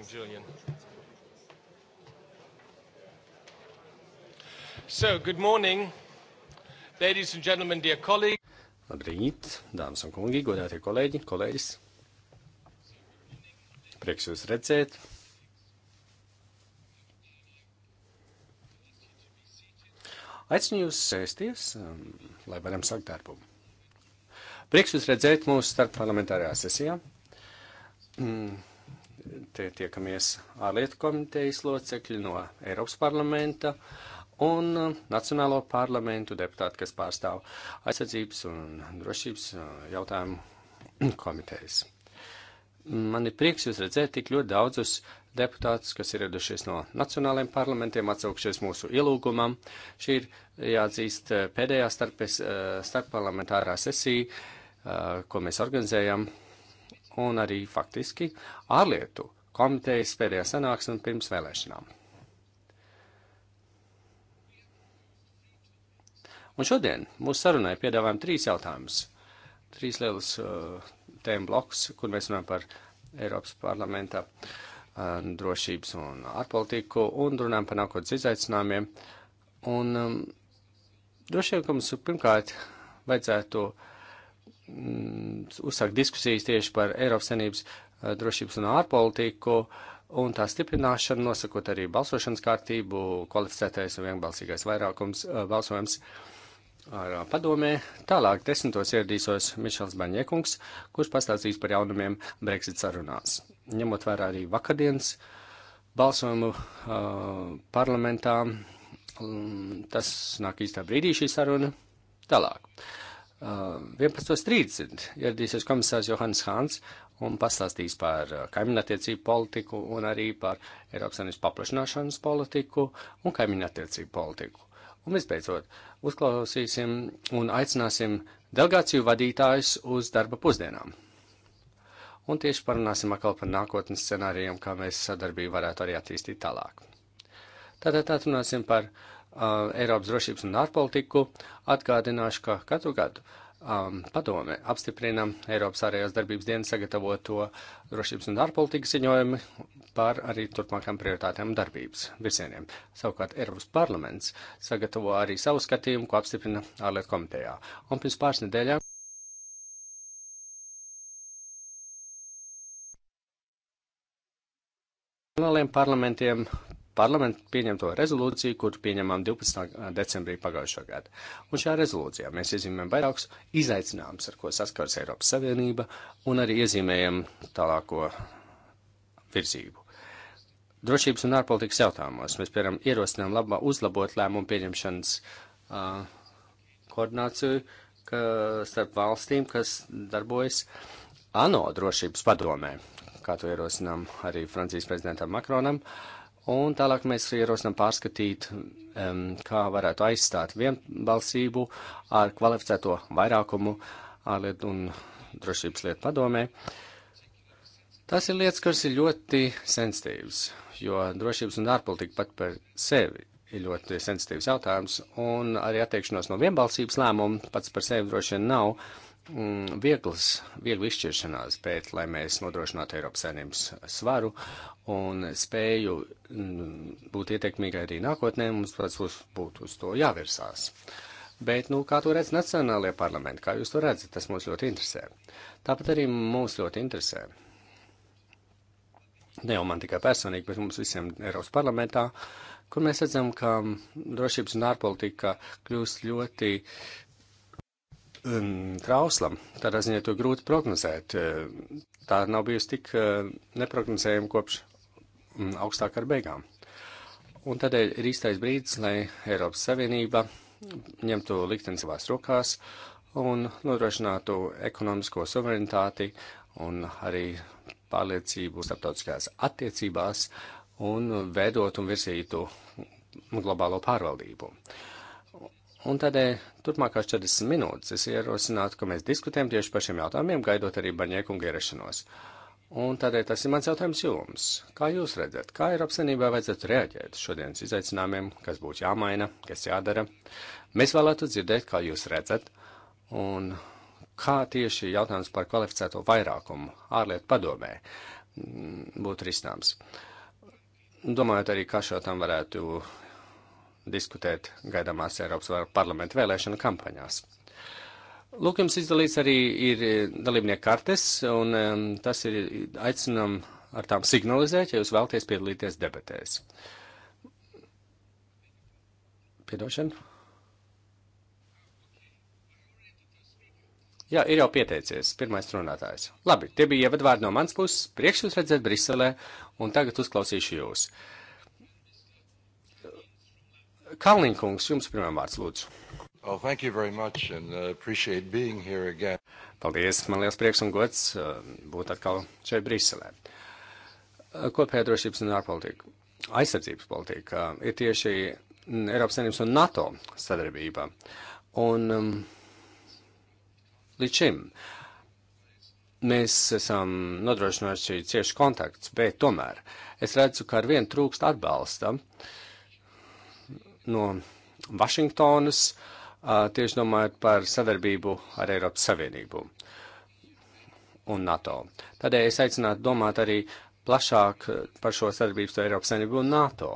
morning, Julian. So, good morning, ladies and gentlemen, dear colleagues. Labrīt, dāmas un kungi, godātie kolēģi, kolēģis. Prieks jūs redzēt. Aicinu jūs sēsties, um, lai varam sākt darbu. Prieks jūs redzēt mūsu starpparlamentārajā sesijā. Mm te tiekamies ārlietu komitejas locekļi no Eiropas parlamenta un Nacionālo parlamentu deputāti, kas pārstāv aizsardzības un drošības uh, jautājumu komitejas. Man ir prieks jūs redzēt tik ļoti daudzus deputātus, kas ir ieradušies no nacionālajiem parlamentiem, atsaukšies mūsu ielūgumam. Šī ir jāatzīst uh, pēdējā uh, starpparlamentārā starp sesija, ko mēs organizējam, un arī faktiski ārlietu komitejas pēdējā sanāksme pirms vēlēšanām. Un šodien mūsu sarunai piedāvājam trīs jautājumus. Trīs lielus uh, tēmu blokus, kur mēs runājam par Eiropas parlamenta uh, drošības un ārpolitiku un runājam par nākotnes izaicinājumiem. Un um, droši vien, ka mums pirmkārt vajadzētu mm, uzsākt diskusijas tieši par Eiropas senības Eh, drošības un ārpolitiku un tā stiprināšanu, nosakot arī balsošanas kārtību, kvalificētais un vienbalsīgais vairākums eh, balsojums ar eh, padomē. Tālāk desmitos ieradīsos Mišels Baņiekungs, kurš pastāstīs par jaunumiem Brexit sarunās. Ņemot vērā arī vakardienas balsojumu uh, parlamentā, um, tas nāk īstā brīdī šī saruna. Tālāk. Uh, 11.30 ieradīsies komisārs Johans Hāns un pastāstīs par uh, kaimiņattiecību politiku un arī par Eiropas Savienības paplašināšanas politiku un kaimiņattiecību politiku. Un visbeidzot, uzklausīsim un aicināsim delegāciju vadītājus uz darba pusdienām. Un tieši parunāsim atkal par nākotnes scenārijiem, kā mēs sadarbību varētu arī attīstīt tālāk. Tātad atrunāsim par uh, Eiropas drošības un ārpolitiku. Atgādināšu, ka katru gadu uh, um, padome apstiprina Eiropas ārējās darbības dienas sagatavoto drošības un ārpolitikas ziņojumu par arī turpmākām prioritātēm un darbības virzieniem. Savukārt Eiropas parlaments sagatavo arī savu skatījumu, ko apstiprina ārlietu komitejā. Un pirms pāris nedēļām. Nacionāliem parlamentiem parlamentu pieņemto rezolūciju, kur pieņemām 12. decembrī pagājušā gada. Un šajā rezolūcijā mēs iezīmējam vairākus izaicinājumus, ar ko saskars Eiropas Savienība, un arī iezīmējam tālāko virzību. Drošības un ārpolitikas jautājumos mēs, piemēram, ierosinām labā uzlabot lēmumu pieņemšanas uh, koordināciju ka, starp valstīm, kas darbojas ANO drošības padomē, kā to ierosinām arī Francijas prezidentam Makronam. Uh, Un tālāk mēs ierosinām pārskatīt, um, kā varētu aizstāt vienbalsību ar kvalificēto vairākumu ārlietu un drošības lietu padomē. Tas ir lietas, kas ir ļoti sensitīvas, jo drošības un ārpolitika pat par sevi ir ļoti sensitīvs jautājums, un arī attiekšanos no vienbalsības lēmuma pats par sevi droši vien nav Mm, vieglas, viegla izšķiršanās, bet, lai mēs nodrošinātu Eiropas saimnības svaru un spēju mm, būt ietekmīgai arī nākotnē, mums, protams, būtu uz to jāvirsās. Bet, nu, kā to redz nacionālajie parlamenti, kā jūs to redzat, tas mūs ļoti interesē. Tāpat arī mūs ļoti interesē. Ne jau man tikai personīgi, bet mums visiem Eiropas parlamentā, kur mēs redzam, ka drošības un ārpolitika kļūst ļoti um, trauslam. Tādā ziņā to grūti prognozēt. Uh, tā nav bijusi tik uh, neprognozējama kopš um, augstākā ar beigām. Un tādēļ ir īstais brīdis, lai Eiropas Savienība ņemtu likteni savās rokās un nodrošinātu ekonomisko suverenitāti un arī pārliecību starptautiskās attiecībās un veidot un virzītu globālo pārvaldību. Uh, Un tādēļ e, turpmākās 40 minūtes es ierosinātu, ka mēs diskutējam tieši par šiem jautājumiem, gaidot arī Barņēku un Gerašanos. Un tādēļ tas ir mans jautājums jums. Kā jūs redzat, kā Eiropas Savienībā vajadzētu reaģēt šodienas izaicinājumiem, kas būtu jāmaina, kas jādara? Mēs vēlētu dzirdēt, kā jūs redzat, un kā tieši jautājums par kvalificēto vairākumu ārlietu padomē būtu risināms. Domājot arī, kā šo tam varētu diskutēt gaidāmās Eiropas parlamenta vēlēšana kampaņās. Lūk, jums izdalīts arī ir eh, dalībnieku kartes, un um, tas ir aicinam ar tām signalizēt, ja jūs vēlties piedalīties debatēs. Piedošana? Jā, ir jau pieteicies pirmais runātājs. Labi, tie bija ievadvārdi no mans puses, priekš jūs redzēt Briselē, un tagad uzklausīšu jūs. Uh, Kalniņkungs, jums pirmā vārds lūdzu. Well, thank you very much and uh, appreciate being here again. Paldies, man liels prieks un gods uh, būt atkal šeit Briselē. Uh, Kopējā drošības un ārpolitika, aizsardzības politika uh, ir tieši mm, Eiropas Savienības un NATO sadarbība. Un um, līdz šim mēs esam nodrošinājuši cieši kontakts, bet tomēr es redzu, ka ar vienu trūkst atbalsta. Uh, no Vašingtonas, tieši domājot par sadarbību ar Eiropas Savienību un NATO. Tādēļ es aicinātu domāt arī plašāk par šo sadarbību ar Eiropas Savienību un NATO,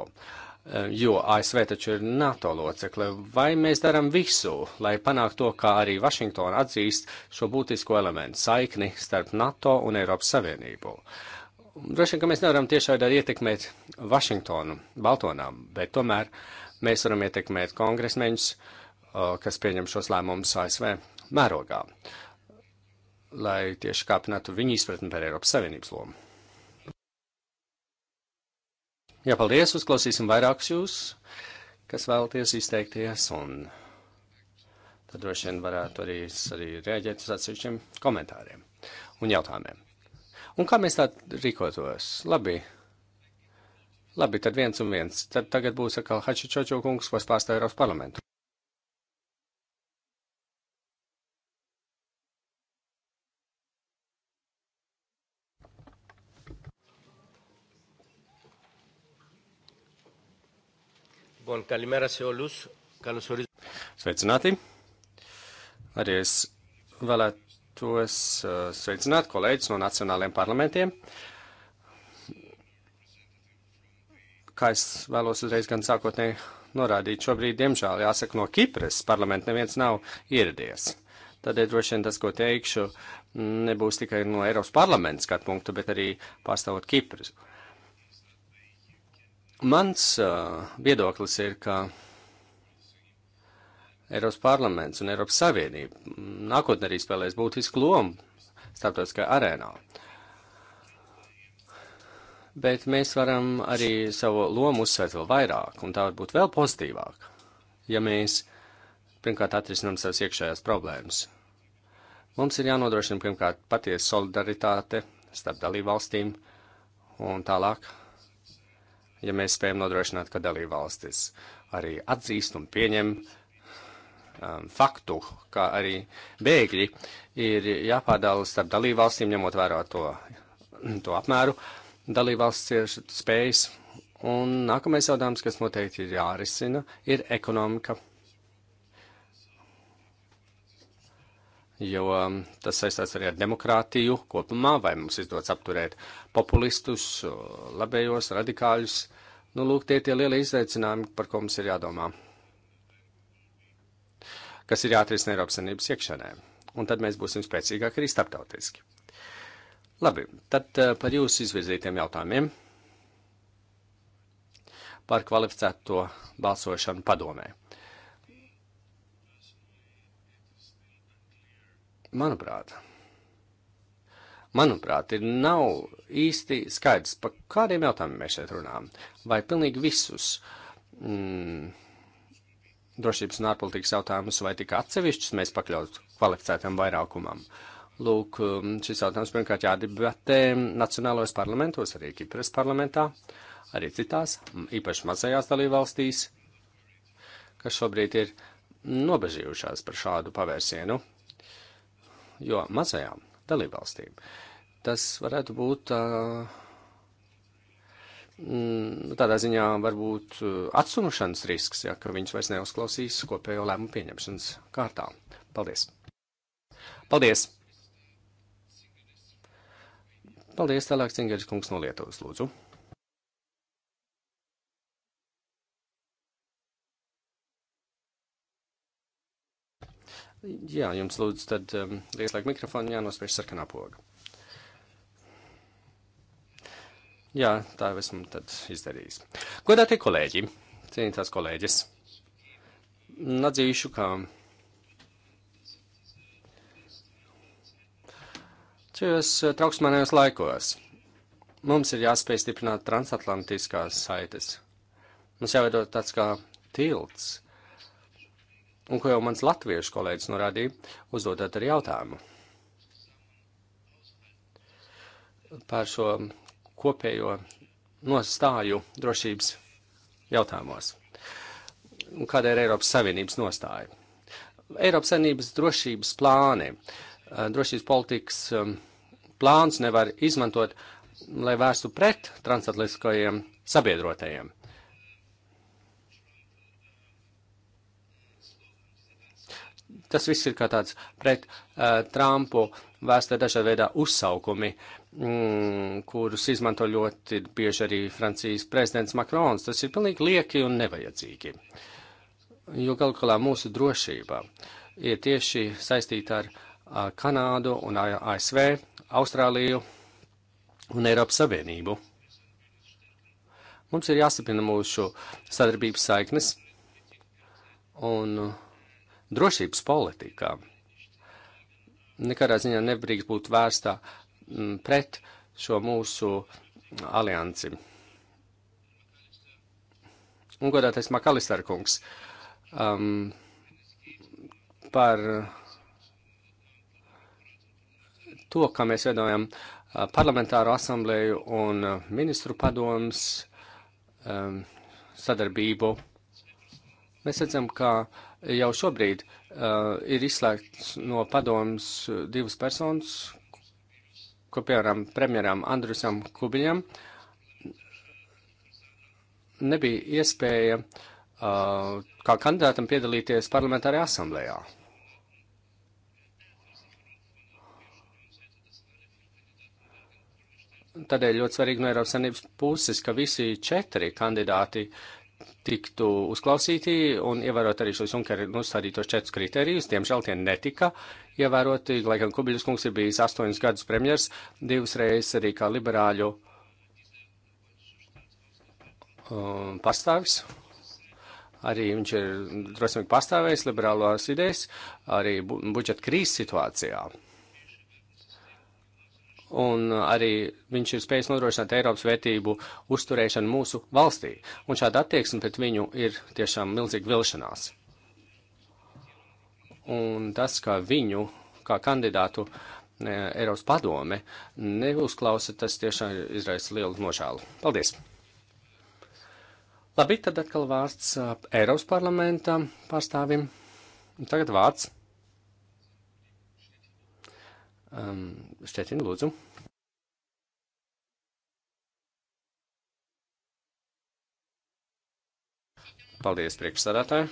jo ASV taču ir NATO locekle. Vai mēs darām visu, lai panāktu to, kā arī Vašingtona atzīst šo būtisko elementu saikni starp NATO un Eiropas Savienību? Droši vien, ka mēs nevaram tiešādi ietekmēt Vašingtonu, Baltonām, bet tomēr uh, Mēs varam ietekmēt kongresmeņus, kas pieņem šos lēmumus ASV mērogā, lai tieši kāpinātu viņu izpratni par Eiropas Savienības lomu. Jā, paldies, uzklausīsim vairākus jūs, kas vēlaties izteikties, un tad droši vien varētu arī, arī rēģēt uz atsevišķiem komentāriem un jautājumiem. Un kā mēs tā rīkotos? Labi, Labi, tad viens un viens. Tad tagad būs atkal Hačičočo kungs, kas pārstāv Eiropas parlamentu. Bon, kalimēra se olus, kalosoriz. Sveicināti! Arī es vēlētos eh, sveicināt kolēģis no nacionālajiem parlamentiem. Uh, kā es vēlos uzreiz gan sākotnēji norādīt, šobrīd, diemžēl, jāsaka, no Kipras parlamenta neviens nav ieradies. Tādēļ droši vien tas, ko teikšu, nebūs tikai no Eiropas parlamenta skatu punktu, bet arī pārstāvot Kipras. Mans uh, viedoklis ir, ka Eiropas parlaments un Eiropas Savienība nākotnē arī spēlēs būtisku lomu starptautiskajā arēnā. Uh, bet mēs varam arī savu lomu uzsvērt vēl vairāk, un tā var būt vēl pozitīvāk, ja mēs pirmkārt atrisinām savas iekšējās problēmas. Mums ir jānodrošina pirmkārt patiesa solidaritāte starp dalībvalstīm, un tālāk, ja mēs spējam nodrošināt, ka dalībvalstis arī atzīst un pieņem um, faktu, ka arī bēgļi ir jāpārdala starp dalībvalstīm, ņemot vērā to, to apmēru, uh, dalībvalsts ir spējas. Un nākamais jautājums, kas noteikti ir jārisina, ir ekonomika. Jo um, tas saistās arī ar demokrātiju kopumā, vai mums izdodas apturēt populistus, labējos, radikāļus. Nu, lūk, tie tie lielie izaicinājumi, par ko mums ir jādomā. Kas ir jāatrisina Eiropas Savienības iekšēnē. Un tad mēs būsim spēcīgāki arī starptautiski. Labi, tad eh, par jūsu izvirzītiem jautājumiem par kvalificēto balsošanu padomē. Manuprāt, manuprāt, ir nav īsti skaidrs, par kādiem jautājumiem mēs šeit runājam. Vai pilnīgi visus mm, drošības un ārpolitikas jautājumus, vai tik atsevišķus mēs pakļaut kvalificētam vairākumam. Uh, Lūk, um, šis jautājums pirmkārt jādebatē nacionālajos parlamentos, arī Kipras parlamentā, arī citās, īpaši mazajās dalībvalstīs, kas šobrīd ir nobežījušās par šādu pavērsienu, jo mazajām dalībvalstīm tas varētu būt uh, tādā ziņā varbūt uh, atsumušanas risks, ja, ka viņš vairs neuzklausīs kopējo lēmumu pieņemšanas kārtā. Paldies! Paldies! Paldies, tālāk Cingeris kungs no Lietuvas, lūdzu. Jā, jums lūdzu, tad um, ieslēgt mikrofonu, jānospiež sarkanā poga. Jā, tā jau esmu tad izdarījis. Godātie kolēģi, cienītās kolēģis, nadzīšu, ka. Kā Šajos eh, trauksmēnējos laikos mums ir jāspēj stiprināt transatlantiskās saites. Mums jāveido tāds kā tilts, un ko jau mans latviešu kolēģis norādīja, uzdodot ar jautājumu par šo kopējo nostāju drošības jautājumos. Kāda ir Eiropas Savienības nostāja? Eiropas Savienības drošības plāni. Uh, Eh, drošības politikas plāns nevar izmantot, lai vērstu pret transatlantiskajiem sabiedrotajiem. Tas viss ir kā tāds pret uh, Trumpu vēsta dažādā veidā uzsaukumi, mm, kurus izmanto ļoti bieži arī Francijas prezidents Makrons. Tas ir pilnīgi lieki un nevajadzīgi, jo galu galā mūsu drošība ir tieši saistīta ar uh, Kanādu un ASV, Austrāliju un Eiropas Savienību. Mums ir jāstiprina mūsu sadarbības saiknes un drošības politikā. Nekādā ziņā nebrīkst būt vērstā pret šo mūsu aliansi. Un godātais Makalistar kungs um, par to, kā mēs veidojam parlamentāru asambleju un ministru padomus um, sadarbību. Mēs redzam, ka jau šobrīd uh, ir izslēgts no padomus divas personas, ko piemēram premjeram Andrusam Kubiņam nebija iespēja uh, kā kandidātam piedalīties parlamentārajā asamblējā. Tādēļ ļoti svarīgi no Eiropas Savienības puses, ka visi četri kandidāti tiktu uzklausīti un ievērot arī šos Junkera nostādītos četrus kriterijus. Diemžēl tie netika ievēroti, lai gan Kubiļus kungs ir bijis astoņus gadus premjers, divas reizes arī kā liberāļu um, pastāvis. Arī viņš ir drosmīgi pastāvējis liberālās idejas, arī bu budžeta krīzes situācijā un uh, arī viņš ir spējis nodrošināt Eiropas vērtību uzturēšanu mūsu valstī. Un šāda attieksme pret viņu ir tiešām milzīga vilšanās. Un tas, ka viņu kā kandidātu Eiropas padome neuzklausa, tas tiešām izraisa lielu nožēlu. Paldies! Labi, tad atkal vārds uh, Eiropas parlamenta pārstāvim. Un tagad vārds Um, šķietin, lūdzu. Paldies priekšsādātāji.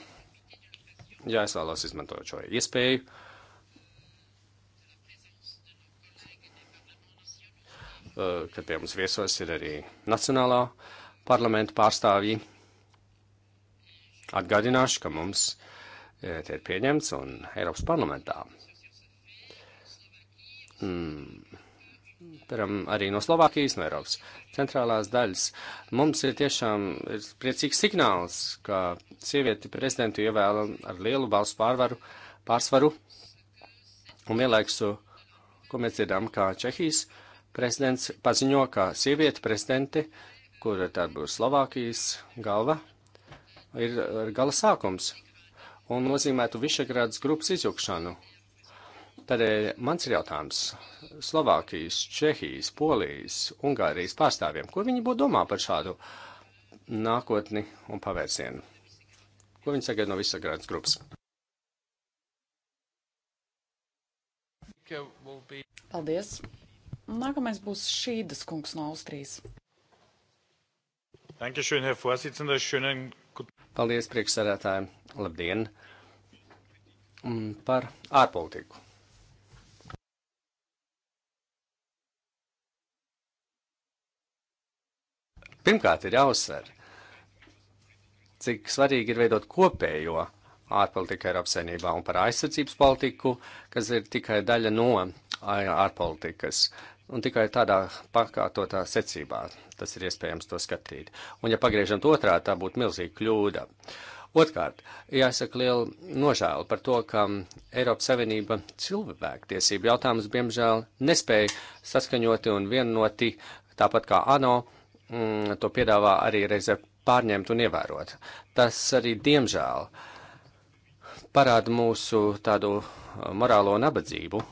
Jā, es vēlos izmantot šo iespēju. Uh, kad pie mums viesos ir arī Nacionālā parlamenta pārstāvji. Atgādināšu, ka mums uh, tie ir pieņemts un Eiropas parlamentā mm, piemēram, arī no Slovākijas, no Eiropas centrālās daļas. Mums ir tiešām ir priecīgs signāls, ka sievieti prezidentu ievēla ar lielu balstu pārvaru, pārsvaru. Un vienlaikus, ko mēs dzirdām, kā Čehijas prezidents paziņo, ka sievieti prezidenti, kur tad būs Slovākijas galva, ir gala sākums un nozīmētu Višegrādas grupas izjukšanu Tādēļ mans ir jautājums Slovākijas, Čehijas, Polijas, Ungārijas pārstāvjiem, ko viņi būtu domā par šādu nākotni un pavērsienu? Ko viņi sagaida no visagrādas grupas? Paldies! Nākamais būs Šīdas kungs no Austrijas. Dankeschön, Herr Vorsitzender. Schönen Paldies, priekšsēdētāji. Labdien! Par ārpolitiku. Pirmkārt, ir jāuzsver, cik svarīgi ir veidot kopējo ārpolitiku Eiropas saimnībā un par aizsardzības politiku, kas ir tikai daļa no ārpolitikas. Un tikai tādā pakārtotā secībā tas ir iespējams to skatīt. Un, ja pagriežam to otrā, tā būtu milzīga kļūda. Otkārt, jāsaka liela nožēla par to, ka Eiropas Savienība cilvēktiesību jautājumus, diemžēl, nespēja saskaņoti un vienoti, tāpat kā ANO, uh, mm, to piedāvā arī reizē pārņemt un ievērot. Tas arī, diemžēl, parāda mūsu tādu uh, morālo nabadzību.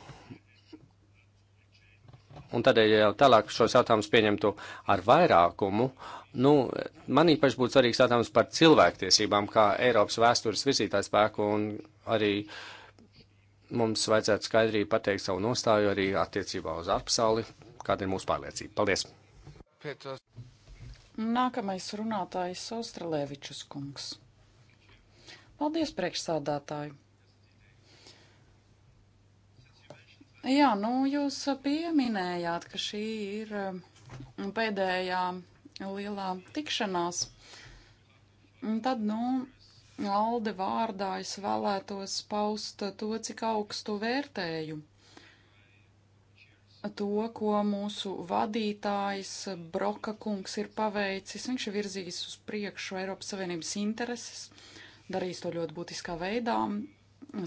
Un tādēļ jau tālāk šos jautājumus pieņemtu ar vairākumu. Nu, man īpaši būtu svarīgs jautājums par cilvēktiesībām, kā Eiropas vēstures virzītājs spēku un arī mums vajadzētu skaidrīgi pateikt savu nostāju arī attiecībā uz ārpasauli, kāda ir mūsu pārliecība. Paldies! Petras. Nākamais runātājs Australēvičus kungs. Paldies, priekšsādātāji! Jā, nu jūs pieminējāt, ka šī ir um, pēdējā lielā tikšanās. Un tad, nu, Alde vārdā es vēlētos paust to, cik augstu vērtēju to, ko mūsu vadītājs Broka kungs ir paveicis. Viņš ir virzījis uz priekšu Eiropas Savienības intereses, darījis to ļoti būtiskā veidā,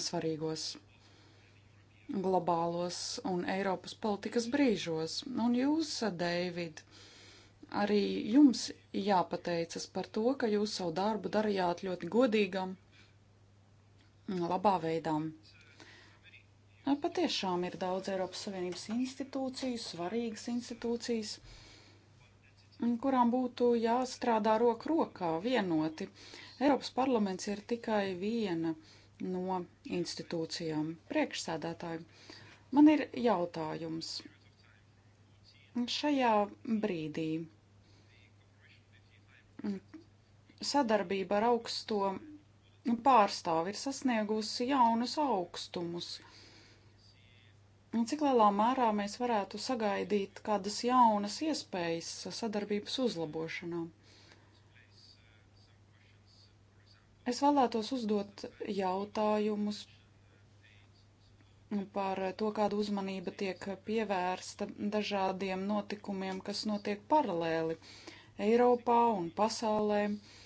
svarīgos globālos un Eiropas politikas brīžos. Un jūs, Deivid, arī jums jāpateicas par to, ka jūs savu darbu darījāt ļoti godīgam, labā veidā. Nu, patiešām ir daudz Eiropas Savienības institūciju, svarīgas institūcijas, kurām būtu jāstrādā roku rokā vienoti. Eiropas parlaments ir tikai viena no institūcijām. Priekšsēdētāji, man ir jautājums. Šajā brīdī sadarbība ar augsto pārstāvi ir sasniegusi jaunus augstumus. Cik lielā mērā mēs varētu sagaidīt kādas jaunas iespējas sadarbības uzlabošanā? Es vēlētos uzdot jautājumus par to, kāda uzmanība tiek pievērsta dažādiem notikumiem, kas notiek paralēli Eiropā un pasaulē. Uh,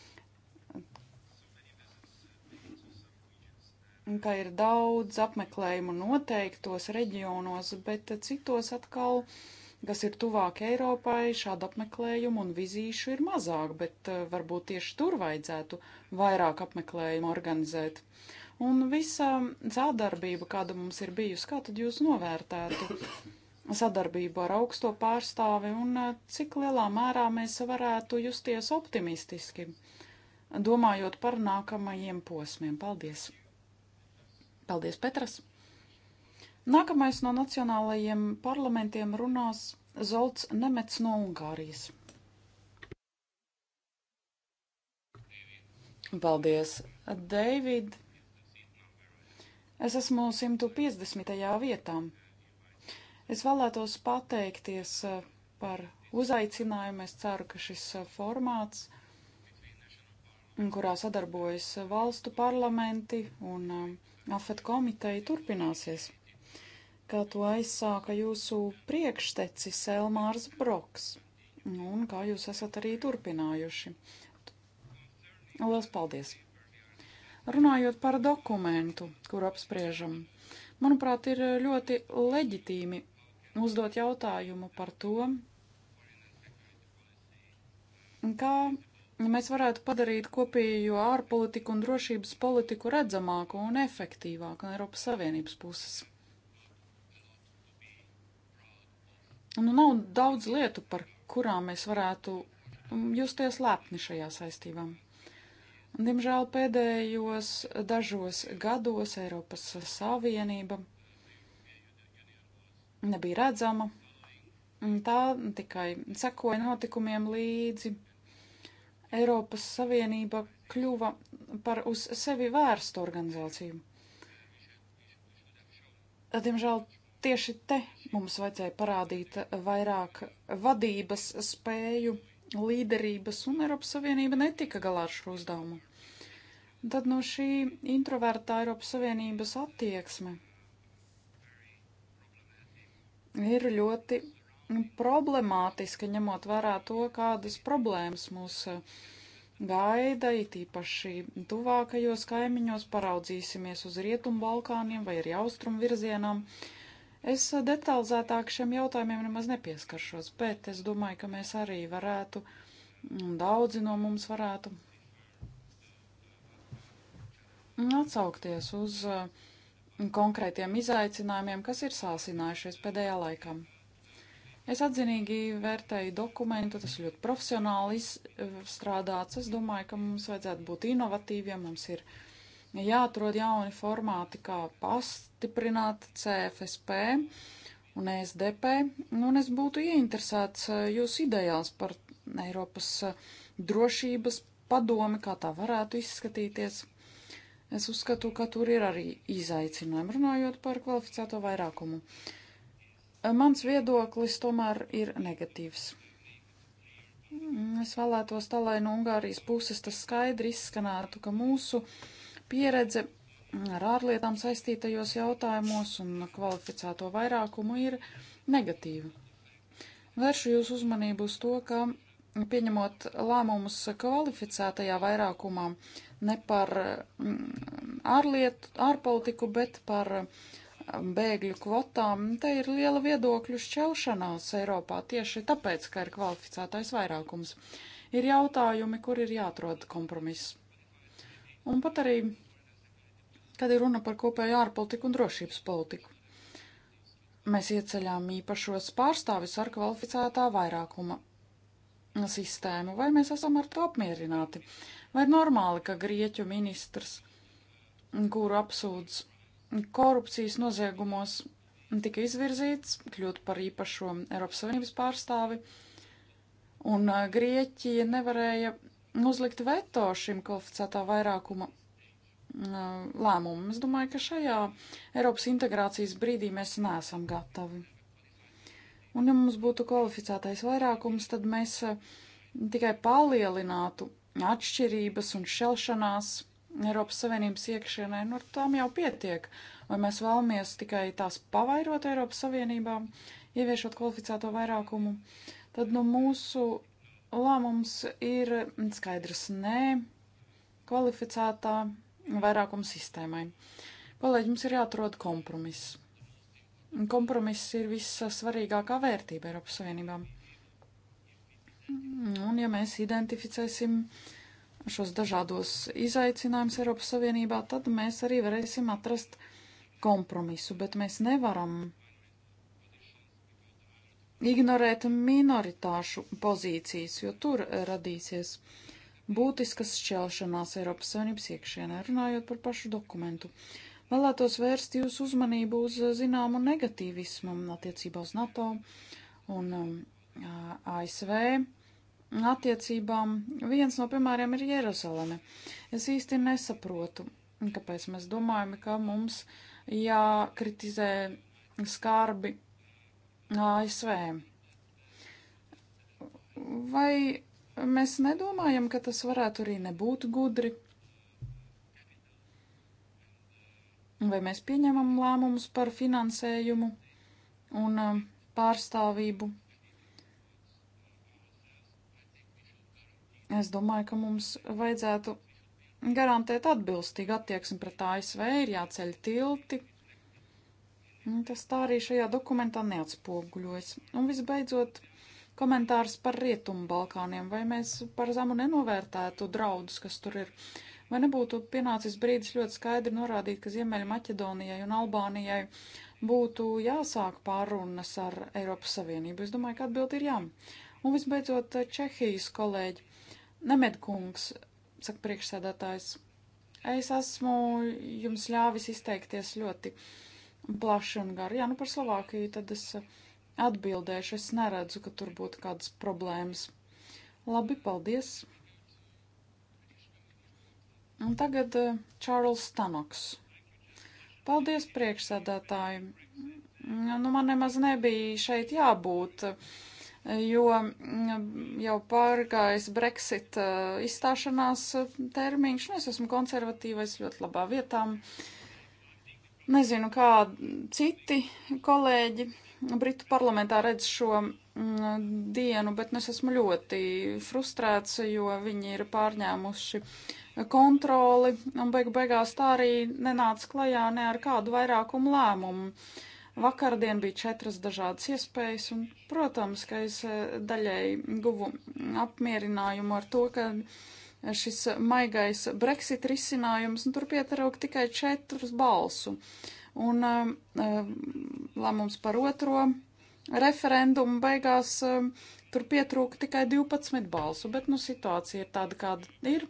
ka ir daudz apmeklējumu noteiktos reģionos, bet citos atkal, kas ir tuvāk Eiropai, šādu apmeklējumu un vizīšu ir mazāk, bet eh, varbūt tieši tur vajadzētu vairāk apmeklējumu organizēt. Un visa sadarbība, kāda mums ir bijusi, kā tad jūs novērtētu sadarbību ar augsto pārstāvi un eh, cik lielā mērā mēs varētu justies optimistiski, domājot par nākamajiem posmiem? Paldies! Paldies, Petras! Nākamais no nacionālajiem parlamentiem runās Zolts Nemets no Ungārijas. Paldies, David! Es esmu 150. vietā. Es vēlētos pateikties eh, par uzaicinājumu. Es ceru, ka šis eh, formāts kurā sadarbojas valstu parlamenti un um, afet komiteja, turpināsies, kā to aizsāka jūsu priekštecis Elmārs Broks, un kā jūs esat arī turpinājuši. Lielas paldies! Runājot par dokumentu, kur apspriežam, manuprāt, ir ļoti leģitīmi uzdot jautājumu par to, kā mēs varētu padarīt kopējo ārpolitiku un drošības politiku redzamāku un efektīvāku no Eiropas Savienības puses. Nu, nav daudz lietu, par kurām mēs varētu mm, justies lepni šajā saistībā. Diemžēl pēdējos dažos gados Eiropas Savienība nebija redzama. Tā tikai sekoja notikumiem līdzi Eiropas Savienība kļuva par uz sevi vērstu organizāciju. Diemžēl tieši te mums vajadzēja parādīt vairāk vadības spēju, līderības, un Eiropas Savienība netika galā ar šo uzdevumu. Tad no šī introvertā Eiropas Savienības attieksme ir ļoti Nu, problemātiska, ņemot vērā to, kādas problēmas mūs eh, gaida, it īpaši tuvākajos kaimiņos paraudzīsimies uz Rietumu Balkāniem vai arī Austrumu virzienām. Es eh, detalizētāk šiem jautājumiem nemaz nepieskaršos, bet es domāju, ka mēs arī varētu, un mm, daudzi no mums varētu, atsaukties uz eh, konkrētiem izaicinājumiem, kas ir sāsinājušies pēdējā laikā. Es atzinīgi vērtēju dokumentu, tas ļoti profesionāli izstrādāts. Es domāju, ka mums vajadzētu būt inovatīviem, mums ir jāatrod jauni formāti, kā pastiprināt CFSP un e SDP. Un es būtu ieinteresēts eh, jūsu idejās par Eiropas eh, drošības padomi, kā tā varētu izskatīties. Es uzskatu, ka tur ir arī izaicinājumi runājot par kvalificēto vairākumu. Uh, Mans viedoklis tomēr ir negatīvs. Es vēlētos tā, lai no Ungārijas puses tas skaidri izskanētu, ka mūsu pieredze ar ārlietām saistītajos jautājumos un kvalificēto vairākumu ir negatīva. Vēršu jūs uzmanību uz to, ka pieņemot lēmumus kvalificētajā vairākumā ne par mm, ārlietu, ārpolitiku, bet par bēgļu kvotām, te ir liela viedokļu šķelšanās Eiropā tieši tāpēc, ka ir kvalificētais vairākums. Ir jautājumi, kur ir jāatrod kompromiss. Un pat arī, kad ir runa par kopēju ārpolitiku un drošības politiku. Mēs ieceļām īpašos pārstāvis ar kvalificētā vairākuma sistēmu, vai mēs esam ar to apmierināti, vai normāli, ka Grieķu ministrs, kuru apsūdz korupcijas noziegumos tika izvirzīts, kļūt par īpašo Eiropas Savienības pārstāvi, un uh, Grieķija nevarēja uzlikt veto šim kvalificētā vairākuma uh, lēmumam. Es domāju, ka šajā Eiropas integrācijas brīdī mēs neesam gatavi. Un ja mums būtu kvalificētais vairākums, tad mēs uh, tikai palielinātu atšķirības un šelšanās Eiropas Savienības iekšienē, nu, ar tām jau pietiek. Vai mēs vēlamies tikai tās pavairot Eiropas Savienībā, ieviešot kvalificēto vairākumu, tad, nu, mūsu lēmums ir skaidrs nē kvalificētā vairākuma sistēmai. Kolēģi, mums ir jāatrod kompromiss. Kompromiss ir vissvarīgākā vērtība Eiropas Savienībām. Un ja mēs identificēsim uh, šos dažādos izaicinājumus Eiropas Savienībā, tad mēs arī varēsim atrast kompromisu, bet mēs nevaram ignorēt minoritāšu pozīcijas, jo tur radīsies būtiskas šķelšanās Eiropas Savienības iekšienē, runājot par pašu dokumentu. Vēlētos vērst jūsu uzmanību uz zināmu negatīvismu attiecībā uz NATO un um, ASV attiecībām viens no piemēriem ir Jeruzaleme. Es īsti nesaprotu, kāpēc mēs domājam, ka mums jākritizē skarbi ASV. Vai mēs nedomājam, ka tas varētu arī nebūt gudri? Vai mēs pieņemam lēmumus par finansējumu un uh, pārstāvību Es domāju, ka mums vajadzētu garantēt atbilstīgu attieksmi pret ASV, ir jāceļ tilti. Nu, tas tā arī šajā dokumentā neatspoguļojas. Un visbeidzot, komentārs par Rietumu Balkāniem. Vai mēs par zemu nenovērtētu draudus, kas tur ir? Vai nebūtu pienācis brīdis ļoti skaidri norādīt, ka Ziemeļa Maķedonijai un Albānijai būtu jāsāk pārunas ar Eiropas Savienību? Es domāju, ka atbildi ir jā. Un visbeidzot, Čehijas kolēģi. Nemet kungs, saka priekšsēdētājs, es esmu jums ļāvis izteikties ļoti plaši un gari. Jā, nu par Slovākiju tad es atbildēšu. Es neredzu, ka tur būtu kādas problēmas. Labi, paldies. Un tagad eh, Čārls Stanoks. Paldies priekšsēdētāji. Nu, man nemaz nebija šeit jābūt. Uh, jo mm, jau pārgājis Brexit eh, izstāšanās eh, termiņš, un nu, es esmu konservatīvais ļoti labā vietā. Nezinu, kā citi kolēģi Britu parlamentā redz šo mm, dienu, bet nu, es esmu ļoti frustrēts, jo viņi ir pārņēmuši kontroli, un beigu beigās tā arī nenāca klajā ne ar kādu vairākumu lēmumu. Uh, Vakardien bija četras dažādas iespējas, un, protams, ka es eh, daļēji guvu apmierinājumu ar to, ka šis maigais Brexit risinājums, un nu, tur pietrūk tikai četrus balsu. Un eh, eh, lēmums par otro referendumu beigās tur pietrūka tikai 12 balsu, bet nu situācija ir tāda, kāda ir.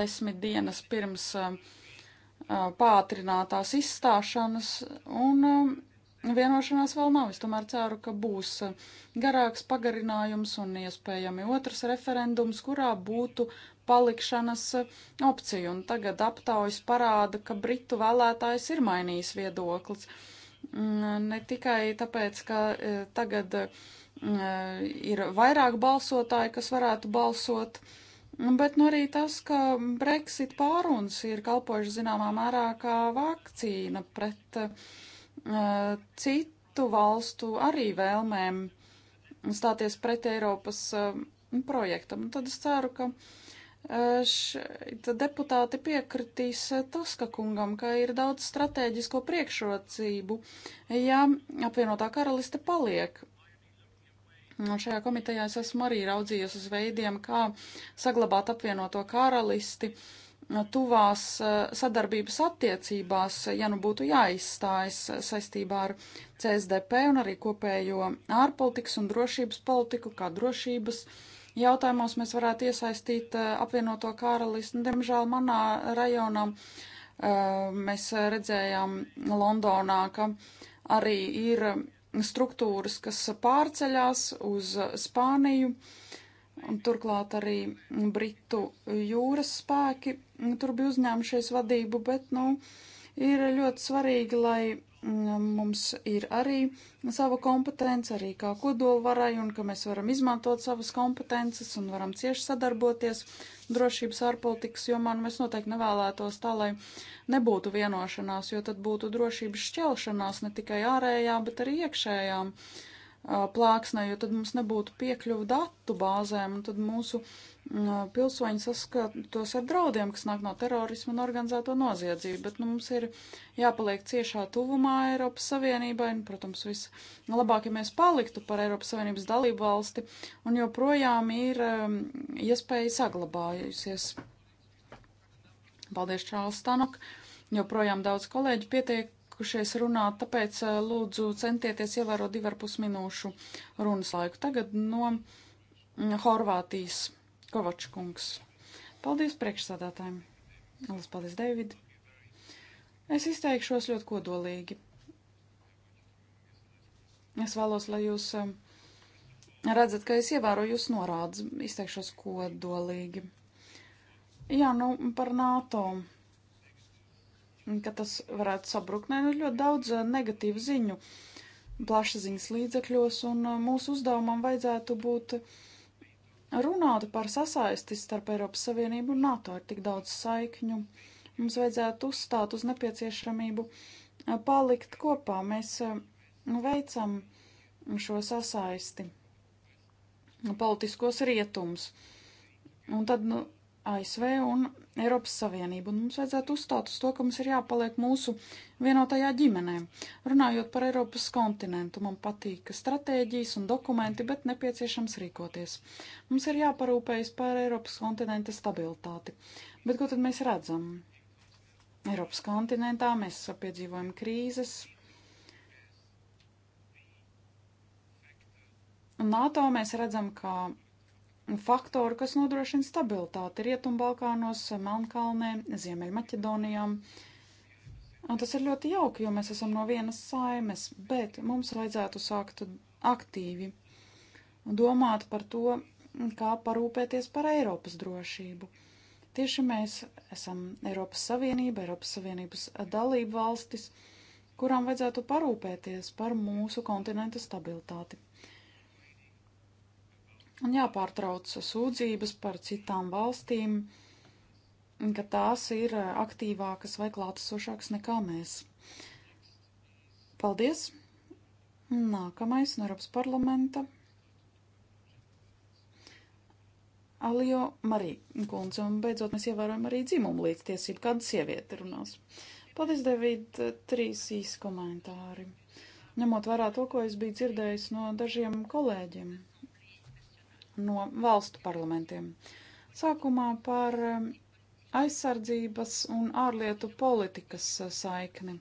Desmit dienas pirms uh, pātrinātās izstāšanas, un vienošanās vēl nav. Es tomēr ceru, ka būs garāks pagarinājums un iespējami otrs referendums, kurā būtu palikšanas opcija. Un tagad aptaujas parāda, ka Britu vēlētājs ir mainījis viedoklis. Ne tikai tāpēc, ka tagad ir vairāk balsotāji, kas varētu balsot, uh, Bet nu arī tas, ka Brexit pārunas ir kalpojuši zināmā mērā kā vakcīna pret uh, citu valstu arī vēlmēm stāties pret Eiropas uh, projektam. Un tad es ceru, ka uh, eh, šeit deputāti piekritīs Tuska kungam, ka ir daudz strateģisko priekšrocību, ja apvienotā karaliste paliek Un šajā komitejā es esmu arī raudzījies uz veidiem, kā saglabāt apvienoto karalisti tuvās eh, sadarbības attiecībās, ja nu būtu jāizstājas saistībā ar CSDP un arī kopējo ārpolitikas un drošības politiku, kā drošības jautājumos mēs varētu iesaistīt eh, apvienoto karalisti. Diemžēl manā rajonā eh, mēs redzējām Londonā, ka arī ir struktūras, kas pārceļās uz Spāniju, un turklāt arī Britu jūras spēki tur bija uzņēmušies vadību, bet, nu, ir ļoti svarīgi, lai mums ir arī sava kompetence, arī kā kodolvarai, un ka mēs varam izmantot savas kompetences un varam cieši sadarboties drošības ārpolitikas jomā, un nu, mēs noteikti nevēlētos tā, lai nebūtu vienošanās, jo tad būtu drošības šķelšanās ne tikai ārējā, bet arī iekšējām. Uh, plāksnē, jo tad mums nebūtu piekļuva datu bāzēm, un tad mūsu pilsoņi saskatos ar draudiem, kas nāk no terorisma un organizēto noziedzību, bet nu, mums ir jāpaliek ciešā tuvumā Eiropas Savienībai, un, protams, vislabāk, ja mēs paliktu par Eiropas Savienības dalību valsti, un joprojām ir iespēja ja saglabājusies. Paldies, Čārls Tanok! Joprojām daudz kolēģi pietiek pielikušies runāt, tāpēc eh, lūdzu centieties ievērot divu ar pus minūšu runas laiku. Tagad no mm, Horvātijas Kovačkungs. Paldies priekšsādātājiem! Lielas paldies, Deivid! Es izteikšos ļoti kodolīgi. Es vēlos, lai jūs eh, redzat, ka es ievēroju jūs norādes, izteikšos kodolīgi. Jā, nu par NATO ka tas varētu sabrukt. Nē, ir ļoti daudz eh, negatīvu ziņu plašsaziņas līdzekļos, un eh, mūsu uzdevumam vajadzētu būt runāt par sasaisti starp Eiropas Savienību un NATO ar tik daudz saikņu. Mums vajadzētu uzstāt uz nepieciešamību eh, palikt kopā. Mēs veicam šo sasaisti politiskos rietums. Un tad nu, ASV un Eiropas Savienību, un mums vajadzētu uzstāt uz to, ka mums ir jāpaliek mūsu vienotajā ģimenē. Runājot par Eiropas kontinentu, man patīk stratēģijas un dokumenti, bet nepieciešams rīkoties. Mums ir jāparūpējas par Eiropas kontinenta stabilitāti. Bet ko tad mēs redzam? Eiropas kontinentā mēs piedzīvojam krīzes. Un NATO mēs redzam, ka faktoru, kas nodrošina stabilitāti Rietumbalkānos, Melnkalnē, Ziemeļmaķedonijā. Un tas ir ļoti jauki, jo mēs esam no vienas saimes, bet mums vajadzētu sākt aktīvi domāt par to, kā parūpēties par Eiropas drošību. Tieši mēs esam Eiropas Savienība, Eiropas Savienības dalību valstis, kurām vajadzētu parūpēties par mūsu kontinenta stabilitāti un jāpārtrauc sūdzības par citām valstīm, ka tās ir aktīvākas vai klātesošākas nekā mēs. Paldies! Nākamais no Eiropas parlamenta. Alio Marija kundze, un beidzot mēs ievērojam arī dzimumu līdztiesību, kāda sieviete runās. Paldies, David, trīs īsi komentāri. Ņemot vērā to, ko es biju dzirdējis no dažiem kolēģiem no valstu parlamentiem. Sākumā par um, aizsardzības un ārlietu politikas uh, saikni.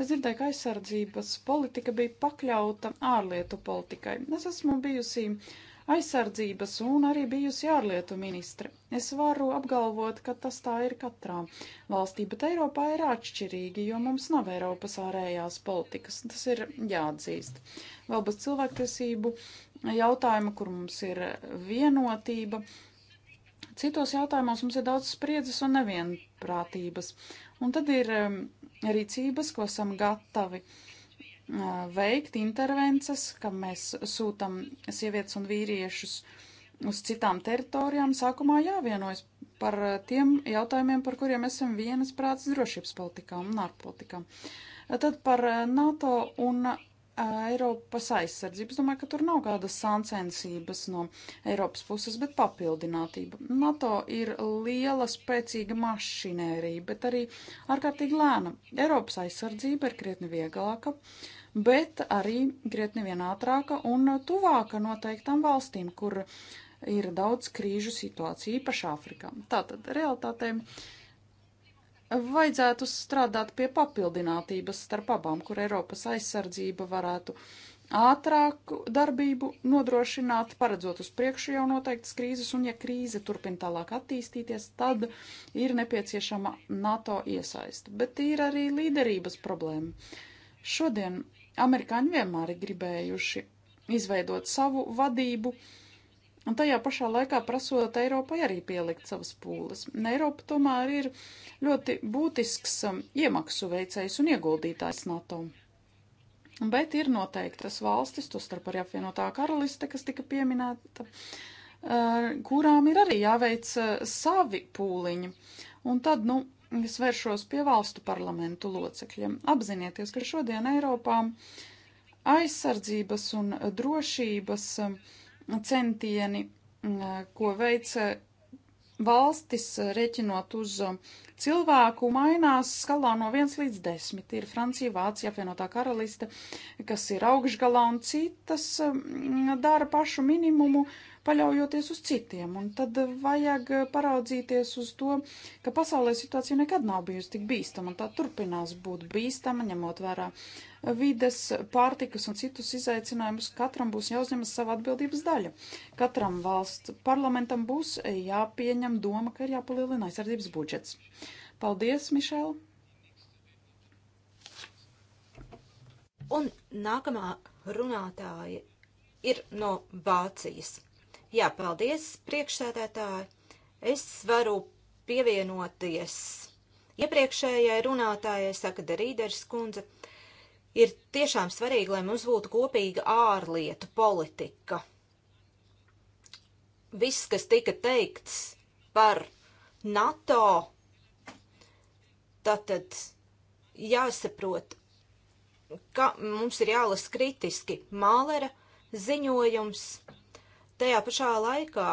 Es dzirdēju, ka aizsardzības politika bija pakļauta ārlietu politikai. Es esmu bijusi aizsardzības un arī bijusi ārlietu ministre. Es varu apgalvot, ka tas tā ir katrā valstī, bet Eiropā ir atšķirīgi, jo mums nav Eiropas ārējās politikas. Tas ir jāatzīst. Vēl bez cilvēktiesību jautājuma, kur mums ir vienotība. Citos jautājumos mums ir daudz spriedzes un nevienprātības. Un tad ir um, rīcības, ko esam gatavi uh, veikt, intervences, kam mēs sūtam sievietes un vīriešus uz citām teritorijām. Sākumā jāvienojas par uh, tiem jautājumiem, par kuriem esam vienas prātas drošības politikā un ārpolitikā. Tad par uh, NATO un Eiropas aizsardzības. Domāju, ka tur nav kādas sāncensības no Eiropas puses, bet papildinātība. NATO ir liela, spēcīga mašinērija, bet arī ārkārtīgi lēna. Eiropas aizsardzība ir krietni vieglāka, bet arī krietni vien ātrāka un tuvāka noteiktām valstīm, kur ir daudz krīžu situāciju, īpaši Āfrikā. Tātad realitātei vajadzētu strādāt pie papildinātības starp abām, kur Eiropas aizsardzība varētu ātrāku darbību nodrošināt, paredzot uz priekšu jau noteiktas krīzes, un ja krīze turpina tālāk attīstīties, tad ir nepieciešama NATO iesaista. Bet ir arī līderības problēma. Šodien amerikāņi vienmēr ir gribējuši izveidot savu vadību, uh, Un tajā pašā laikā prasot Eiropai arī pielikt savas pūles. Eiropa tomēr ir ļoti būtisks um, iemaksu veicējs un ieguldītājs NATO. Bet ir noteiktas valstis, tostarp arī apvienotā karaliste, kas tika pieminēta, kurām ir arī jāveic uh, savi pūliņi. Un tad, nu, es vēršos pie valstu parlamentu locekļiem. Apzinieties, ka šodien Eiropā aizsardzības un drošības uh, centieni, mm, ko veica valstis reķinot uz um, cilvēku mainās skalā no 1 līdz 10. Ir Francija, Vācija, apvienotā karaliste, kas ir augšgalā un citas um, dara pašu minimumu, paļaujoties uz citiem. Un tad vajag paraudzīties uz to, ka pasaulē situācija nekad nav bijusi tik bīstama un tā turpinās būt bīstama, ņemot vērā vides, pārtikas un citus izaicinājumus, katram būs jāuzņemas sava atbildības daļa. Katram valsts parlamentam būs jāpieņem doma, ka ir jāpalielina aizsardzības budžets. Paldies, Mišēl! Un nākamā runātāja ir no Vācijas. Jā, paldies, priekšsēdētāji! Es varu pievienoties iepriekšējai runātājai, saka Derīderis kundze. Ir tiešām svarīgi, lai mums būtu kopīga ārlietu politika. Viss, kas tika teikts par NATO, tātad jāsaprot, ka mums ir jālas kritiski Mālera ziņojums. Tajā pašā laikā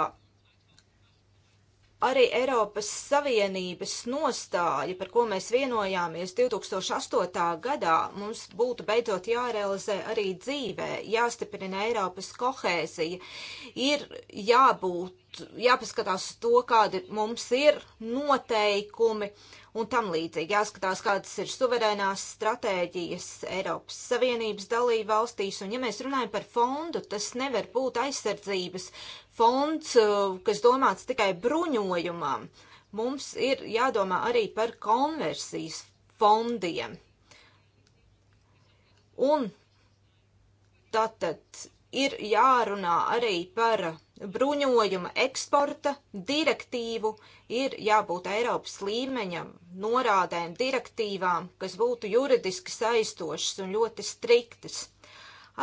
arī Eiropas Savienības nostāja, par ko mēs vienojāmies 2008. gadā, mums būtu beidzot jārealizē arī dzīvē, jāstiprina Eiropas kohēzija, ir jābūt jāpaskatās to, kādi mums ir noteikumi un tam līdzīgi. Jāskatās, kādas ir suverēnās stratēģijas Eiropas Savienības dalība valstīs. Un ja mēs runājam par fondu, tas nevar būt aizsardzības fonds, uh, kas domāts tikai bruņojumam. Mums ir jādomā arī par konversijas fondiem. Un tātad ir jārunā arī par bruņojuma eksporta direktīvu ir jābūt Eiropas līmeņa norādēm, direktīvām, kas būtu juridiski saistošas un ļoti striktas.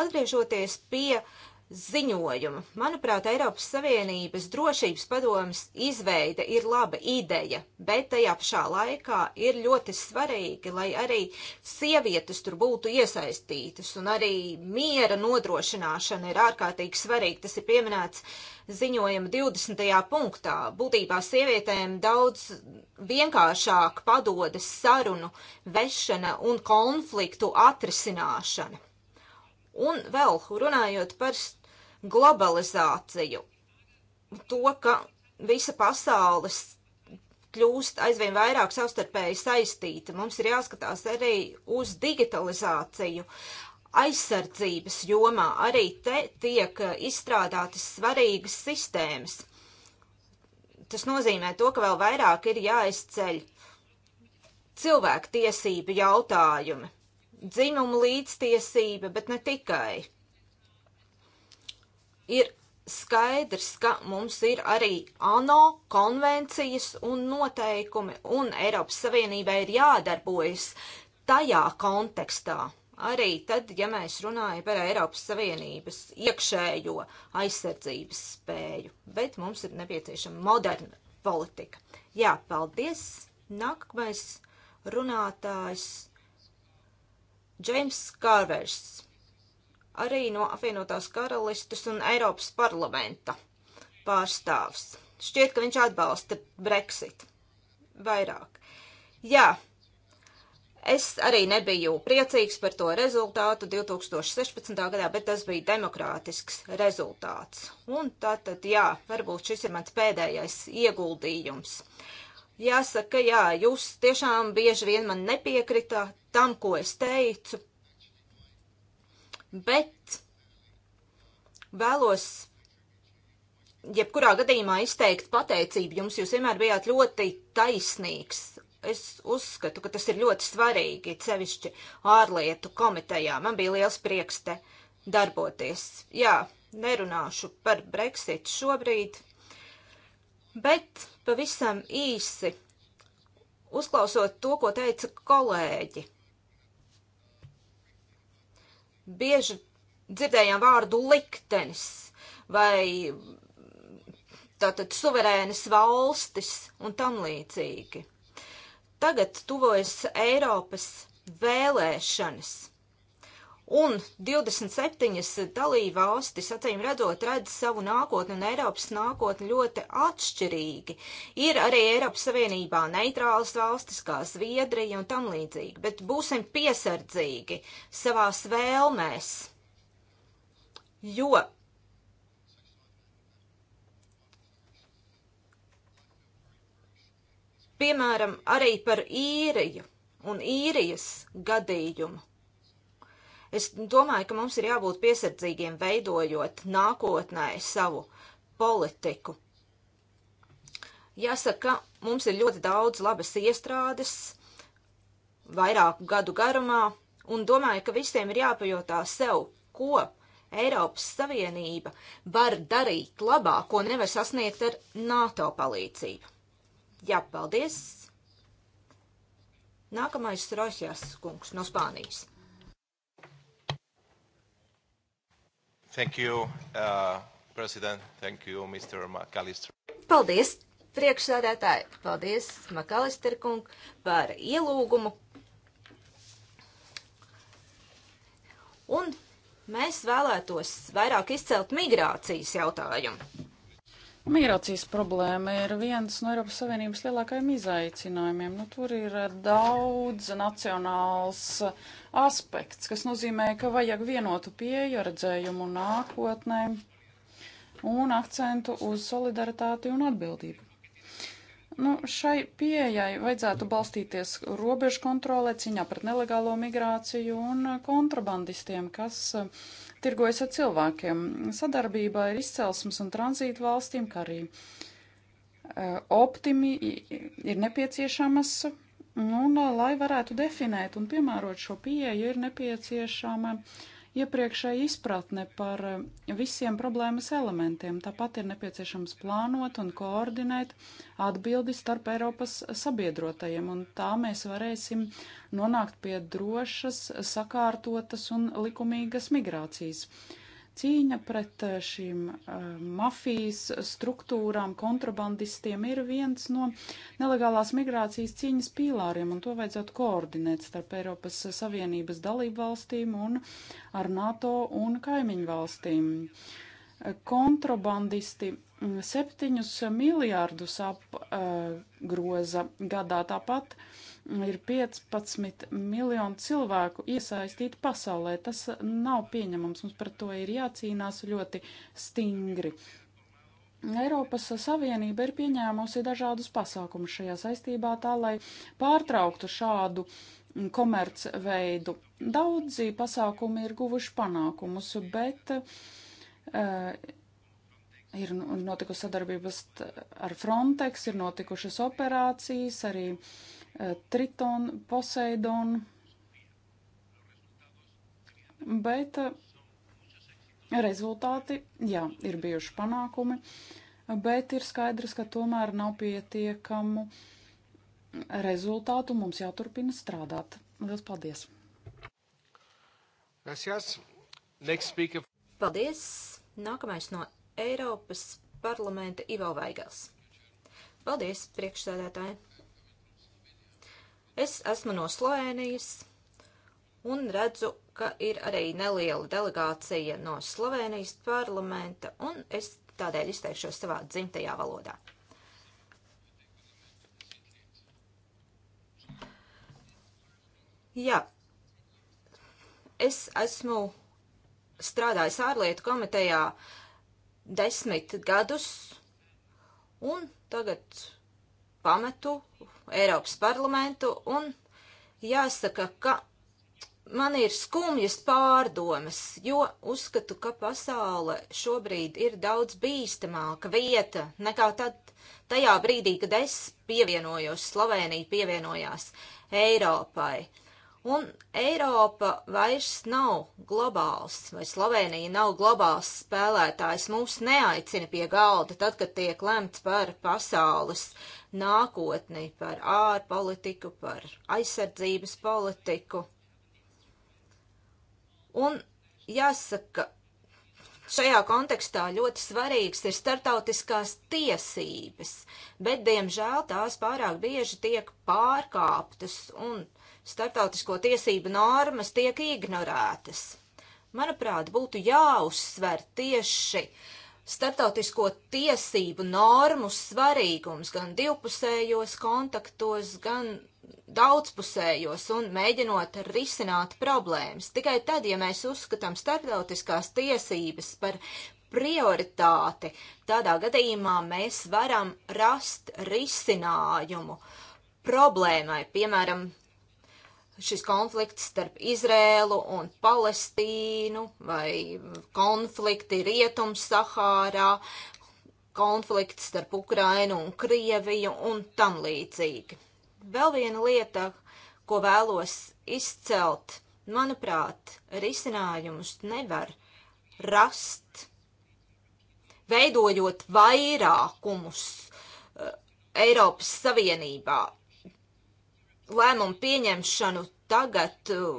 Atgriežoties pie uh, ziņojumu. Manuprāt, Eiropas Savienības drošības padomas izveide ir laba ideja, bet tajā pašā laikā ir ļoti svarīgi, lai arī sievietes tur būtu iesaistītas, un arī miera nodrošināšana ir ārkārtīgi svarīga. Tas ir pieminēts ziņojuma 20. punktā. Būtībā sievietēm daudz vienkāršāk padodas sarunu vešana un konfliktu atrisināšana. Un vēl runājot par globalizāciju, to, ka visa pasaules kļūst aizvien vairāk savstarpēji saistīta. Mums ir jāskatās arī uz digitalizāciju. Aizsardzības jomā arī te tiek eh, izstrādātas svarīgas sistēmas. Tas nozīmē to, ka vēl vairāk ir jāizceļ cilvēktiesību jautājumi dzimumu līdztiesība, bet ne tikai. Ir skaidrs, ka mums ir arī ANO konvencijas un noteikumi, un Eiropas Savienībai ir jādarbojas tajā kontekstā. Arī tad, ja mēs runājam par Eiropas Savienības iekšējo aizsardzības spēju, bet mums ir nepieciešama moderna politika. Jā, paldies! Nākamais runātājs Džeims Kārvers, arī no apvienotās karalistas un Eiropas parlamenta pārstāvs. Šķiet, ka viņš atbalsta Brexit vairāk. Jā, es arī nebiju priecīgs par to rezultātu 2016. gadā, bet tas bija demokrātisks rezultāts. Un tātad, jā, varbūt šis ir mans pēdējais ieguldījums. Jāsaka, jā, jūs tiešām bieži vien man nepiekritāt, tam, ko es teicu, bet vēlos jebkurā gadījumā izteikt pateicību jums. Jūs vienmēr bijāt ļoti taisnīgs. Es uzskatu, ka tas ir ļoti svarīgi, sevišķi ārlietu komitejā. Man bija liels prieks te darboties. Jā, nerunāšu par Brexit šobrīd, bet pavisam īsi uzklausot to, ko teica kolēģi bieži dzirdējām vārdu liktenis vai tātad suverēnas valstis un tam līdzīgi. Tagad tuvojas Eiropas vēlēšanas. Un 27 dalībvalstis, acīm redzot, redz savu nākotni un Eiropas nākotni ļoti atšķirīgi. Ir arī Eiropas Savienībā neitrālas valstis kā Zviedrija un tam līdzīgi, bet būsim piesardzīgi savās vēlmēs, jo piemēram arī par īriju un īrijas gadījumu Es domāju, ka mums ir jābūt piesardzīgiem veidojot nākotnē savu politiku. Jāsaka, ka mums ir ļoti daudz labas iestrādes vairāku gadu garumā, un domāju, ka visiem ir jāpajautā sev, ko Eiropas Savienība var darīt labāk, ko nevar sasniegt ar NATO palīdzību. Jā, paldies! Nākamais Rojas kungs no Spānijas. Thank you, uh, President. Thank you, Mr. McAllister. Paldies, priekšsēdētāji. Paldies, McAllister kung, par ielūgumu. Un mēs vēlētos vairāk izcelt migrācijas jautājumu. Migrācijas problēma ir viens no Eiropas Savienības lielākajiem izaicinājumiem. Nu, tur ir eh, daudz nacionāls eh, aspekts, kas nozīmē, ka vajag vienotu pieeju redzējumu nākotnē un akcentu uz solidaritāti un atbildību. Nu, šai pieejai vajadzētu balstīties robežu kontrolē, ciņā pret nelegālo migrāciju un eh, kontrabandistiem, kas uh, tirgojas ar cilvēkiem. Sadarbība ir izcelsmes un tranzītu valstīm, kā arī e, optimi ir nepieciešamas, nu, un, lai varētu definēt un piemērot šo pieeju, ir nepieciešama uh, iepriekšēja izpratne par eh, visiem problēmas elementiem. Tāpat ir nepieciešams plānot un koordinēt atbildi starp Eiropas sabiedrotajiem, un tā mēs varēsim nonākt pie drošas, sakārtotas un likumīgas migrācijas. Cīņa pret eh, šīm uh, mafijas struktūrām, kontrabandistiem ir viens no nelegālās migrācijas cīņas pīlāriem, un to vajadzētu koordinēt starp Eiropas Savienības dalību valstīm un ar NATO un kaimiņu valstīm. Kontrabandisti mm, septiņus miljārdus apgroza uh, gadā tāpat. Uh, ir 15 miljonu cilvēku iesaistīti pasaulē. Tas nav pieņemams. Mums par to ir jācīnās ļoti stingri. Eiropas Savienība ir pieņēmusi dažādus pasākumus šajā saistībā tā, lai pārtrauktu šādu komercveidu. Daudzi pasākumi ir guvuši panākumus, bet uh, ir notikusi sadarbības ar Frontex, ir notikušas operācijas, arī uh, Eh, Triton, Poseidon, bet eh, rezultāti, jā, ir bijuši panākumi, bet ir skaidrs, ka tomēr nav pietiekamu rezultātu, mums jāturpina strādāt. Lielas paldies! Gracias. Next speaker. Paldies! Nākamais no Eiropas parlamenta Ivo Vaigels. Paldies, priekšsēdētāji! Es esmu no Slovenijas un redzu, ka ir arī neliela delegācija no Slovenijas parlamenta, un es tādēļ izteikšos savā dzimtajā valodā. Jā, es esmu strādājis ārlietu komitejā desmit gadus, un tagad pametu Eiropas parlamentu, un jāsaka, ka man ir skumjas pārdomas, jo uzskatu, ka pasaule šobrīd ir daudz bīstamāka vieta nekā tad, tajā brīdī, kad es pievienojos, Slovenija pievienojās Eiropai. Un Eiropa vairs nav globāls, vai Slovenija nav globāls spēlētājs. Mūs neaicina pie galda tad, kad tiek lemts par pasaules nākotni, par ārpolitiku, par aizsardzības politiku. Un jāsaka, šajā kontekstā ļoti svarīgs ir startautiskās tiesības, bet, diemžēl, tās pārāk bieži tiek pārkāptas un startautisko tiesību normas tiek ignorētas. Manuprāt, būtu jāuzsver tieši uh, starptautisko tiesību normu svarīgums gan divpusējos kontaktos, gan daudzpusējos un mēģinot risināt problēmas. Tikai tad, ja mēs uzskatām starptautiskās tiesības par prioritāti, tādā gadījumā mēs varam rast risinājumu problēmai, piemēram, šis konflikts starp Izrēlu un Palestīnu vai konflikti Rietums Sahārā, konflikts starp Ukrainu un Krieviju un tam līdzīgi. Vēl viena lieta, ko vēlos izcelt, manuprāt, risinājumus nevar rast, veidojot vairākumus eh, Eiropas Savienībā lēmumu pieņemšanu tagad uh,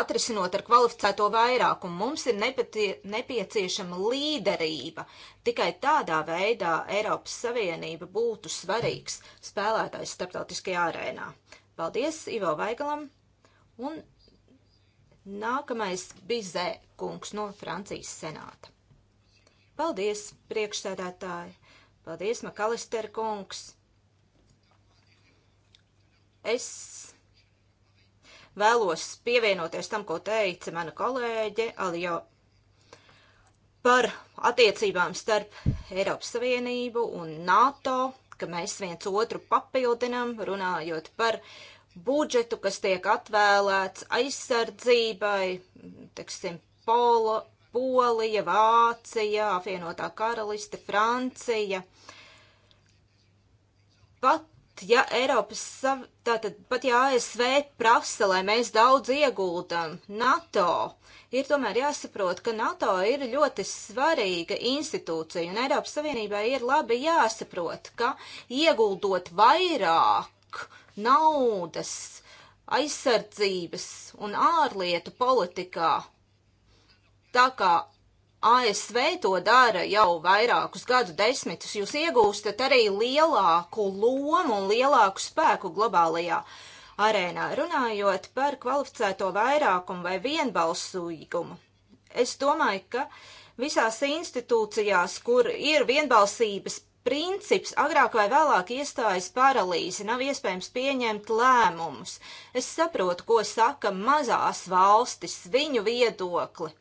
atrisinot ar kvalificēto vairākumu. Mums ir nepatie, nepieciešama līderība. Tikai tādā veidā Eiropas Savienība būtu svarīgs spēlētājs starptautiskajā arēnā. Paldies Ivo Vaigalam un nākamais Bizē kungs no Francijas senāta. Paldies, priekšsēdētāji! Paldies, Makalister kungs! Es vēlos pievienoties tam, ko teica mana kolēģe Alija par attiecībām starp Eiropas Savienību un NATO, ka mēs viens otru papildinam, runājot par budžetu, kas tiek atvēlēts aizsardzībai, teiksim, Polo, Polija, Vācija, apvienotā karaliste, Francija. Pat pat ja Eiropas, tātad pat ja ASV prasa, lai mēs daudz ieguldam NATO, ir tomēr jāsaprot, ka NATO ir ļoti svarīga institūcija, un Eiropas Savienībai ir labi jāsaprot, ka ieguldot vairāk naudas aizsardzības un ārlietu politikā, tā kā ASV to dara jau vairākus gadu desmitus, jūs iegūstat arī lielāku lomu un lielāku spēku globālajā arēnā, runājot par kvalificēto vairākumu vai vienbalsīgumu. Es domāju, ka visās institūcijās, kur ir vienbalsības princips, agrāk vai vēlāk iestājas paralīze, nav iespējams pieņemt lēmumus. Es saprotu, ko saka mazās valstis, viņu viedokli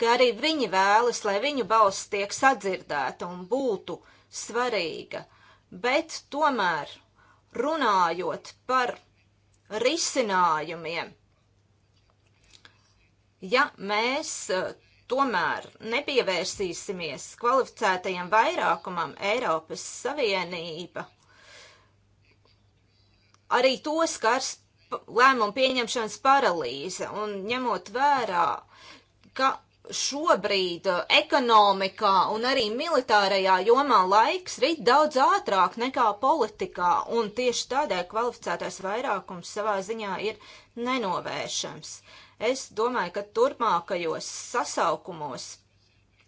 ka arī viņi vēlas, lai viņu balss tiek sadzirdēta un būtu svarīga. Bet tomēr runājot par risinājumiem, ja mēs eh, tomēr nepievērsīsimies kvalificētajam vairākumam Eiropas Savienība, arī to skars lēmumu pieņemšanas paralīze un ņemot vērā, ka šobrīd uh, ekonomikā un arī militārajā jomā laiks rīt daudz ātrāk nekā politikā, un tieši tādēļ kvalificētais vairākums savā ziņā ir nenovēršams. Es domāju, ka turpmākajos sasaukumos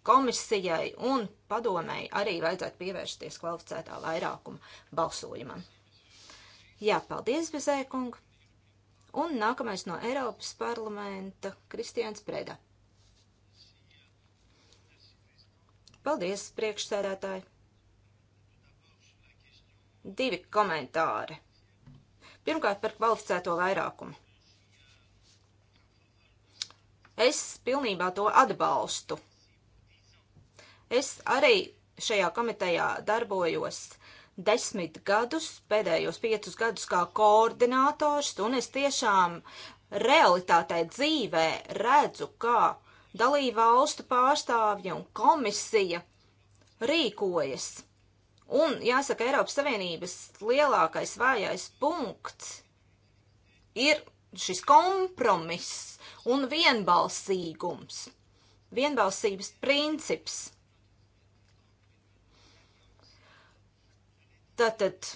komisijai un padomēji arī vajadzētu pievērsties kvalificētā vairākuma balsojumam. Jā, paldies, Bezēkung! Un nākamais no Eiropas parlamenta Kristians Preda. Paldies, priekšsēdētāji! Divi komentāri. Pirmkārt par kvalificēto vairākumu. Es pilnībā to atbalstu. Es arī šajā komitejā darbojos desmit gadus, pēdējos piecus gadus kā koordinators, un es tiešām realitātē dzīvē redzu, kā dalību valstu pārstāvja un komisija rīkojas. Un, jāsaka, Eiropas Savienības lielākais vājais punkts ir šis kompromiss un vienbalsīgums, vienbalsības princips. Tātad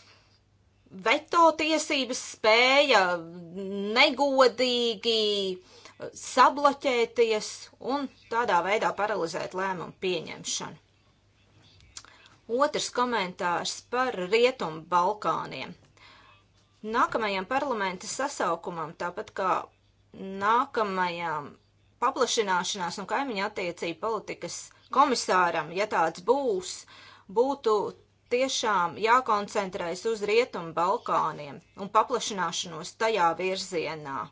veto tiesības spēja negodīgi uh, sabloķēties un tādā veidā paralizēt lēmumu pieņemšanu. Otrs komentārs par Rietumu Balkāniem. Nākamajam parlamenta sasaukumam, tāpat kā nākamajām paplašināšanās un kaimiņa attiecību politikas komisāram, ja tāds būs, būtu tiešām jākoncentrējas uz Rietumu Balkāniem un paplašināšanos tajā virzienā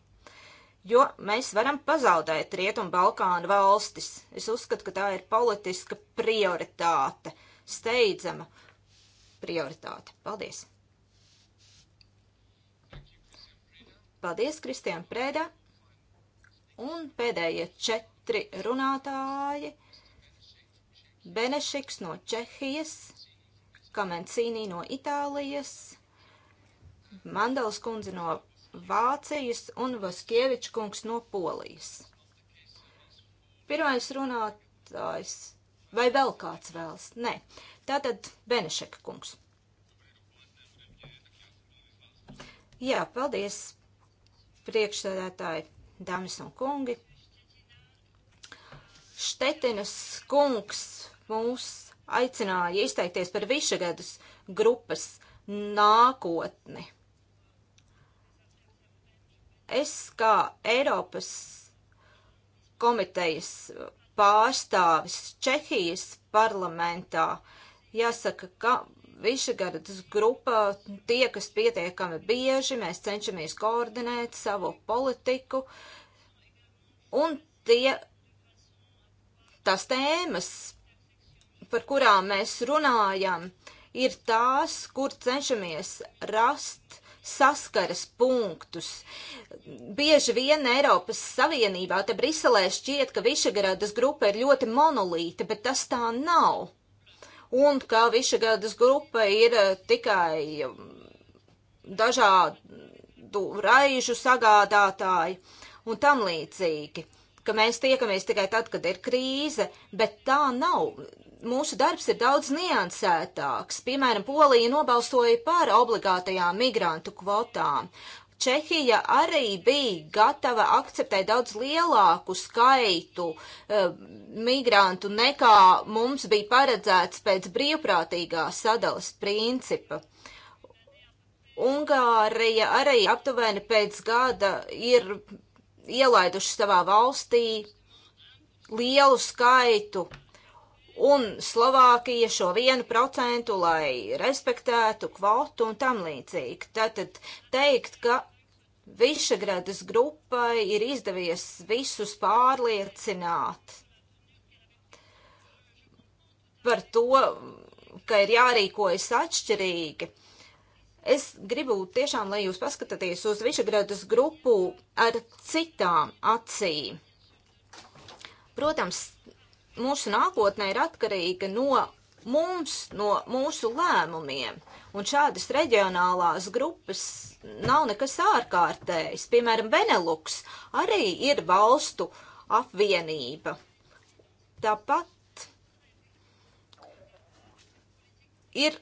jo mēs varam pazaudēt Rietumu Balkānu valstis. Es uzskatu, ka tā ir politiska prioritāte, steidzama prioritāte. Paldies! Paldies, Kristian Prēdā! Un pēdējie četri runātāji - Benešiks no Čehijas, Kamencīnī no Itālijas, Mandels kundze no Vācijas un Vaskieviča kungs no Polijas. Pirmais runātājs. Vai vēl kāds vēlas? Nē. Tātad Benešeka kungs. Jā, paldies, priekšsēdētāji, dāmas un kungi. Štetinas kungs mūs aicināja izteikties par višagadas grupas nākotni. Es kā Eiropas komitejas pārstāvis Čehijas parlamentā jāsaka, ka Višegardas grupa tiekas pietiekami bieži, mēs cenšamies koordinēt savu politiku un tie tās tēmas, par kurām mēs runājam, ir tās, kur cenšamies rast saskaras punktus. Bieži vien Eiropas Savienībā, te Briselē šķiet, ka Višegradas grupa ir ļoti monolīta, bet tas tā nav. Un ka Višegradas grupa ir eh, tikai um, dažādu raižu sagādātāji un tam līdzīgi ka mēs tiekamies tikai tad, kad ir krīze, bet tā nav mūsu darbs ir daudz niansētāks. Piemēram, Polija nobalsoja par obligātajām migrantu kvotām. Čehija arī bija gatava akceptēt daudz lielāku skaitu e, migrantu nekā mums bija paredzēts pēc brīvprātīgā sadalas principa. Ungārija arī aptuveni pēc gada ir ielaiduši savā valstī lielu skaitu un Slovākija šo vienu procentu, lai respektētu kvotu un tam līdzīgi. Tātad teikt, ka Višagradas grupai ir izdevies visus pārliecināt par to, ka ir jārīkojas atšķirīgi. Es gribu tiešām, lai jūs paskatāties uz Višagradas grupu ar citām acīm. Protams, mūsu nākotnē ir atkarīga no mums, no mūsu lēmumiem. Un šādas reģionālās grupas nav nekas ārkārtējs. Piemēram, Benelux arī ir valstu apvienība. Tāpat ir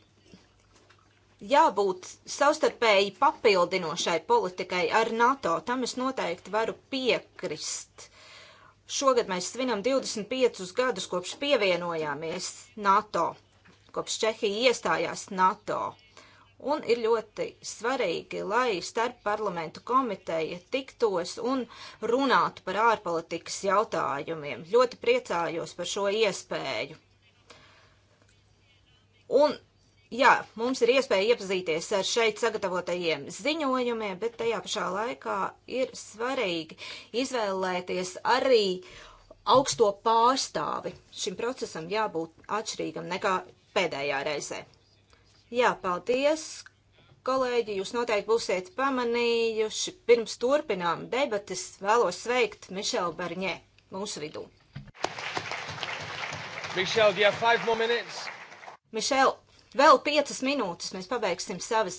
jābūt savstarpēji papildinošai politikai ar NATO. Tam es noteikti varu piekrist. Šogad mēs svinam 25 gadus kopš pievienojāmies NATO, kopš Čehija iestājās NATO. Un ir ļoti svarīgi, lai starp parlamentu komiteja tiktos un runātu par ārpolitikas jautājumiem. Ļoti priecājos par šo iespēju. Un jā, mums ir iespēja iepazīties ar šeit sagatavotajiem ziņojumiem, bet tajā pašā laikā ir svarīgi izvēlēties arī augsto pārstāvi. Šim procesam jābūt atšķirīgam nekā pēdējā reizē. Jā, paldies, kolēģi, jūs noteikti būsiet pamanījuši. Pirms turpinām debatas vēlos sveikt Mišelu Barņē mūsu vidū. Michelle, do you have five more minutes? Michelle, Vēl piecas minūtes mēs pabeigsim savas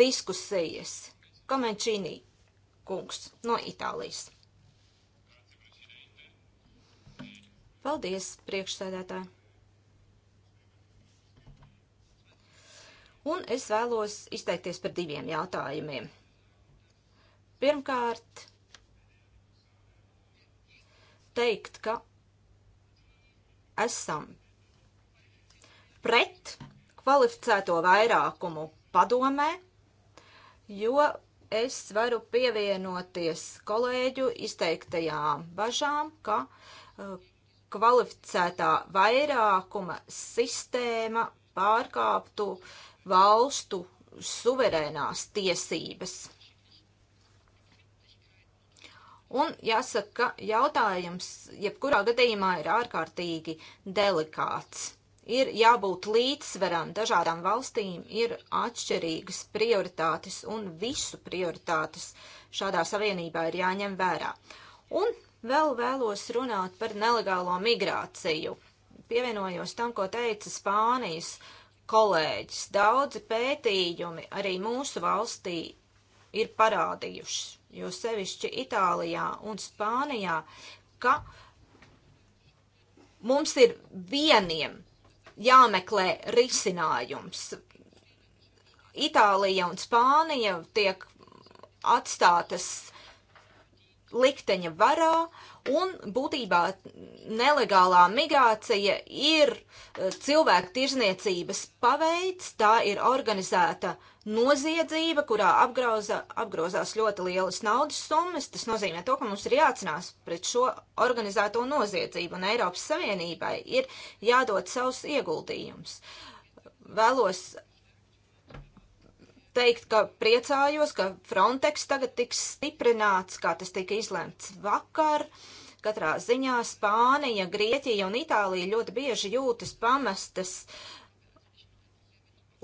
diskusijas. Komenčīnī kungs no Itālijas. Paldies, priekšsēdētāji! Un es vēlos izteikties par diviem jautājumiem. Pirmkārt, teikt, ka esam pret kvalificēto vairākumu padomē, jo es varu pievienoties kolēģu izteiktajām bažām, ka eh, kvalificētā vairākuma sistēma pārkāptu valstu suverēnās tiesības. Un jāsaka, ka jautājums jebkurā gadījumā ir ārkārtīgi delikāts ir jābūt līdzsveram. Dažādām valstīm ir atšķirīgas prioritātes un visu prioritātes šādā savienībā ir jāņem vērā. Un vēl vēlos runāt par nelegālo migrāciju. Pievienojos tam, ko teica Spānijas kolēģis. Daudzi pētījumi arī mūsu valstī ir parādījuši, jo sevišķi Itālijā un Spānijā, ka mums ir vieniem jāmeklē risinājums. Itālija un Spānija tiek atstātas likteņa varā, uh, un būtībā nelegālā migrācija ir e, cilvēku tirzniecības paveids, tā ir organizēta noziedzība, kurā apgrauza, apgrozās ļoti lielas naudas summas. Tas nozīmē to, ka mums ir jācinās pret šo organizēto noziedzību, un Eiropas Savienībai ir jādod savus ieguldījumus. Vēlos teikt, ka priecājos, ka Frontex tagad tiks stiprināts, kā tas tika izlemts vakar. Katrā ziņā Spānija, Grieķija un Itālija ļoti bieži jūtas pamestas,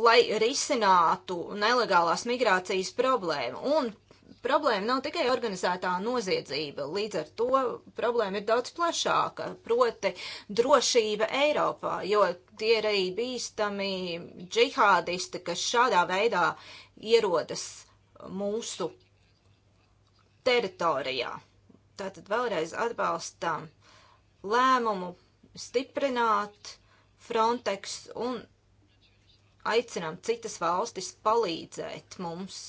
lai risinātu nelegālās migrācijas problēmu. Un Problēma nav tikai organizētā noziedzība, līdz ar to problēma ir daudz plašāka, proti drošība Eiropā, jo tie ir arī bīstami džihādisti, kas šādā veidā ierodas mūsu teritorijā. Tātad vēlreiz atbalstam lēmumu stiprināt Frontex un aicinām citas valstis palīdzēt mums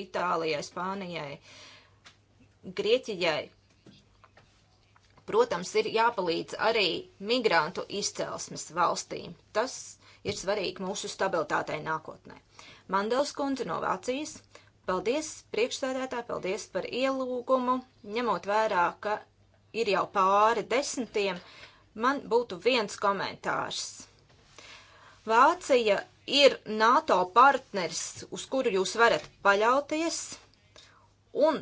Itālijai, Spānijai, Grieķijai. Protams, ir jāpalīdz arī migrantu izcelsmes valstīm. Tas ir svarīgi mūsu stabilitātei nākotnē. Mandels kundze no Vācijas. Paldies, priekšsēdētāji, paldies par ielūgumu. Ņemot vērā, ka ir jau pāri desmitiem, man būtu viens komentārs. Vācija ir NATO partners, uz kuru jūs varat paļauties, un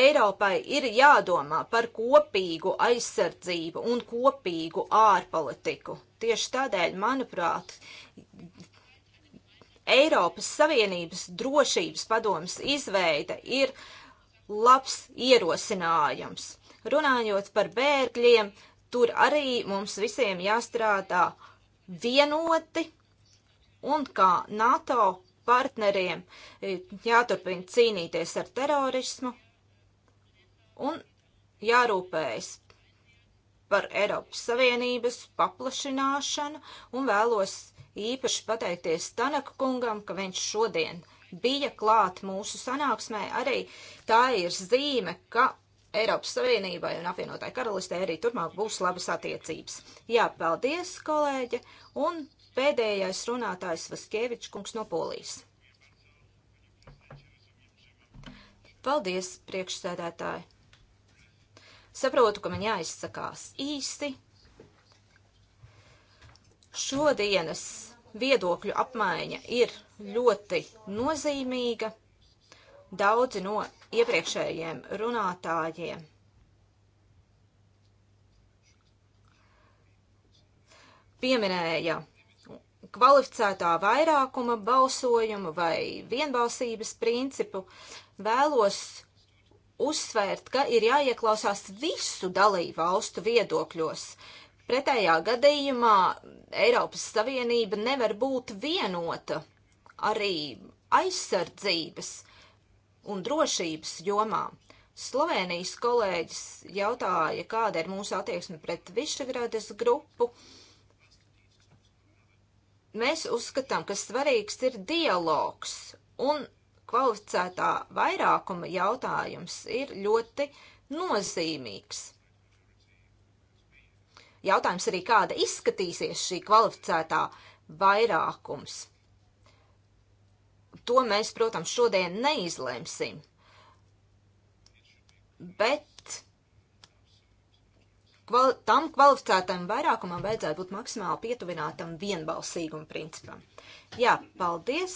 Eiropai ir jādomā par kopīgu aizsardzību un kopīgu ārpolitiku. Tieši tādēļ, manuprāt, Eiropas Savienības drošības padomas izveida ir labs ierosinājums. Runājot par bērgļiem, tur arī mums visiem jāstrādā vienoti un kā NATO partneriem e, jāturpina cīnīties ar terorismu un jārūpējas par Eiropas Savienības paplašināšanu un vēlos īpaši pateikties Tanaka kungam, ka viņš šodien bija klāt mūsu sanāksmē. Arī tā ir zīme, ka Eiropas Savienībai un apvienotāji karalistē arī turpmāk būs labas attiecības. Jā, paldies, kolēģi, un Pēdējais runātājs Vaskevičs kungs no Polijas. Paldies, priekšsēdētāji! Saprotu, ka man jāizsakās īsi. Šodienas viedokļu apmaiņa ir ļoti nozīmīga. Daudzi no iepriekšējiem runātājiem pieminēja kvalificētā vairākuma balsojuma vai vienbalsības principu, vēlos uzsvērt, ka ir jāieklausās visu dalību valstu viedokļos. Pretējā gadījumā Eiropas Savienība nevar būt vienota arī aizsardzības un drošības jomā. Slovenijas kolēģis jautāja, kāda ir mūsu attieksme pret Višagrades grupu. Uh, Mēs uzskatām, ka svarīgs ir dialogs un kvalificētā vairākuma jautājums ir ļoti nozīmīgs. Jautājums arī, kāda izskatīsies šī kvalificētā vairākums. To mēs, protams, šodien neizlemsim. Bet kval tam kvalificētam vairākumam vajadzētu būt maksimāli pietuvinātam vienbalsīguma principam. Jā, paldies,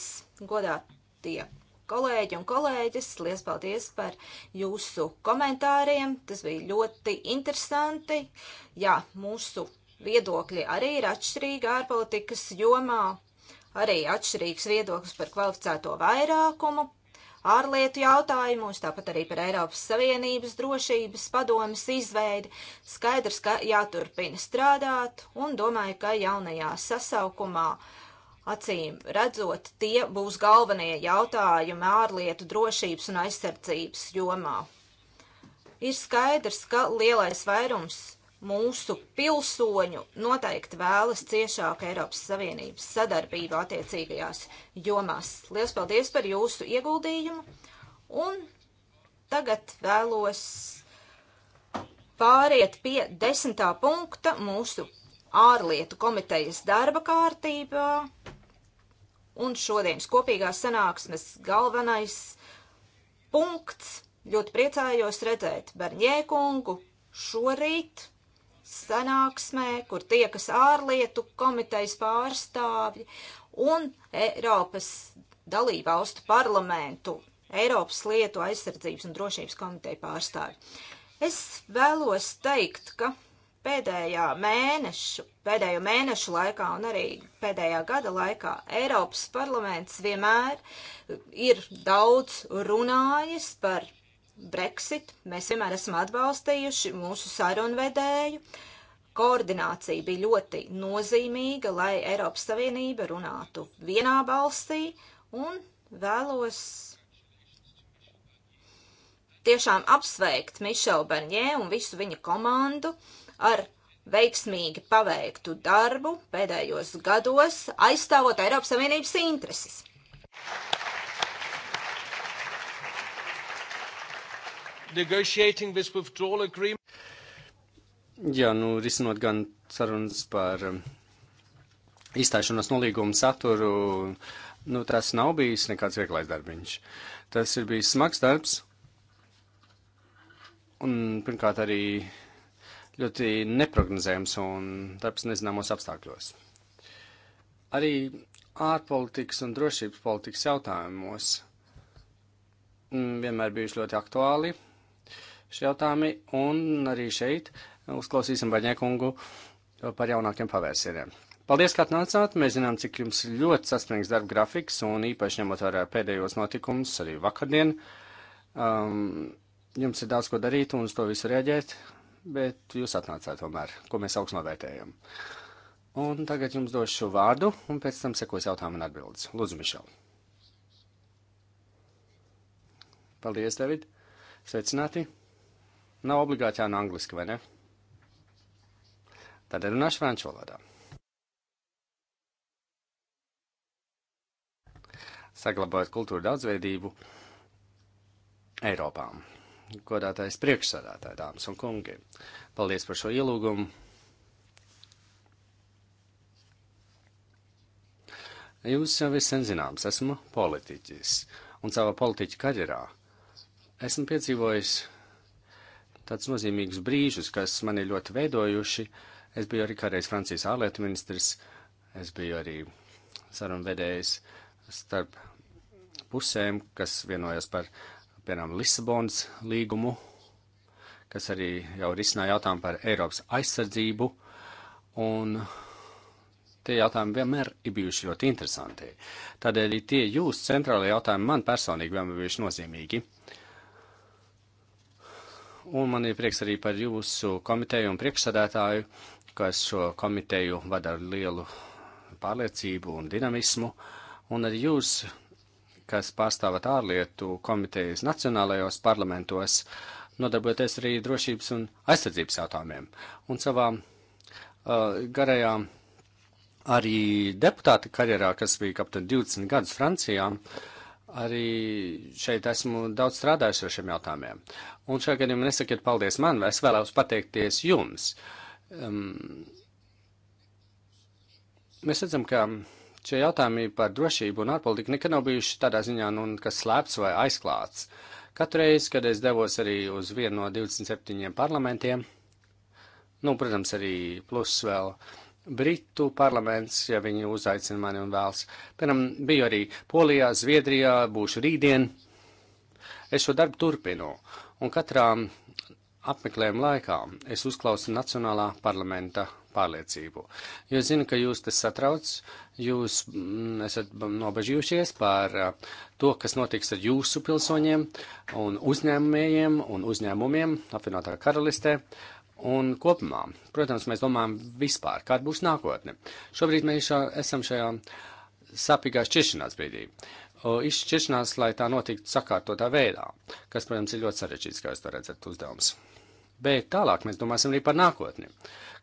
godātie kolēģi un kolēģis, liels paldies par jūsu komentāriem, tas bija ļoti interesanti. Jā, mūsu viedokļi arī ir atšķirīgi ārpolitikas jomā, arī atšķirīgs viedoklis par kvalificēto vairākumu ārlietu jautājumos, tāpat arī par Eiropas Savienības drošības padomas izveidi. Skaidrs, ka jāturpina strādāt un domāju, ka jaunajā sasaukumā acīm redzot, tie būs galvenie jautājumi ārlietu drošības un aizsardzības jomā. Ir skaidrs, ka lielais vairums mūsu pilsoņu noteikti vēlas ciešāku Eiropas Savienības sadarbību attiecīgajās jomās. Lielas paldies par jūsu ieguldījumu, un tagad vēlos pāriet pie desmitā punkta mūsu ārlietu komitejas darba kārtībā, un šodienas kopīgās sanāksmes galvenais punkts. Ļoti priecājos redzēt Barņēkungu šorīt sanāksmē, kur tiekas ārlietu komitejas pārstāvji un Eiropas dalībvalstu parlamentu, Eiropas lietu aizsardzības un drošības komiteja pārstāvji. Es vēlos teikt, ka pēdējā mēnešu, pēdējo mēnešu laikā un arī pēdējā gada laikā Eiropas parlaments vienmēr ir daudz runājis par Brexit mēs vienmēr esam atbalstījuši mūsu sarunvedēju. Koordinācija bija ļoti nozīmīga, lai Eiropas Savienība runātu vienā balsī un vēlos tiešām apsveikt Mišelu Barņē un visu viņa komandu ar veiksmīgi paveiktu darbu pēdējos gados, aizstāvot Eiropas Savienības intereses. negotiating this withdrawal agreement. Jā, nu, risinot gan sarunas par um, izstāšanās nolīgumu saturu, nu, tas nav bijis nekāds vieglais darbiņš. Tas ir bijis smags darbs, un pirmkārt arī ļoti neprognozējams un darbs nezināmos apstākļos. Arī ārpolitikas un drošības politikas jautājumos mm, vienmēr bijuši ļoti aktuāli šie jautājumi, un arī šeit uzklausīsim Baņēkungu par jaunākiem pavērsieniem. Paldies, ka atnācāt. Mēs zinām, cik jums ļoti saspringts darba grafiks, un īpaši ņemot vērā pēdējos notikumus, arī vakardien. Um, jums ir daudz ko darīt un uz to visu reaģēt, bet jūs atnācāt tomēr, ko mēs augstu novērtējam. Un tagad jums došu vārdu, un pēc tam sekos jautājumi un atbildes. Lūdzu, Mišel. Paldies, David. Sveicināti. Nav obligāti jāna angliski, vai ne? Tad runāšu franču valodā. Saglabājot kultūru daudzveidību Eiropā. Godātais priekšsādātāji, dāmas un kungi, paldies par šo ielūgumu. Jūs jau visiem zināms, esmu politiķis, un savā politiķa karjerā esmu piedzīvojis tāds nozīmīgs brīžus, kas mani ļoti veidojuši. Es biju arī kādreiz Francijas ārlietu ministrs, es biju arī sarunvedējs starp pusēm, kas vienojas par, piemēram, Lisabonas līgumu, kas arī jau risināja jautājumu par Eiropas aizsardzību, un tie jautājumi vienmēr ir bijuši ļoti interesanti. Tādēļ tie jūs centrālajie jautājumi man personīgi vienmēr bijuši nozīmīgi. Uh, Un man ir prieks arī par jūsu komiteju un priekšsadētāju, kas šo komiteju vada ar lielu pārliecību un dinamismu. Un arī jūs, kas pārstāvat ārlietu komitejas nacionālajos parlamentos, nodarbojoties arī drošības un aizsardzības jautājumiem. Un savā uh, garajā arī deputāta karjerā, kas bija aptuveni 20 gadus Francijā, uh, arī šeit esmu daudz strādājis ar šiem jautājumiem. Un šajā gadījumā nesakiet paldies man, es vēlos pateikties jums. Um, mēs redzam, ka šie jautājumi par drošību un ārpolitiku nekad nav bijuši tādā ziņā, nu, kas slēpts vai aizklāts. Katru reizi, kad es devos arī uz vienu no 27 parlamentiem, nu, protams, arī plus vēl. Uh, Britu parlaments, ja viņi uzaicina mani un vēlas. Piemēram, biju arī Polijā, Zviedrijā, būšu rītdien. Es šo darbu turpinu, un katrā apmeklējuma laikā es uzklausu Nacionālā parlamenta pārliecību. Jo zinu, ka jūs tas satrauc, jūs mm, esat nobežījušies par uh, to, kas notiks ar jūsu pilsoņiem un uzņēmējiem un uzņēmumiem apvienotā karalistē. Uh, Un kopumā, protams, mēs domājam vispār, kāda būs nākotne. Šobrīd mēs šā, esam šajā sapīgā šķiršanās brīdī. Izšķiršanās, lai tā notiktu sakārtotā veidā, kas, protams, ir ļoti sarežģīts, kā jūs to redzat, uzdevums. Bet tālāk mēs domāsim arī par nākotni.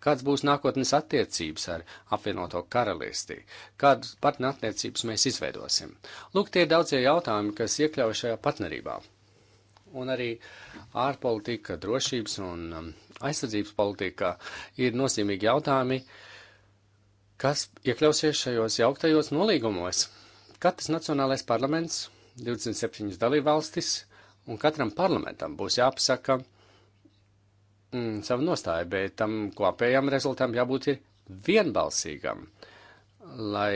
Kāds būs nākotnes attiecības ar apvienoto karalisti? Kādas partnerattiecības mēs izveidosim? Lūk, tie ir daudzie jautājumi, kas iekļauj šajā partnerībā un arī ārpolitika, drošības un um, aizsardzības politika ir nozīmīgi jautājumi, kas iekļausies šajos jauktajos nolīgumos. Katrs nacionālais parlaments, 27 dalībvalstis, un katram parlamentam būs jāpasaka mm, savu nostāju, bet tam kopējam rezultātam jābūt ir vienbalsīgam, lai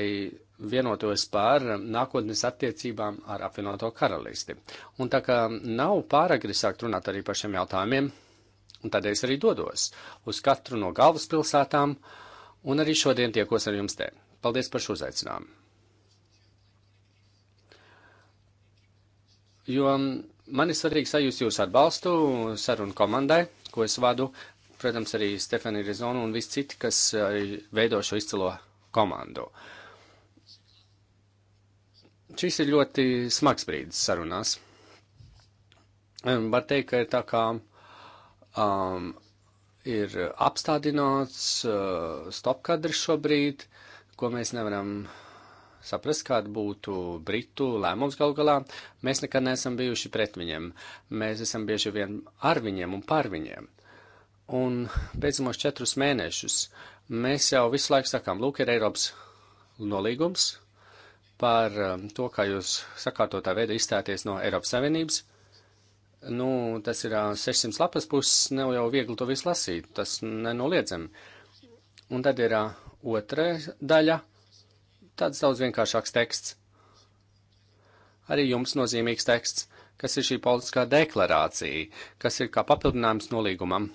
vienotos par nākotnes attiecībām ar apvienoto karalisti. Un tā kā nav pārāk grisāk runāt arī par šiem jautājumiem, un tādēļ es arī dodos uz katru no galvaspilsētām, un arī šodien tiekos ar jums te. Paldies par šo uzaicinājumu. Jo man ir svarīgi sajust jūsu atbalstu sarunu komandai, ko es vadu, protams, arī Stefani Rizonu un visi citi, kas eh, veido šo izcilo komandu. Uh, šis ir ļoti smags brīdis sarunās. Var teikt, ka ir tā kā um, ir apstādināts uh, stopkadrs šobrīd, ko mēs nevaram saprast, kāda būtu Britu lēmums gal galā. Mēs nekad neesam bijuši pret viņiem. Mēs esam bieži vien ar viņiem un par viņiem. Un beidzamos četrus mēnešus mēs jau visu laiku sakām, lūk, ir Eiropas nolīgums, par um, to, kā jūs sakārtotā veidā izstāties no Eiropas Savienības. Nu, tas ir 600 uh, lapas puses, nav jau viegli to visu lasīt, tas nenoliedzami. Un tad ir uh, otrā daļa, tāds daudz vienkāršāks teksts. Arī jums nozīmīgs teksts, kas ir šī politiskā deklarācija, kas ir kā papildinājums nolīgumam.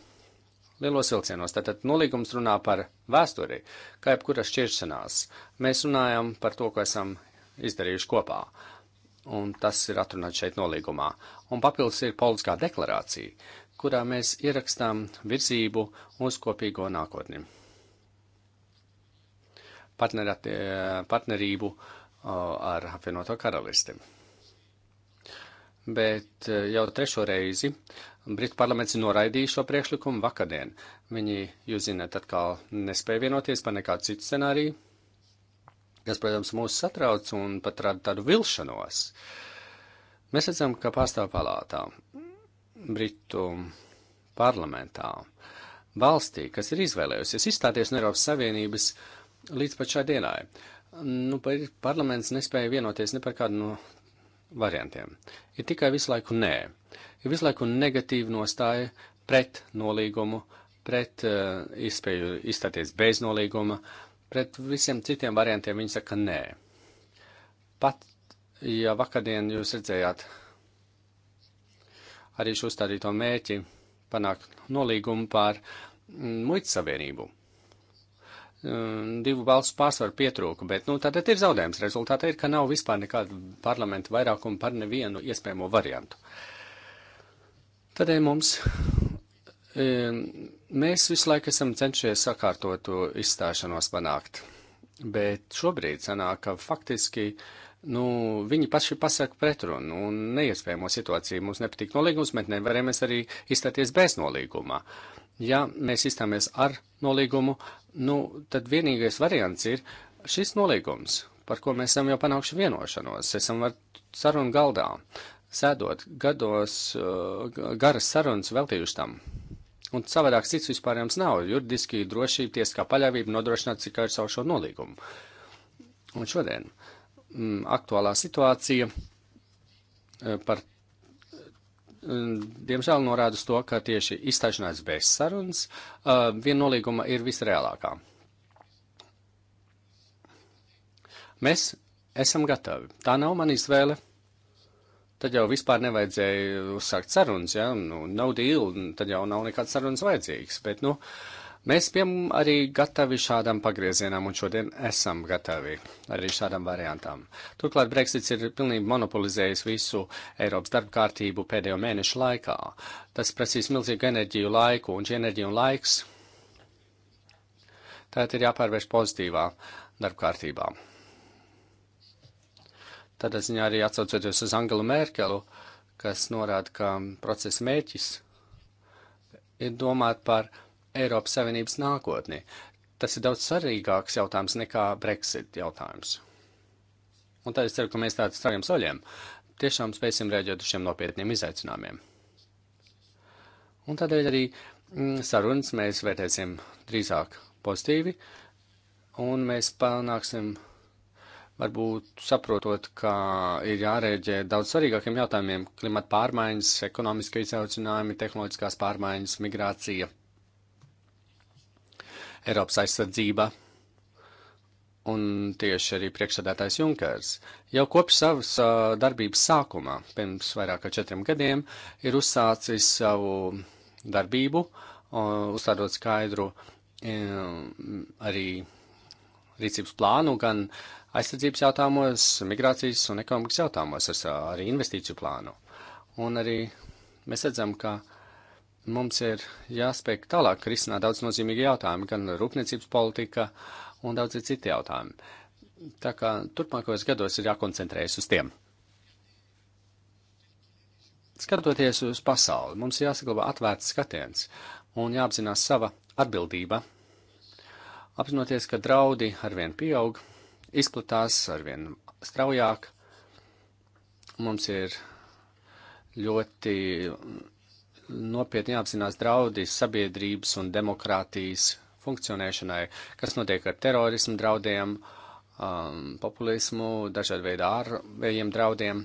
Lielos vilcienos tātad nolīgums runā par vēsturi, kā jebkura šķiršanās. Mēs runājam par to, ko esam izdarījuši kopā. Un tas ir atrunāts šeit nolīgumā. Un papildus ir politiskā deklarācija, kurā mēs ierakstām virzību uz kopīgo nākotni. Partnerat, eh, partnerību eh, ar apvienoto karalisti. Bet eh, jau trešo reizi Britu parlaments noraidīja šo priekšlikumu vakardien. Viņi, jūs zināt, atkal nespēja vienoties par nekādu citu scenāriju, kas, protams, mūs satrauc un pat rada tādu vilšanos. Mēs redzam, ka pastāv palātā, Britu parlamentā, valstī, kas ir izvēlējusies izstāties no Eiropas Savienības līdz pat šai dienai. Nu, parlaments nespēja vienoties ne par kādu no variantiem. Ir tikai visu laiku nē. Ir visu laiku negatīva nostāja pret nolīgumu, pret uh, iespēju izstāties bez nolīguma. Uh, Pret visiem citiem variantiem viņi saka nē. Pat, ja vakardien jūs redzējāt arī šo uzstādīto mērķi panākt nolīgumu pār mm, muitas savienību. Mm, divu balsu pārsvaru pietrūka, bet nu, tad ir zaudējums. Rezultātā ir, ka nav vispār nekāda parlamenta vairākuma par nevienu iespējamo variantu. Tādēļ mums Mēs visu laiku esam cenšies sakārtotu izstāšanos panākt, bet šobrīd sanāk, ka faktiski nu, viņi paši pasaka pretrunu un neiespējamo situāciju. Mums nepatīk nolīgums, bet nevarējamies arī izstāties bez nolīguma. Ja mēs izstāmies ar nolīgumu, nu, tad vienīgais variants ir šis nolīgums, par ko mēs esam jau panākuši vienošanos. Esam ar sarunu galdā, sēdot gados, eh, garas sarunas veltījuši tam. Un savādāk cits vispār jums nav. Juridiski drošība, tieskā paļāvība nodrošināt tikai ar savu šo nolīgumu. Un šodien m, mm, aktuālā situācija e, par, m, e, diemžēl norāda uz to, ka tieši izstāšanās bez sarunas e, viena nolīguma ir visreālākā. Mēs esam gatavi. Tā nav mana izvēle tad jau vispār nevajadzēja uzsākt sarunas, ja, nu, nav dīla, tad jau nav nekāds sarunas vajadzīgs, bet, nu, mēs piem arī gatavi šādam pagriezienam, un šodien esam gatavi arī šādam variantam. Turklāt Brexits ir pilnīgi monopolizējis visu Eiropas darba kārtību pēdējo mēnešu laikā. Tas prasīs milzīgu enerģiju laiku, un šī enerģija un laiks, tātad ir jāpārvērš pozitīvā darba kārtībā. Tādā ziņā arī atsaucoties uz Angelu Merkelu, kas norāda, ka procesa mērķis ir domāt par Eiropas Savienības nākotni. Tas ir daudz svarīgāks jautājums nekā Brexit jautājums. Un tad es ceru, ka mēs tādus stariem soļiem tiešām spēsim rēģēt uz šiem nopietniem izaicinājumiem. Un tādēļ arī mm, sarunas mēs vērtēsim drīzāk pozitīvi, un mēs panāksim varbūt saprotot, ka ir jārēģē daudz svarīgākiem jautājumiem - klimata pārmaiņas, ekonomiskie izaucinājumi, tehnoloģiskās pārmaiņas, migrācija, Eiropas aizsardzība. Un tieši arī priekšsēdētājs Junkers jau kopš savas darbības sākumā, pirms vairāk kā četriem gadiem, ir uzsācis savu darbību, uzstādot skaidru arī rīcības plānu gan uh, aizsardzības jautājumos, migrācijas un ekonomikas jautājumos, ar arī investīciju plānu. Un arī mēs redzam, ka mums ir jāspēj tālāk risināt daudz nozīmīgi jautājumi, gan rūpniecības politika un daudz citi jautājumi. Tā kā turpmākajos gados ir jākoncentrējas uz tiem. Skatoties uz pasauli, mums jāsaglabā atvērts skatiens un jāapzinās sava atbildība, apzinoties, ka draudi arvien pieaug izplatās arvien straujāk. Mums ir ļoti nopietni jāapzinās draudi sabiedrības un demokrātijas funkcionēšanai, kas notiek ar terorismu draudiem, um, populismu, dažādu veidu ārvējiem draudiem,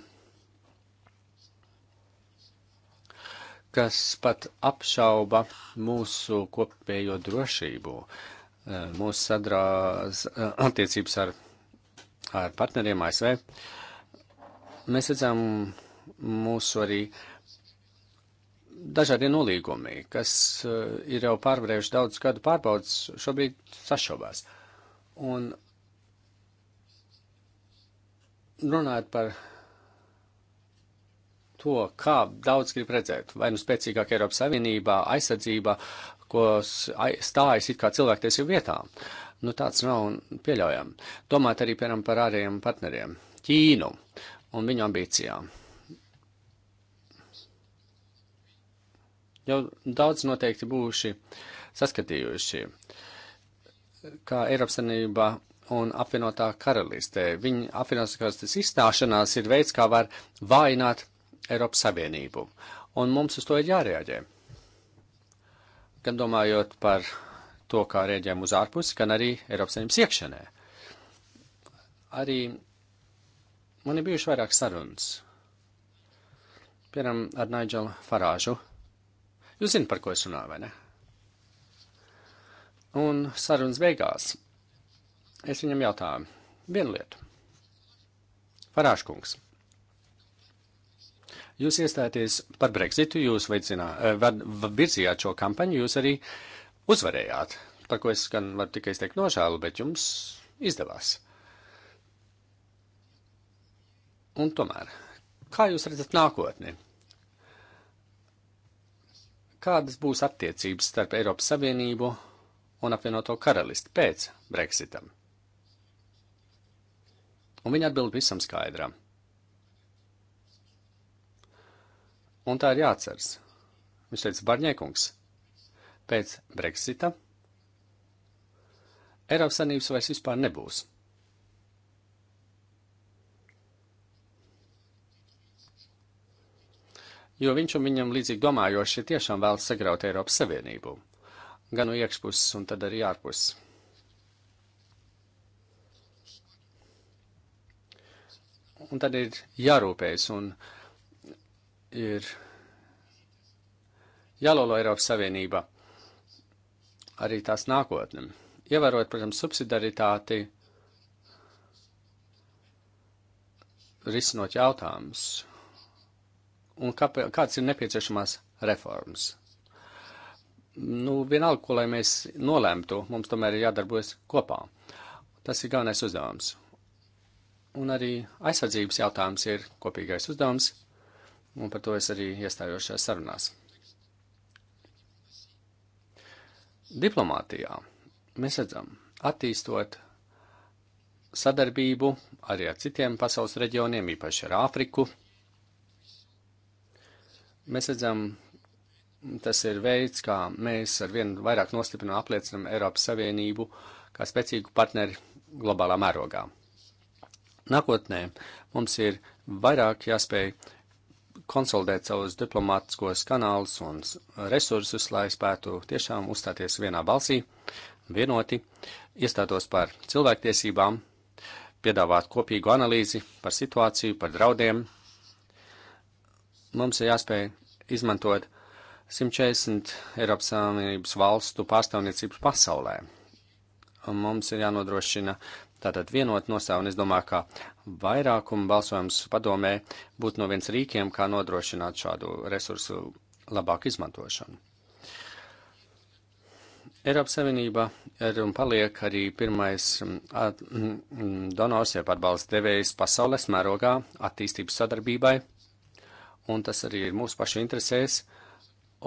kas pat apšauba mūsu kopējo drošību, uh, mūsu sadrās uh, attiecības ar ar partneriem ASV, mēs redzam mūsu arī dažādi nolīgumi, kas eh, ir jau pārvarējuši daudz gadu pārbaudas, šobrīd sašaubās. Un runājot par to, kā daudz grib redzēt, vai nu spēcīgāk Eiropas Savienībā, aizsardzībā, ko stājas it kā cilvēktiesību vietām. Uh, nu tāds nav pieļaujami. Domāt arī, piemēram, par ārējiem partneriem - Ķīnu un viņu ambīcijām. Jau daudz noteikti būši saskatījuši, kā Eiropas Savienība un apvienotā karalistē. Viņa apvienotās karalistes izstāšanās ir veids, kā var vājināt Eiropas Savienību. Un mums uz to ir jārēģē. Gan domājot par to, kā rēģējam uz ārpusi, gan arī Eiropas Savienības iekšēnē. Arī man ir bijuši vairāk sarunas. Piemēram, ar Naidželu Farāžu. Jūs zināt, par ko es runāju, vai ne? Un sarunas beigās es viņam jautāju vienu lietu. Farāškungs, jūs iestāties par Brexitu, jūs veicināt, eh, virzījāt šo kampaņu, jūs arī uh, uzvarējāt. Tā ko es gan varu tikai izteikt nožēlu, bet jums izdevās. Un tomēr, kā jūs redzat nākotni? Kādas būs attiecības starp Eiropas Savienību un apvienoto karalisti pēc Brexitam? Un viņa atbild visam skaidram. Un tā ir jāatceras. Viņš teica, Barņēkungs, pēc Brexita Eiropas Savienības vairs vispār nebūs. Jo viņš un viņam līdzīgi domājošie tiešām vēlas sagraut Eiropas Savienību, gan no iekšpuses un tad arī ārpuses. Un tad ir jārūpējas un ir jālolo Eiropas Savienība arī tās nākotnēm. Ievērot, protams, subsidaritāti, risinot jautājumus, un kā, kāds ir nepieciešamās reformas. Nu, vienalga, ko lai mēs nolēmtu, mums tomēr ir jādarbojas kopā. Tas ir galvenais uzdevums. Un arī aizsardzības jautājums ir kopīgais uzdevums, un par to es arī iestājos šajās sarunās. Diplomātijā mēs redzam, attīstot sadarbību arī ar citiem pasaules reģioniem, īpaši ar Āfriku, mēs redzam, tas ir veids, kā mēs ar vienu vairāk nostiprinām apliecinam Eiropas Savienību kā spēcīgu partneri globālā mērogā. Nākotnē mums ir vairāk jāspēj konsolidēt savus diplomātiskos kanālus un resursus, lai spētu tiešām uzstāties vienā balsī, vienoti, iestātos par cilvēktiesībām, piedāvāt kopīgu analīzi par situāciju, par draudiem. Mums ir jāspēj izmantot 140 Eiropas Savienības valstu pārstāvniecības pasaulē. Un mums ir jānodrošina Tātad vienot nosaukt, un es domāju, ka vairākuma balsojums padomē būtu no viens rīkiem, kā nodrošināt šādu resursu labāku izmantošanu. Eiropas Savienība ir un paliek arī pirmais mm, at, mm, mm, donors, jeb atbalsta devējs pasaules mērogā attīstības sadarbībai, un tas arī ir mūsu pašu interesēs,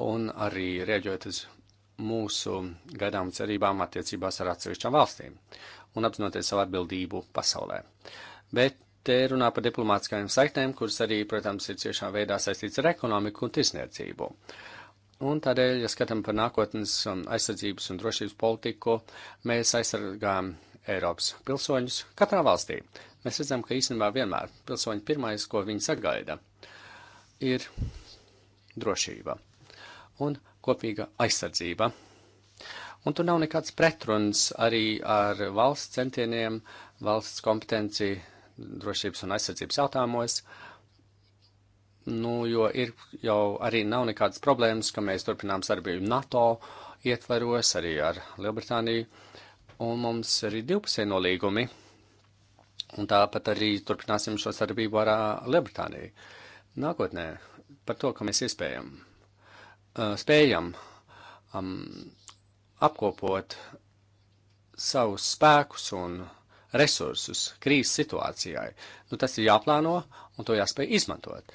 un arī rēģot uz mūsu gaidām cerībām attiecībās ar atsevišķām valstīm un apzinoties savu atbildību pasaulē. Bet te runā par diplomātiskajām saitēm, kuras arī, protams, ir ciešā veidā saistīts ar ekonomiku un tirsniecību. Un tādēļ, ja skatām par nākotnes um, aizsardzības un drošības politiku, mēs aizsargājam Eiropas pilsoņus katrā valstī. Mēs redzam, ka īstenībā vienmēr pilsoņi pirmais, ko viņi sagaida, ir drošība un kopīga aizsardzība Un tur nav nekāds pretruns arī ar valsts centieniem, valsts kompetenci drošības un aizsardzības jautājumos. Nu, jo ir jau arī nav nekādas problēmas, ka mēs turpinām sadarbību NATO ietvaros, arī ar Lielbritāniju, un mums arī divpusē nolīgumi, un tāpat arī turpināsim šo sadarbību ar Lielbritāniju. Nākotnē par to, ka mēs iespējam, uh, spējam um, apkopot savus spēkus un resursus krīzes situācijai. Nu, tas ir jāplāno un to jāspēj izmantot.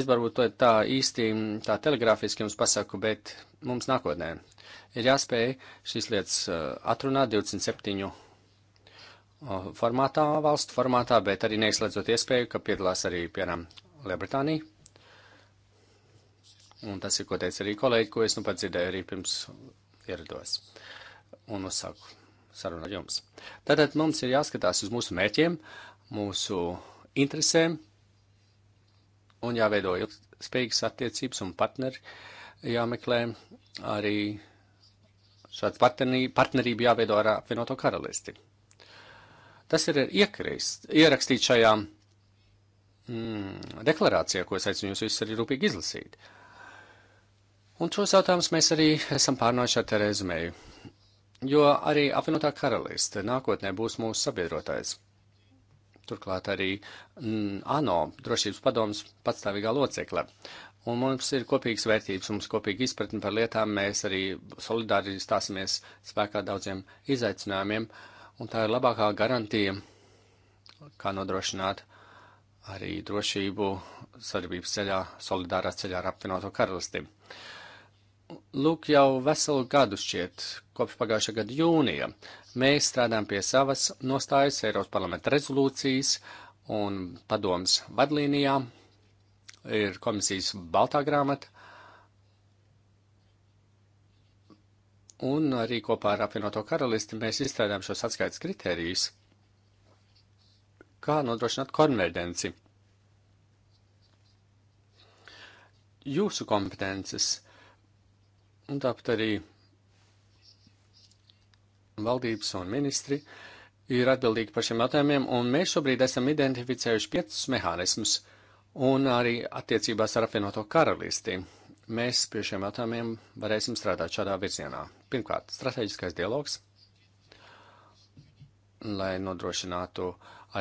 Es varbūt to tā īsti tā telegrāfiski jums pasaku, bet mums nākotnē ir jāspēj šīs lietas uh, atrunāt 27 uh, formātā, valstu formātā, bet arī neizslēdzot iespēju, ka piedalās arī, piemēram, Lielbritānija Un tas ir, ko teica arī kolēģi, ko es nu pat dzirdēju arī pirms ierados. Un uzsāku nu sarunu ar jums. Tātad mums ir jāskatās uz mūsu mērķiem, mūsu interesēm un jāveido spējīgas attiecības un partneri jāmeklē arī šāds partnerī, partnerība jāveido ar apvienoto karalisti. Tas ir iekrist, ierakstīts šajā mm, deklarācijā, ko es aicinu jūs visus arī rūpīgi izlasīt. Uh, Un šos jautājumus mēs arī esam pārnājuši ar Terezu Mēju, jo arī apvienotā karaliste nākotnē būs mūsu sabiedrotais. Turklāt arī mm, ANO drošības padomas patstāvīgā locekle. Un mums ir kopīgas vērtības, mums kopīga izpratne par lietām, mēs arī solidāri stāsimies spēkā daudziem izaicinājumiem, un tā ir labākā garantija, kā nodrošināt arī drošību sadarbības ceļā, solidārā ceļā ar apvienoto karalisti. Uh, Lūk, jau veselu gadu šķiet, kopš pagājušā gada jūnija, mēs strādājam pie savas nostājas Eiropas parlamenta rezolūcijas un padomas vadlīnijā. Ir komisijas baltā grāmata. Un arī kopā ar apvienoto karalisti mēs izstrādājam šos atskaites kritērijus, kā nodrošināt konverģenci. Jūsu kompetences Un tāpat arī valdības un ministri ir atbildīgi par šiem jautājumiem, un mēs šobrīd esam identificējuši piecus mehānismus, un arī attiecībās ar apvienoto karalisti. Mēs pie šiem jautājumiem varēsim strādāt šādā virzienā. Pirmkārt, strateģiskais dialogs lai nodrošinātu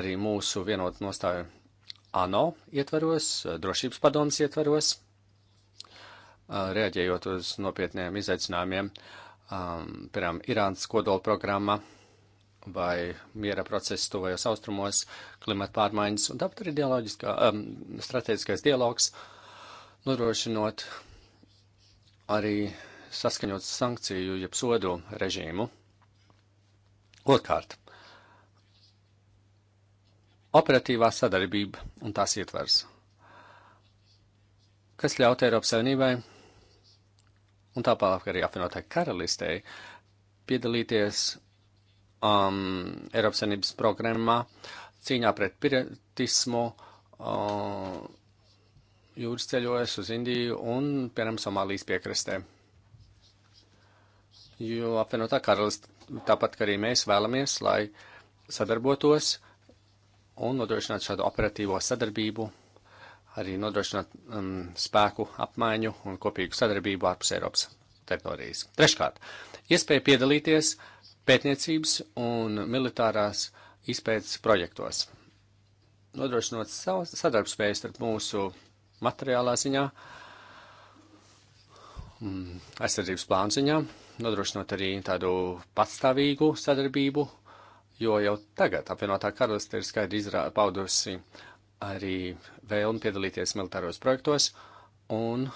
arī mūsu vienotu nostāju ANO ietvaros, drošības padomas ietvaros reaģējot uz nopietniem izaicinājumiem, piemēram, Irānas kodola programma vai miera process tuvajos austrumos, klimata pārmaiņas, un tāpat arī dialoģiskā, um, strateģiskais dialogs, nodrošinot arī saskaņot sankciju jeb sodu režīmu. Otkārt, operatīvā sadarbība un tās ietvers, kas ļaut Eiropas Savienībai un tāpēc arī apvienotā karalistei piedalīties um, Eiropas Savienības programmā cīņā pret piratismu um, jūras ceļojas uz Indiju un, piemēram, Somālijas piekrastē. Jo apvienotā karalista, tāpat kā arī mēs vēlamies, lai sadarbotos un nodrošinātu šādu operatīvo sadarbību arī nodrošināt um, spēku apmaiņu un kopīgu sadarbību ārpus Eiropas teritorijas. Treškārt, iespēja piedalīties pētniecības un militārās izpētes projektos, nodrošinot savu sadarbspēju starp mūsu materiālā ziņā, mm, aizsardzības plānu ziņā, nodrošinot arī tādu patstāvīgu sadarbību, jo jau tagad apvienotā karaliste ir skaidri paudusi uh, arī vēlmi piedalīties militāros projektos un e,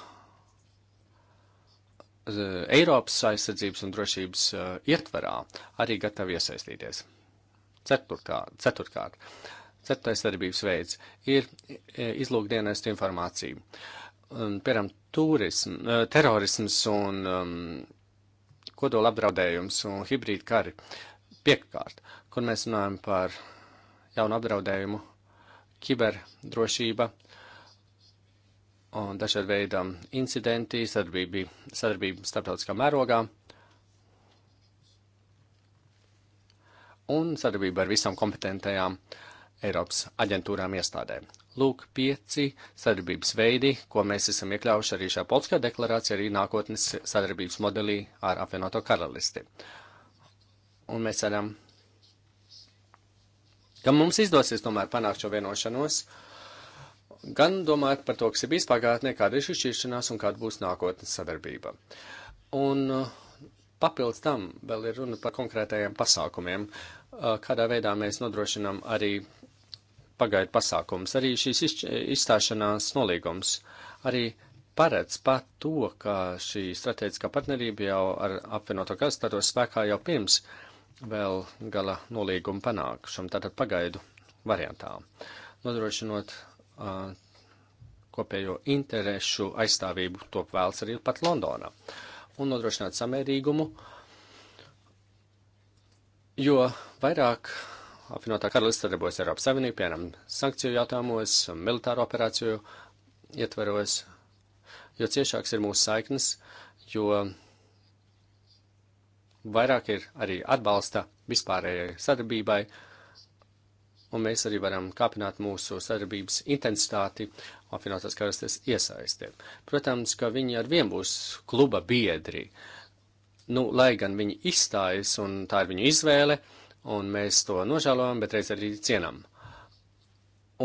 Eiropas aizsardzības un drošības e, ietvarā arī gatavi iesaistīties. Ceturkārt, ceturkārt ceturtais darbības veids ir e, izlūkdienestu informācija. Piemēram, turism, terorisms un um, kodola apdraudējums un hibrīda kari. Piekārt, kur mēs runājam par jaunu apdraudējumu kiberdrošība un dažādi veidi incidenti, sadarbība, sadarbība starptautiskā mērogā un sadarbība ar visām kompetentajām Eiropas aģentūrām iestādēm. Lūk, pieci sadarbības veidi, ko mēs esam iekļaujuši arī šajā Polskā deklarācijā, arī nākotnes sadarbības modelī ar apvienoto karalisti. Un mēs ceram, ka mums izdosies tomēr panākt šo vienošanos, gan domājot par to, kas ir bijis pagātnē, kāda ir šī šķiršanās un kāda būs nākotnes sadarbība. Un uh, papildus tam vēl ir runa par konkrētajiem pasākumiem, uh, kādā veidā mēs nodrošinām arī pagaidu pasākums, arī šīs izstāšanās nolīgums, arī paredz pat to, ka šī strateģiskā partnerība jau ar apvienoto karalistāto spēkā jau pirms uh, vēl gala nolīgumu panākšanu, tātad pagaidu variantā, nodrošinot uh, kopējo interešu aizstāvību, to vēlas arī pat Londonā, un nodrošināt samērīgumu, jo vairāk apvienotā karalista darbojas Eiropas Savienība, piemēram, sankciju jautājumos, militāru operāciju ietveros, jo ciešāks ir mūsu saiknes, jo vairāk ir arī atbalsta vispārējai sadarbībai, un mēs arī varam kāpināt mūsu sadarbības intensitāti apvienotās karalistes iesaistē. Protams, ka viņi ar vien būs kluba biedri. Nu, lai gan viņi izstājas, un tā ir viņu izvēle, un mēs to nožēlojam, bet reiz arī cienam.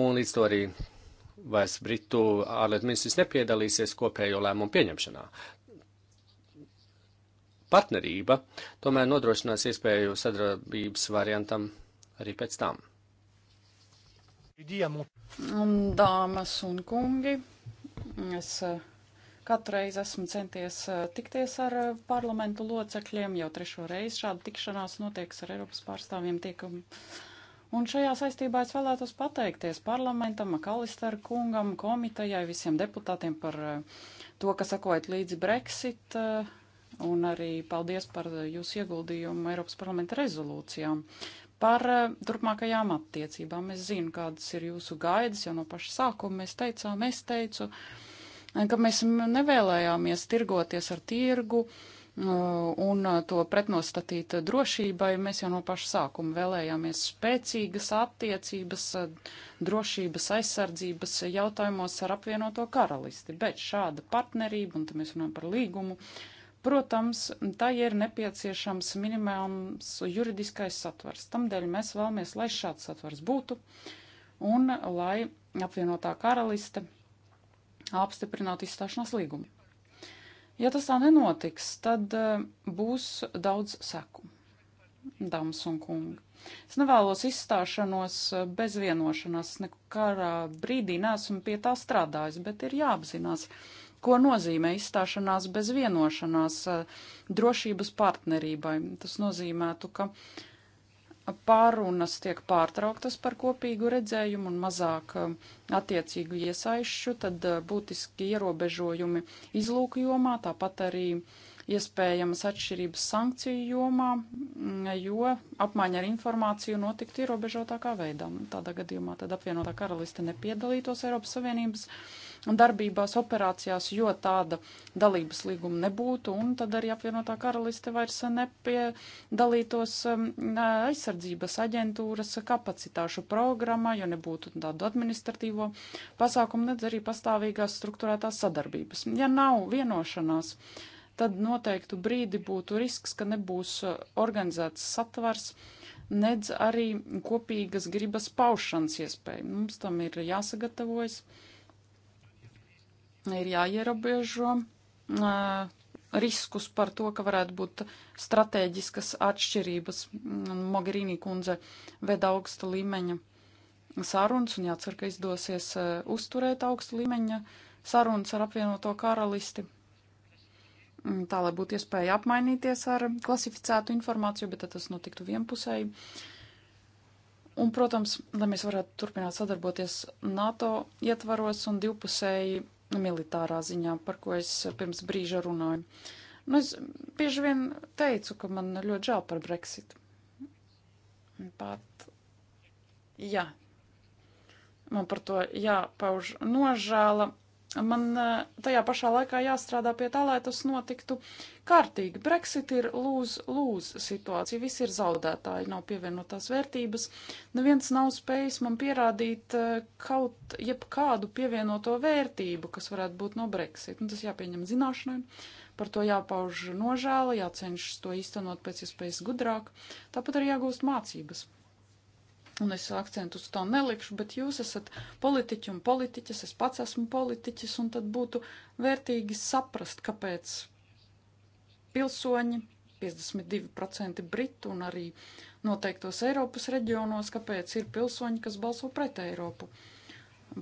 Un līdz to arī vairs Britu ārlietu ministrs nepiedalīsies kopējo lēmumu pieņemšanā partnerība tomēr nodrošinās iespēju sadarbības variantam arī pēc tam. Dāmas un kungi, es eh, katru reizi esmu centies eh, tikties ar eh, parlamentu locekļiem, jau trešo reizi šāda tikšanās notiek ar Eiropas pārstāvjiem tiekam. Un šajā saistībā es vēlētos pateikties parlamentam, Kalister kungam, komitejai, visiem deputātiem par to, ka sakojat līdzi Brexit uh, un arī paldies par jūsu ieguldījumu Eiropas parlamenta rezolūcijām. Par eh, turpmākajām attiecībām es zinu, kādas ir jūsu gaidas, jo no paša sākuma mēs teicām, es teicu, eh, ka mēs nevēlējāmies tirgoties ar tirgu eh, un to pretnostatīt drošībai. Mēs jau no paša sākuma vēlējāmies spēcīgas attiecības drošības aizsardzības jautājumos ar apvienoto karalisti, bet šāda partnerība, un te mēs runājam par līgumu, uh, Protams, tai ir nepieciešams minimāls juridiskais satvers. Tamdēļ mēs vēlamies, lai šāds satvers būtu un lai apvienotā karaliste apstiprinātu izstāšanās līgumu. Ja tas tā nenotiks, tad eh, būs daudz seku, dāmas un kungi. Es nevēlos izstāšanos eh, bez vienošanās, nekā brīdī neesmu pie tā strādājis, bet ir jāapzinās, ka ko nozīmē izstāšanās bez vienošanās eh, drošības partnerībai. Tas nozīmētu, ka pārunas tiek pārtrauktas par kopīgu redzējumu un mazāk eh, attiecīgu iesaišu, tad eh, būtiski ierobežojumi izlūku jomā, tāpat arī iespējamas atšķirības sankciju jomā, mm, jo apmaiņa ar informāciju notiktu ierobežotākā veidā. Tādā gadījumā tad apvienotā karaliste nepiedalītos Eiropas Savienības uh, darbībās, operācijās, jo tāda dalības līguma nebūtu, un tad arī apvienotā karaliste vairs nepiedalītos um, aizsardzības aģentūras kapacitāšu programmā, jo nebūtu tādu administratīvo pasākumu, nedz arī pastāvīgās struktūrētās sadarbības. Ja nav vienošanās, tad noteiktu brīdi būtu risks, ka nebūs organizēts satvars, nedz arī kopīgas gribas paušanas iespēja. Mums tam ir jāsagatavojas. Uh, ir jāierobežo riskus par to, ka varētu būt stratēģiskas atšķirības. Mogherini kundze veda augsta līmeņa sarunas un jācer, ka izdosies uzturēt augsta līmeņa sarunas ar apvienoto karalisti. Tā, lai būtu iespēja apmainīties ar klasificētu informāciju, bet tas notiktu vienpusēji. Un, protams, lai mēs varētu turpināt sadarboties NATO ietvaros un divpusēji militārā ziņā, par ko es pirms brīža runāju. Nu, es bieži vien teicu, ka man ļoti žēl par Brexit. Pat, jā, man par to jāpauž nožēla man e, tajā pašā laikā jāstrādā pie tā, lai tas notiktu kārtīgi. Brexit ir lūz-lūz situācija, visi ir zaudētāji, nav pievienotās vērtības. Neviens nav spējis man pierādīt e, kaut jebkādu pievienoto vērtību, kas varētu būt no Brexit. Un tas jāpieņem zināšanai, par to jāpauž nožēla, jācenšas to īstenot pēc iespējas gudrāk, tāpat arī jāgūst mācības. Un es akcentu uz to nelikšu, bet jūs esat politiķi un politiķis, es pats esmu politiķis, un tad būtu vērtīgi saprast, kāpēc pilsoņi, 52% Britu un arī noteiktos Eiropas reģionos, kāpēc ir pilsoņi, kas balso pret Eiropu.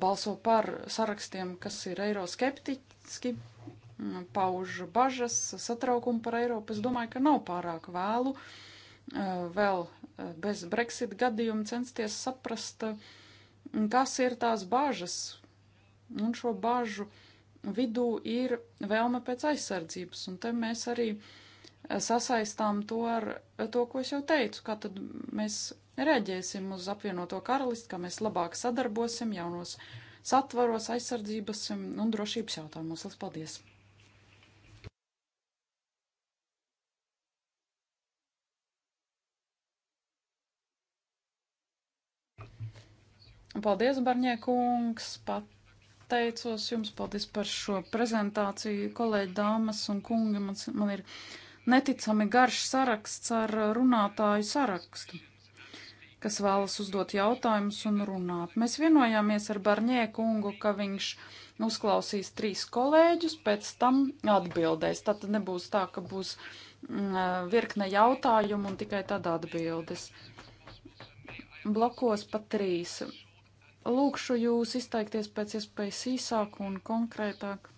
Balso par sarakstiem, kas ir eiroskeptiski, pauž bažas, satraukumu par Eiropu. Es domāju, ka nav pārāk vēlu eh, vēl bez Brexit gadījuma censties saprast, mm, kas ir tās bāžas. Un šo bāžu vidū ir vēlme pēc aizsardzības. Un te mēs arī sasaistām to ar to, ko es jau teicu, kā tad mēs reaģēsim uz apvienoto karalisti, kā mēs labāk sadarbosim jaunos satvaros, aizsardzības mm, un drošības jautājumos. Lielas paldies! Paldies, Barņē kungs, pateicos jums, paldies par šo prezentāciju, kolēģi, dāmas un kungi. Man, man ir neticami garš saraksts ar runātāju sarakstu, kas vēlas uzdot jautājumus un runāt. Mēs vienojāmies ar Barņē kungu, ka viņš uzklausīs trīs kolēģus, pēc tam atbildēs. Tad nebūs tā, ka būs mm, virkne jautājumu un tikai tad atbildes. Blokos pa trīs. Lūkšu jūs izteikties pēc iespējas īsāk un konkrētāk,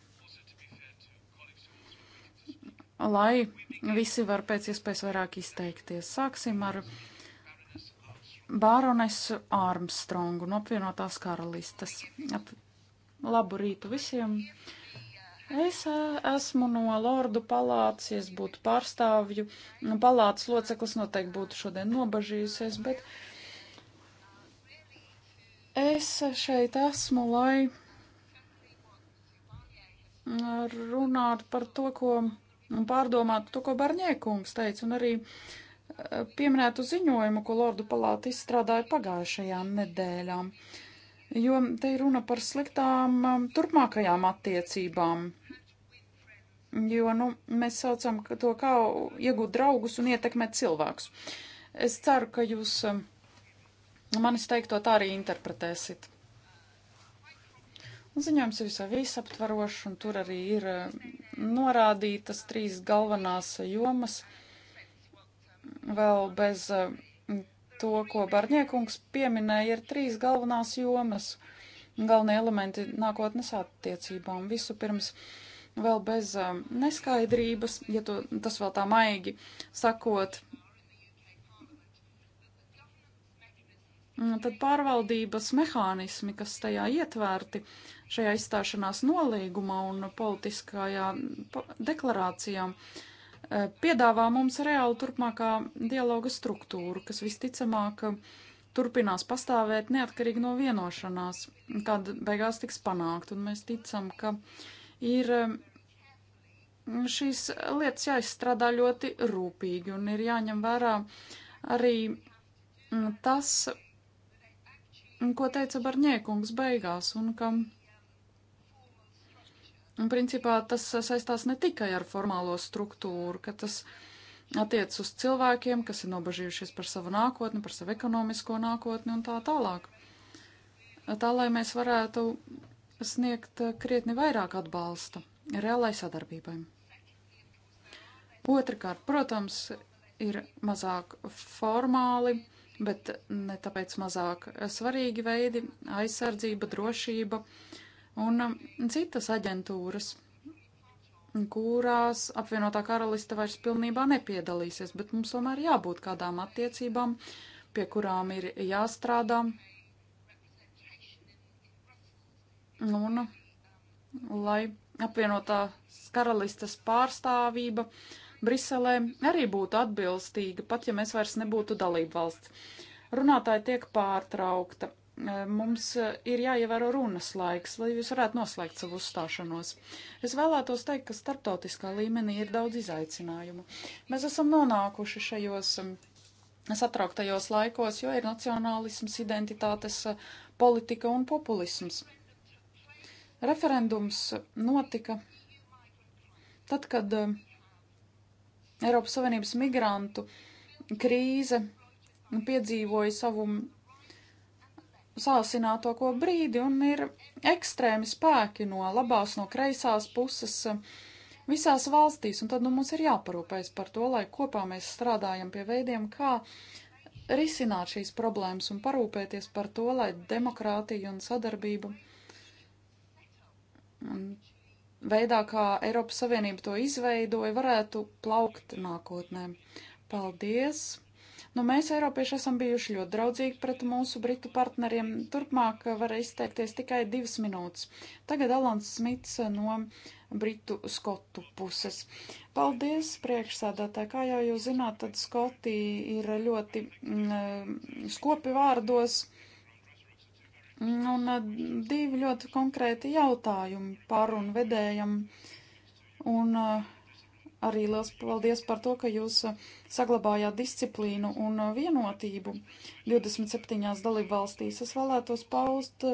lai visi var pēc iespējas vairāk izteikties. Sāksim ar Bāronesu Armstrongu no apvienotās karalistes. Ap labu rītu visiem! Es e, esmu no Lordu palātas, ja es būtu pārstāvju palātas loceklis, noteikti būtu šodien nobažījusies, bet uh, Es šeit esmu, lai runātu par to, ko pārdomātu to, ko Barņēkungs teica, un arī eh, pieminētu ziņojumu, ko Lordu palāta izstrādāja pagājušajām nedēļām. Jo te ir runa par sliktām um, turpmākajām attiecībām. Jo, nu, mēs saucam to kā iegūt draugus un ietekmēt cilvēkus. Es ceru, ka jūs uh, manis teikto tā arī interpretēsit. Ziņojums ir visai visaptvarošs, un tur arī ir eh, norādītas trīs galvenās jomas, vēl bez eh, to, ko Barņiekungs pieminēja, ir trīs galvenās jomas, galvenie elementi nākotnes attiecībām. Visu pirms vēl bez eh, neskaidrības, ja to, tas vēl tā maigi sakot, Mm, tad pārvaldības mehānismi, kas tajā ietvērti šajā izstāšanās nolīgumā un politiskajā deklarācijā, eh, piedāvā mums reāli turpmākā dialoga struktūru, kas visticamāk eh, turpinās pastāvēt neatkarīgi no vienošanās, kad beigās tiks panākt. Un mēs ticam, ka ir eh, šīs lietas jāizstrādā ļoti rūpīgi un ir jāņem vērā arī mm, tas, ko teica Barņēkungs beigās, un kam un principā tas saistās ne tikai ar formālo struktūru, ka tas attiec uz cilvēkiem, kas ir nobažījušies par savu nākotni, par savu ekonomisko nākotni un tā tālāk. Tā, lai mēs varētu sniegt krietni vairāk atbalsta reālai sadarbībai. Otrakārt, protams, ir mazāk formāli bet ne tāpēc mazāk svarīgi veidi - aizsardzība, drošība un um, citas aģentūras, kurās apvienotā karaliste vairs pilnībā nepiedalīsies, bet mums tomēr jābūt kādām attiecībām, pie kurām ir jāstrādā. Un, lai apvienotās karalistes pārstāvība uh, Briselē, arī būtu atbilstīga, pat ja mēs vairs nebūtu dalība valsts. Runātāji tiek pārtraukta. E, mums e, ir jāievēro runas laiks, lai jūs varētu noslēgt savu uzstāšanos. Es vēlētos teikt, ka starptautiskā līmenī ir daudz izaicinājumu. Mēs esam nonākuši šajos satrauktajos laikos, jo ir nacionālisms, identitātes e, politika un populisms. Referendums notika tad, kad Eiropas Savienības migrantu krīze piedzīvoja savu sāsinātāko brīdi un ir ekstrēmi spēki no labās, no kreisās puses visās valstīs, un tad nu, mums ir jāparūpējas par to, lai kopā mēs strādājam pie veidiem, kā risināt šīs problēmas un parūpēties par to, lai demokrātija un sadarbība veidā, kā Eiropas Savienība to izveidoja, varētu plaukt nākotnē. Paldies! Nu, mēs, Eiropieši, esam bijuši ļoti draudzīgi pret mūsu britu partneriem. Turpmāk var izteikties tikai divas minūtes. Tagad Alans Smits no britu skotu puses. Paldies, priekšsādātāji! Kā jau jūs zināt, tad skoti ir ļoti mm, eh, skopi vārdos Un eh, divi ļoti konkrēti jautājumi pārunvedējam. Un eh, arī liels paldies par to, ka jūs eh, saglabājāt disciplīnu un vienotību 27. dalību valstīs. Es vēlētos paust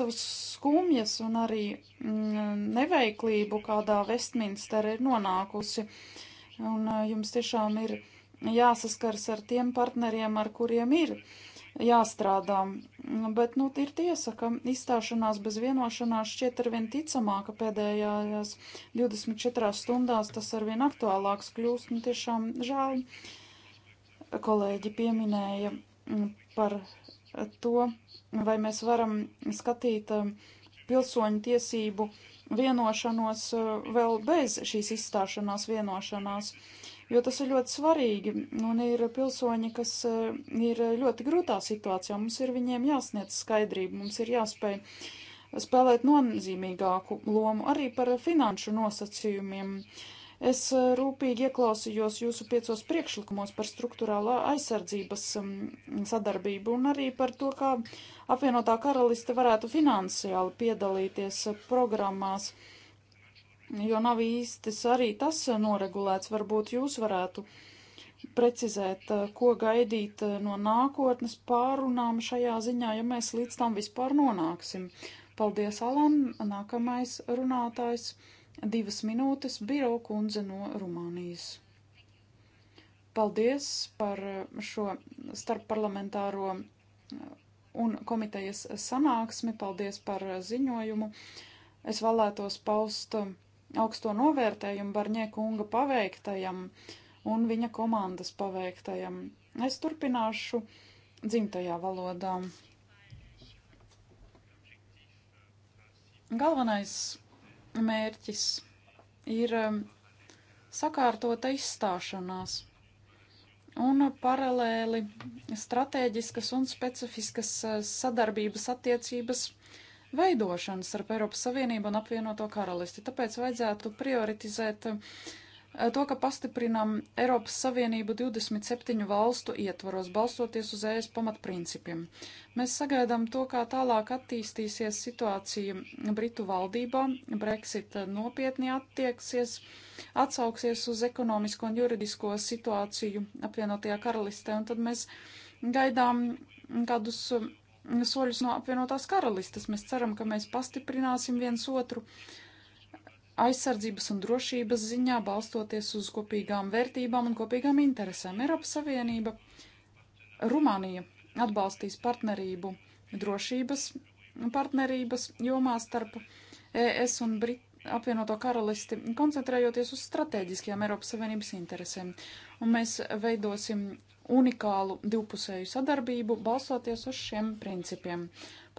savus skumjas un arī mm, neveiklību, kādā Vestminstera ir nonākusi. Un jums tiešām ir jāsaskars ar tiem partneriem, ar kuriem ir jāstrādā. Bet, nu, ir tiesa, ka izstāšanās bez vienošanās šķiet arvien ticamāka pēdējās 24 stundās, tas arvien aktuālāks kļūst, un nu, tiešām žēl kolēģi pieminēja par to, vai mēs varam skatīt um, pilsoņu tiesību vienošanos uh, vēl bez šīs izstāšanās vienošanās. Uh, jo tas ir ļoti svarīgi. Un ir pilsoņi, kas eh, ir ļoti grūtā situācijā. Mums ir viņiem jāsniedz skaidrība, mums ir jāspēj spēlēt nozīmīgāku lomu arī par finanšu nosacījumiem. Es eh, rūpīgi ieklausījos jūsu piecos priekšlikumos par struktūrālā aizsardzības mm, sadarbību un arī par to, kā apvienotā karaliste varētu finansiāli piedalīties programmās. Uh, jo nav īstis arī tas eh, noregulēts. Varbūt jūs varētu precizēt, eh, ko gaidīt eh, no nākotnes pārunām šajā ziņā, ja mēs līdz tam vispār nonāksim. Paldies, Alan. Nākamais runātājs - divas minūtes - Biro kundze no Rumānijas. Paldies par šo starpparlamentāro un komitejas sanāksmi. Paldies par ziņojumu. Es vēlētos paust uh, augsto novērtējumu Barņē kunga paveiktajam un viņa komandas paveiktajam. Es turpināšu dzimtajā valodā. Galvenais mērķis ir um, sakārtota izstāšanās un paralēli stratēģiskas un specifiskas uh, sadarbības attiecības veidošanu starp Eiropas Savienību un apvienoto karalisti. Tāpēc vajadzētu prioritizēt eh, to, ka pastiprinam Eiropas Savienību 27 valstu ietvaros, balstoties uz ES pamatprincipiem. Mēs sagaidām to, kā tālāk attīstīsies situācija Britu valdībā, Brexit nopietni attieksies, atsauksies uz ekonomisko un juridisko situāciju apvienotajā karalistē, un tad mēs gaidām kādus soļus no apvienotās karalistas. Mēs ceram, ka mēs pastiprināsim viens otru aizsardzības un drošības ziņā, balstoties uz kopīgām vērtībām un kopīgām interesēm. Eiropas Savienība, Rumānija atbalstīs partnerību drošības partnerības jomā starp ES un Brit apvienoto karalisti, koncentrējoties uz strateģiskajām Eiropas Savienības interesēm. Un mēs veidosim unikālu divpusēju sadarbību, balsoties uz šiem principiem.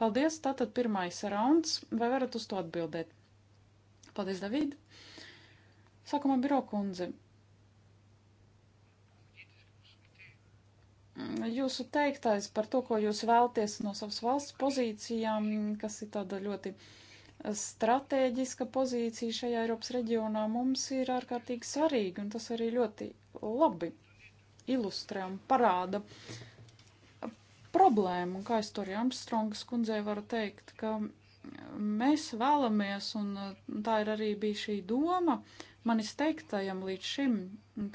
Paldies, tātad pirmais rauns, vai varat uz to atbildēt? Paldies, David. Sākumā biro kundze. Jūsu teiktais par to, ko jūs vēlties no savas valsts pozīcijām, kas ir tāda ļoti stratēģiska pozīcija šajā Eiropas reģionā, mums ir ārkārtīgi svarīgi, un tas arī ļoti labi ilustrē un parāda problēmu. Un kā es to arī Armstrongas kundzei varu teikt, ka mēs vēlamies, un uh, tā ir arī bija šī doma manis teiktajam līdz šim,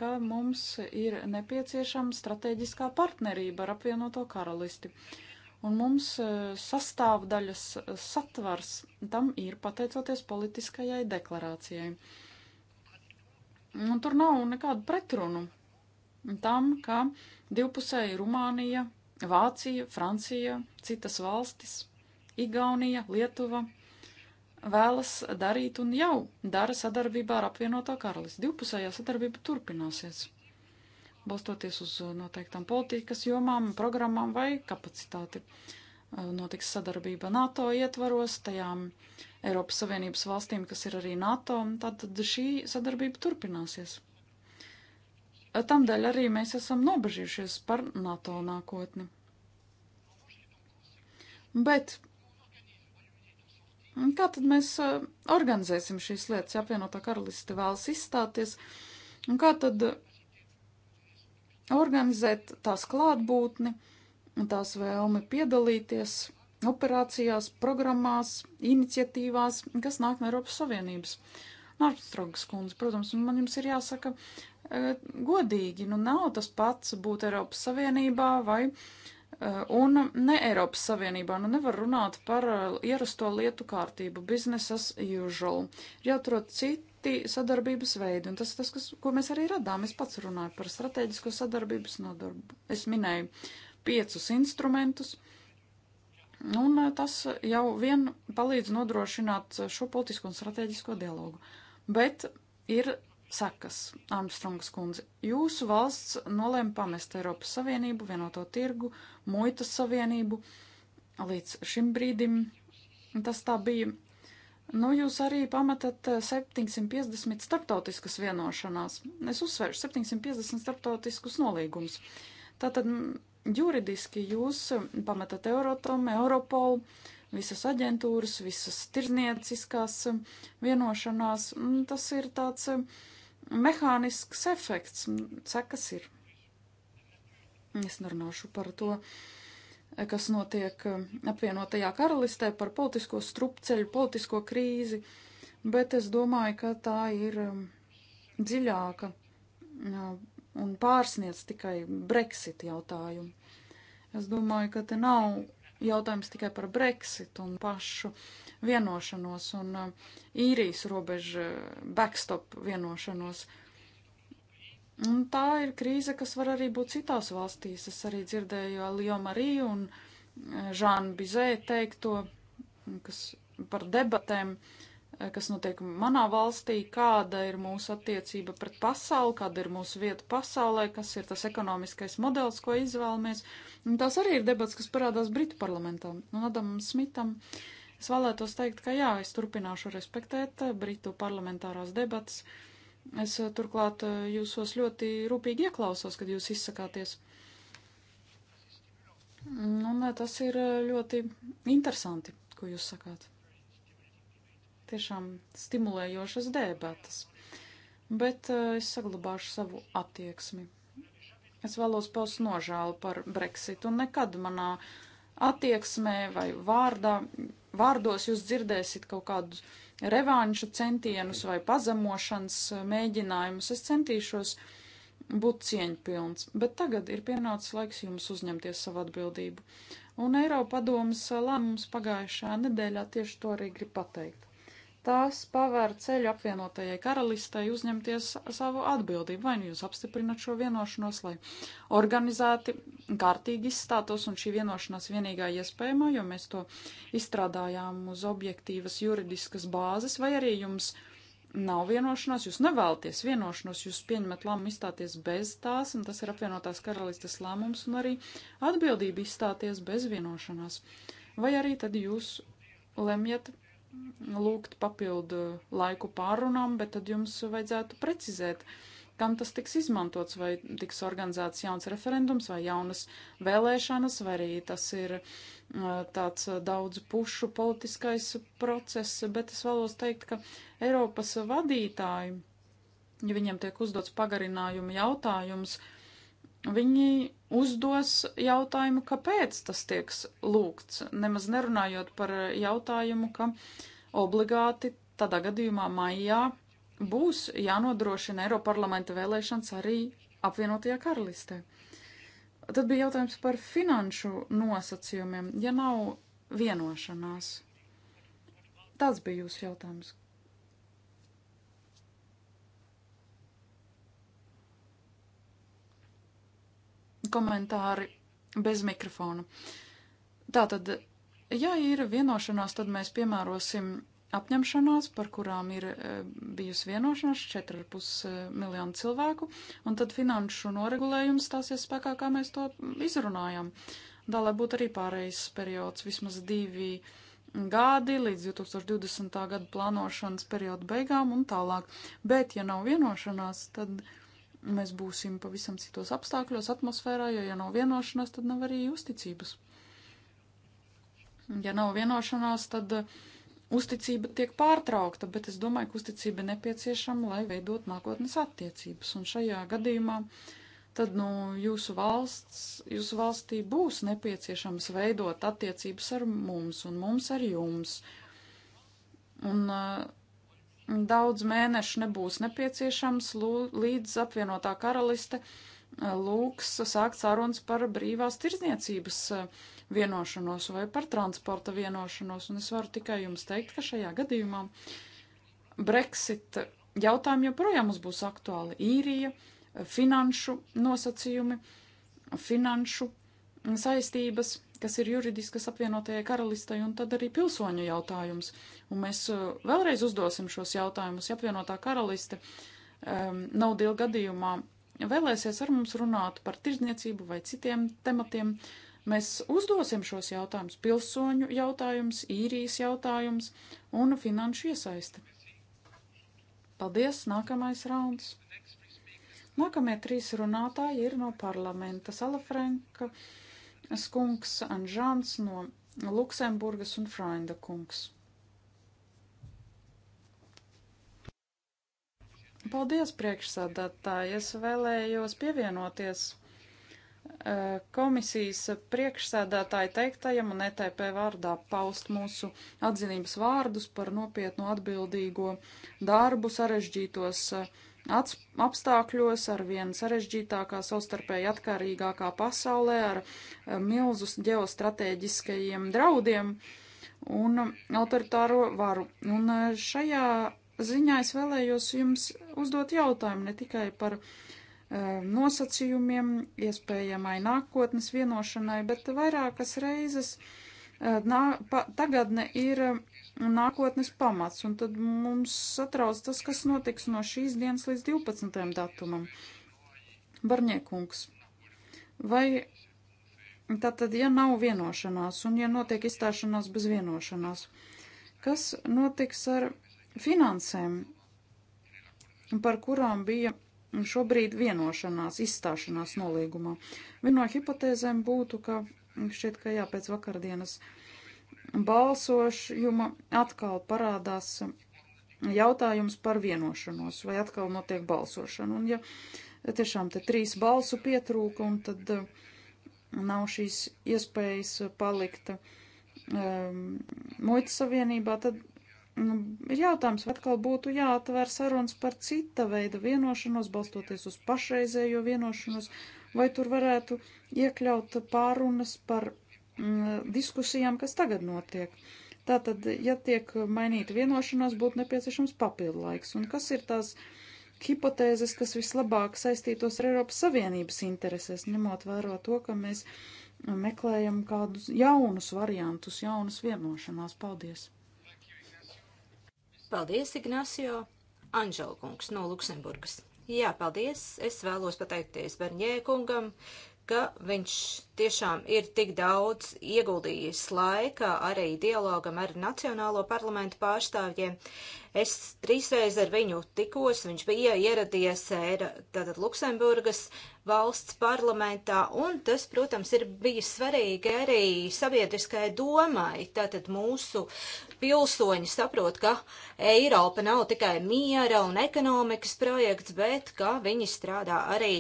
ka mums ir nepieciešama strateģiskā partnerība ar apvienoto karalisti. Un mums uh, sastāvdaļas satvars tam ir pateicoties politiskajai deklarācijai. Un tur nav nekādu pretrunu tam, ka divpusēji Rumānija, Vācija, Francija, citas valstis, Igaunija, Lietuva vēlas darīt un jau dara sadarbībā ar apvienoto karalisti. Divpusējā sadarbība turpināsies, balstoties uz noteiktām politikas jomām, programmām vai kapacitāti. Notiks sadarbība NATO ietvaros, tajām Eiropas Savienības valstīm, kas ir arī NATO, tad šī sadarbība turpināsies. Tamdēļ arī mēs esam nobežījušies par NATO nākotni. Bet kā tad mēs uh, organizēsim šīs lietas, ja apvienotā karaliste vēlas izstāties? Un kā tad uh, organizēt tās klātbūtni un tās vēlmi piedalīties operācijās, programmās, iniciatīvās, kas nāk no Eiropas Savienības? Nārpstrogas kundze, protams, man jums ir jāsaka, godīgi. Nu, nav tas pats būt Eiropas Savienībā vai un ne Eiropas Savienībā. Nu, nevar runāt par ierasto lietu kārtību, business as usual. Ir jāatrod citi sadarbības veidi, un tas tas, kas, ko mēs arī radām. Es pats runāju par strateģisko sadarbības nodarbu. Es minēju piecus instrumentus. Un tas jau vien palīdz nodrošināt šo politisko un strateģisko dialogu. Bet ir sekas, Armstrongas kundze. Jūsu valsts nolēma pamest Eiropas Savienību, vienoto tirgu, muitas savienību. Līdz šim brīdim tas tā bija. Nu, jūs arī pametat 750 eh, starptautiskas vienošanās. Es uzsvēršu 750 starptautiskus nolīgumus. Tātad juridiski jūs eh, pametat Eurotom, Europolu, visas aģentūras, visas tirnieciskās eh, vienošanās. Tas ir tāds mehānisks efekts, sekas ir. Es nerunāšu par to, kas notiek apvienotajā karalistē, par politisko strupceļu, politisko krīzi, bet es domāju, ka tā ir dziļāka un pārsniec tikai Brexit jautājumu. Es domāju, ka te nav jautājums tikai par Brexit un pašu uh, vienošanos un um, īrijas robeža uh, backstop vienošanos. Un tā ir krīze, kas var arī būt citās valstīs. Es arī dzirdēju Alio Mariju un Žānu uh, Bizē teikto, kas par debatēm, uh, kas notiek manā valstī, kāda ir mūsu attiecība pret pasauli, kāda ir mūsu vieta pasaulē, kas ir tas ekonomiskais modelis, ko izvēlamies. Un tās arī ir debats, kas parādās Britu parlamentam un Adamam Smitam. Uh, Es vēlētos teikt, ka jā, es turpināšu respektēt eh, Britu parlamentārās debatas. Es eh, turklāt eh, jūsos ļoti rūpīgi ieklausos, kad jūs izsakāties. Un nu, tas ir ļoti interesanti, ko jūs sakāt. Tiešām stimulējošas debatas. Bet es saglabāšu savu attieksmi. Es vēlos paust nožēlu par Brexit un nekad manā attieksmē vai vārdā vārdos jūs dzirdēsiet kaut kādus revanša centienus vai pazemošanas eh, mēģinājumus. Es centīšos būt cieņpilns, bet tagad ir pienācis laiks jums uzņemties savu atbildību. Un Eiropadomas lēmums pagājušā nedēļā tieši to arī grib pateikt tās pavēr ceļu apvienotajai karalistei uzņemties savu atbildību. Vai nu jūs apstiprinat šo vienošanos, lai organizēti, kārtīgi izstātos, un šī vienošanās vienīgā iespējamā, jo mēs to izstrādājām uz objektīvas juridiskas bāzes, vai arī jums nav vienošanās, jūs nevēlaties vienošanos, jūs pieņemat lēmumu izstāties bez tās, un tas ir apvienotās karalistes lēmums, un arī atbildība izstāties bez vienošanās. Vai arī tad jūs lemjat lūgt papildu laiku pārunām, bet tad jums vajadzētu precizēt, kam tas tiks izmantots, vai tiks organizēts jauns referendums vai jaunas vēlēšanas, vai arī tas ir uh, tāds uh, daudz pušu politiskais process, bet es vēlos teikt, ka Eiropas vadītāji, ja viņiem tiek uzdots pagarinājumu jautājums, uh, Viņi uzdos jautājumu, kāpēc tas tiek lūgts, nemaz nerunājot par jautājumu, ka obligāti tādā gadījumā maijā būs jānodrošina Eiroparlamenta vēlēšanas arī apvienotajā karalistē. Tad bija jautājums par finanšu nosacījumiem, ja nav vienošanās. Tas bija jūsu jautājums. komentāri bez mikrofona. Tātad, ja ir vienošanās, tad mēs piemērosim apņemšanās, par kurām ir e, bijusi vienošanās 4,5 e, miljonu cilvēku, un tad finanšu noregulējums stāsies spēkā, kā mēs to izrunājam. Tā lai būtu arī pārējais periods, vismaz divi gadi līdz 2020. gada plānošanas perioda beigām un tālāk. Bet, ja nav vienošanās, tad mēs būsim pavisam citos apstākļos, atmosfērā, jo, ja nav vienošanās, tad nav arī uzticības. Ja nav vienošanās, tad uh, uzticība tiek pārtraukta, bet es domāju, ka uzticība ir nepieciešama, lai veidot nākotnes attiecības. Un šajā gadījumā tad, nu, jūsu valsts, jūsu valstī būs nepieciešams veidot attiecības ar mums un mums ar jums. Un uh, daudz mēnešu nebūs nepieciešams, lū, līdz apvienotā karaliste eh, lūgs sākt sarunas par brīvās tirzniecības eh, vienošanos vai par transporta vienošanos, un es varu tikai jums teikt, ka šajā gadījumā Brexit jautājumi joprojām mums būs aktuāli. Īrija, finanšu nosacījumi, finanšu saistības kas ir juridiskas apvienotajai karalistai, un tad arī pilsoņu jautājums. Un mēs uh, vēlreiz uzdosim šos jautājumus, ja apvienotā karaliste um, naudielu gadījumā vēlēsies ar mums runāt par tirdzniecību vai citiem tematiem. Mēs uzdosim šos jautājumus - pilsoņu jautājums, īrijas jautājums un finanšu iesaisti. Paldies! Nākamais rauns! Nākamie trīs runātāji ir no parlamenta Salafranka. Franka. Skunks Anžāns no Luksemburgas un Frainda kungs. Paldies, priekšsādātāji! Es vēlējos pievienoties e, komisijas priekšsēdētāja teiktajam un ETP vārdā paust mūsu atzinības vārdus par nopietnu atbildīgo darbu sarežģītos uh, apstākļos, ar vien sarežģītākā, savstarpēji atkarīgākā pasaulē, ar eh, milzu ģeostrateģiskajiem draudiem un autoritāro varu. Un eh, šajā ziņā es vēlējos jums uzdot jautājumu ne tikai par eh, nosacījumiem, iespējamai nākotnes vienošanai, bet vairākas reizes nā, pa, tagadne ir nākotnes pamats, un tad mums satrauc tas, kas notiks no šīs dienas līdz 12. datumam. Barņiekungs, vai tātad, ja nav vienošanās, un ja notiek izstāšanās bez vienošanās, kas notiks ar finansēm, par kurām bija šobrīd vienošanās, izstāšanās nolīgumā? Viena no hipotēzēm būtu, ka šķiet, ka jā, pēc vakardienas. Uh, balsošuma atkal parādās jautājums par vienošanos, vai atkal notiek balsošana. Un ja tiešām te trīs balsu pietrūka, un tad eh, nav šīs iespējas palikt um, muitas savienībā, tad nu, ir jautājums, vai atkal būtu jāatvēr sarunas par cita veida vienošanos, balstoties uz pašreizējo vienošanos, vai tur varētu iekļaut pārunas par Mm, diskusijām, kas tagad notiek. Tātad, ja tiek mainīta vienošanās, būtu nepieciešams papildu laiks. Un kas ir tās hipotēzes, kas vislabāk saistītos ar Eiropas Savienības interesēs, ņemot vērā to, ka mēs meklējam kādus jaunus variantus, jaunas vienošanās. Paldies! Paldies, Ignacio! Anželkungs no Luksemburgas. Jā, paldies! Es vēlos pateikties Barņē kungam. Uh, ka viņš tiešām ir tik daudz ieguldījis laika arī dialogam ar Nacionālo parlamentu pārstāvjiem. Es trīsreiz ar viņu tikos, viņš bija ieradies tātad Luksemburgas valsts parlamentā, un tas, protams, ir bijis svarīgi arī sabiedriskajai domai. Tātad mūsu pilsoņi saprot, ka Eiropa nav tikai miera un ekonomikas projekts, bet ka viņi strādā arī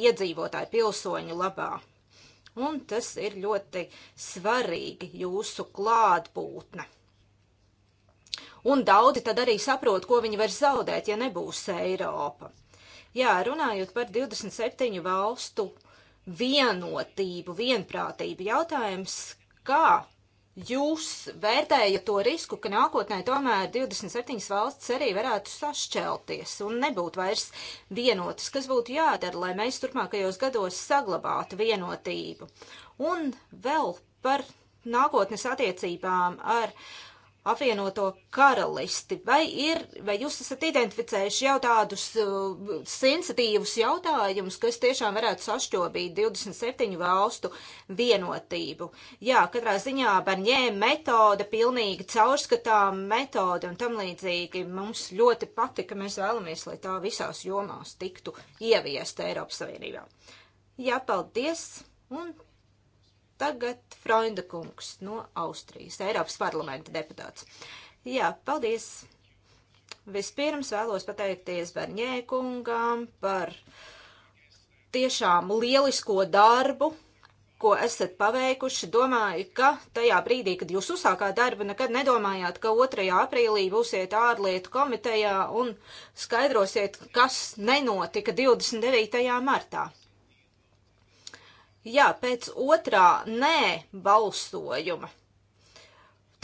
iedzīvotāju pilsoņu labā. Un tas ir ļoti svarīgi jūsu klātbūtne. Un daudzi tad arī saprot, ko viņi var zaudēt, ja nebūs Eiropa. Jā, runājot par 27 valstu vienotību, vienprātību, jautājums, kā jūs vērtējat to risku, ka nākotnē tomēr 27 valsts arī varētu sašķelties un nebūt vairs vienotas, kas būtu jādara, lai mēs turpmākajos gados saglabātu vienotību. Un vēl par nākotnes attiecībām ar apvienoto karalisti. Vai, ir, vai jūs esat identificējuši jau tādus uh, sensitīvus jautājumus, kas tiešām varētu sašķobīt 27 valstu vienotību? Jā, katrā ziņā Barņē metode, pilnīgi caurskatām metode un tam līdzīgi mums ļoti patika, mēs vēlamies, lai tā visās jomās tiktu ieviesta Eiropas Savienībā. Jā, paldies! Un Tagad Freunda kungs no Austrijas, Eiropas parlamenta deputāts. Jā, paldies! Vispirms vēlos pateikties Barņē kungam par tiešām lielisko darbu, ko esat paveikuši. Domāju, ka tajā brīdī, kad jūs uzsākāt darbu, nekad nedomājāt, ka 2. aprīlī būsiet ārlietu komitejā un skaidrosiet, kas nenotika 29. martā. Jā, pēc otrā nē balsojuma.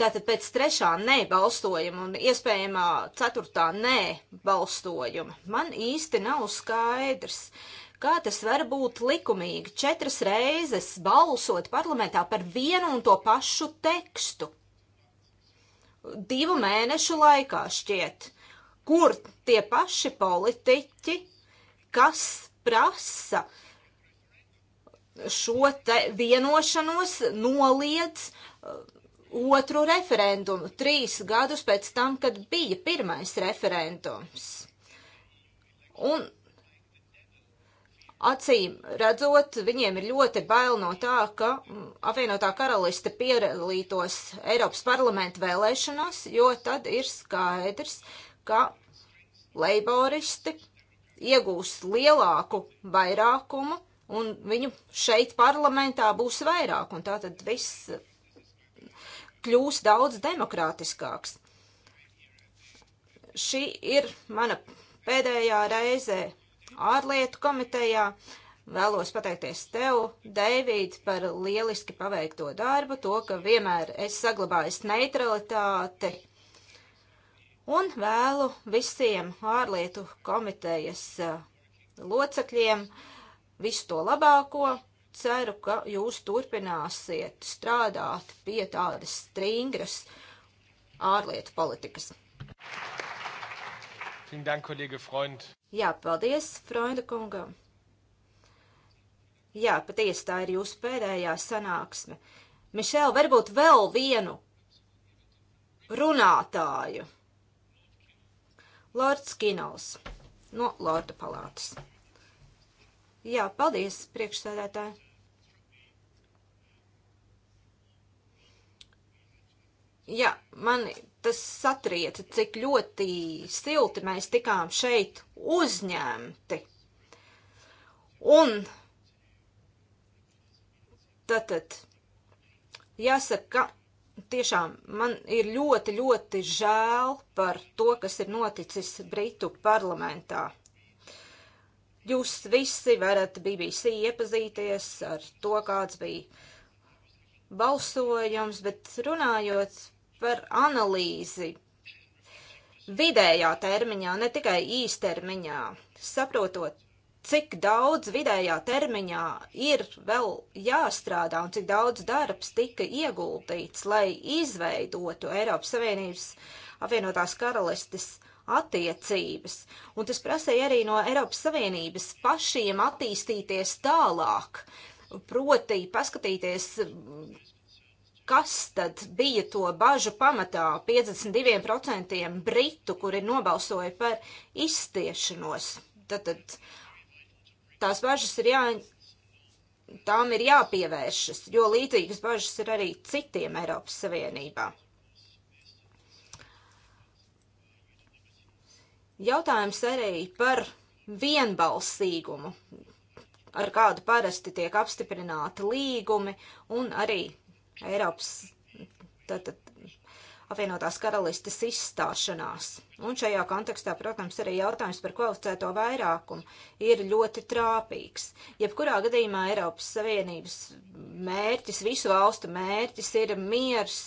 Tātad pēc trešā nē balsojuma un iespējamā ceturtā nē balsojuma. Man īsti nav skaidrs, kā tas var būt likumīgi četras reizes balsot parlamentā par vienu un to pašu tekstu divu mēnešu laikā šķiet, kur tie paši politiķi, kas prasa šo vienošanos noliedz uh, otru referendumu, trīs gadus pēc tam, kad bija pirmais referendums. Un acīm redzot, viņiem ir ļoti bail no tā, ka mm, apvienotā karaliste pieralītos Eiropas parlamenta vēlēšanās, jo tad ir skaidrs, ka leiboristi iegūs lielāku vairākumu un viņu šeit parlamentā būs vairāk, un tā tad viss kļūs daudz demokrātiskāks. Šī ir mana pēdējā reize ārlietu komitejā. Vēlos pateikties tev, Deivīd, par lieliski paveikto darbu, to, ka vienmēr es saglabāju neutralitāti. Un vēlu visiem ārlietu komitejas eh, locekļiem uh, visu to labāko. Ceru, ka jūs turpināsiet strādāt pie tādas stingras ārlietu politikas. Dank, kolēģi, Jā, paldies, Freunde kungam. Jā, patiesi tā ir jūsu pēdējā sanāksme. Mišel, varbūt vēl vienu runātāju. Lords Kinols no Lorda palātas. Jā, paldies, priekšsēdētāji. Jā, man tas satrieca, cik ļoti silti mēs tikām šeit uzņemti. Un tātad jāsaka, ka tiešām man ir ļoti, ļoti žēl par to, kas ir noticis Britu parlamentā. Jūs visi varat BBC iepazīties ar to, kāds bija balsojums, bet runājot par analīzi vidējā termiņā, ne tikai īstermiņā, saprotot, cik daudz vidējā termiņā ir vēl jāstrādā un cik daudz darbs tika ieguldīts, lai izveidotu Eiropas Savienības apvienotās karalistes uh, attiecības. Un tas prasīja arī no Eiropas Savienības pašiem attīstīties tālāk, proti paskatīties, kas tad bija to bažu pamatā 52% britu, kuri nobalsoja par izstiešanos. Tad, tad tās bažas ir jā, tām ir jāpievēršas, jo līdzīgas bažas ir arī citiem Eiropas Savienībā. Jautājums arī par vienbalsīgumu, ar kādu parasti tiek apstiprināti līgumi un arī Eiropas tātad, apvienotās karalistes izstāšanās. Un šajā kontekstā, protams, arī jautājums par kvalificēto vairākumu ir ļoti trāpīgs. Jebkurā gadījumā Eiropas Savienības mērķis, visu valstu mērķis ir miers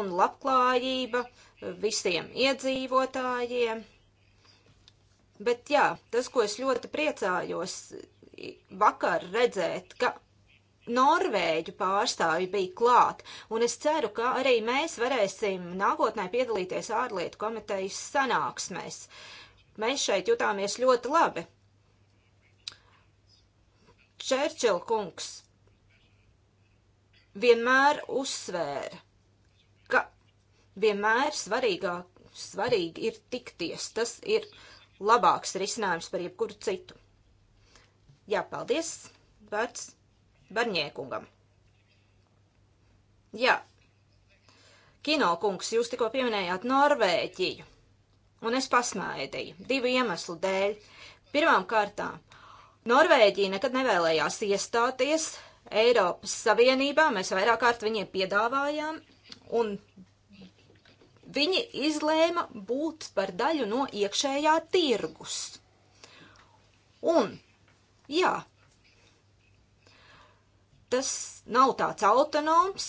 un labklājība visiem iedzīvotājiem, Bet jā, tas, ko es ļoti priecājos vakar redzēt, ka Norvēģu pārstāvji bija klāt, un es ceru, ka arī mēs varēsim nākotnē piedalīties ārlietu komitejas sanāksmēs. Mēs šeit jutāmies ļoti labi. Čērčil kungs vienmēr uzsvēra, ka vienmēr svarīgāk, svarīgi ir tikties. Tas ir uh, labāks risinājums par jebkuru citu. Jā, paldies! Vārds Barņēkungam. Jā, Kino kungs, jūs tikko pieminējāt Norvēģiju, un es pasmaidīju divu iemeslu dēļ. Pirmām kārtām, Norvēģija nekad nevēlējās iestāties Eiropas Savienībā, mēs vairāk kārt viņiem piedāvājām, un viņi izlēma būt par daļu no iekšējā tirgus. Un, jā, tas nav tāds autonoms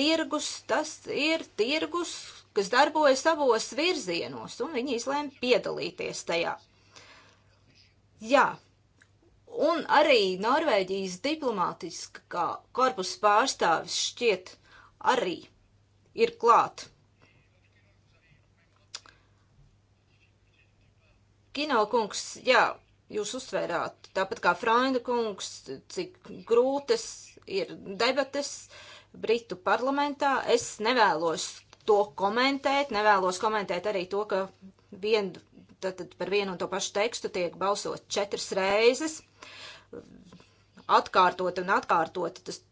tirgus, tas ir tirgus, kas darbojas savos virzienos, un viņi izlēma piedalīties tajā. Jā, un arī Norvēģijas diplomātiskā korpusa pārstāvis šķiet arī ir klāt Gino kungs, jā, jūs uztvērāt, tāpat kā Frainda kungs, cik grūtas ir debates Britu parlamentā. Es nevēlos to komentēt, nevēlos komentēt arī to, ka vien, tātad par vienu un to pašu tekstu tiek balsot četras reizes, atkārtot un atkārtot, tas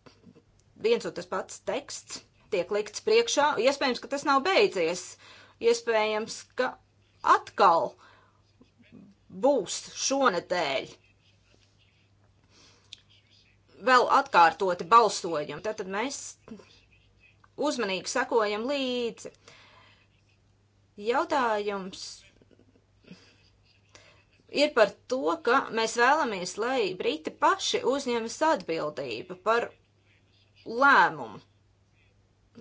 viens un tas pats teksts tiek likts priekšā. Iespējams, ka tas nav beidzies. Iespējams, ka atkal uh, būs šonadēļ vēl atkārtoti balsojumi. Tātad mēs uzmanīgi sekojam līdzi. Jautājums ir par to, ka mēs vēlamies, lai Briti paši uzņemas atbildību par lēmumu,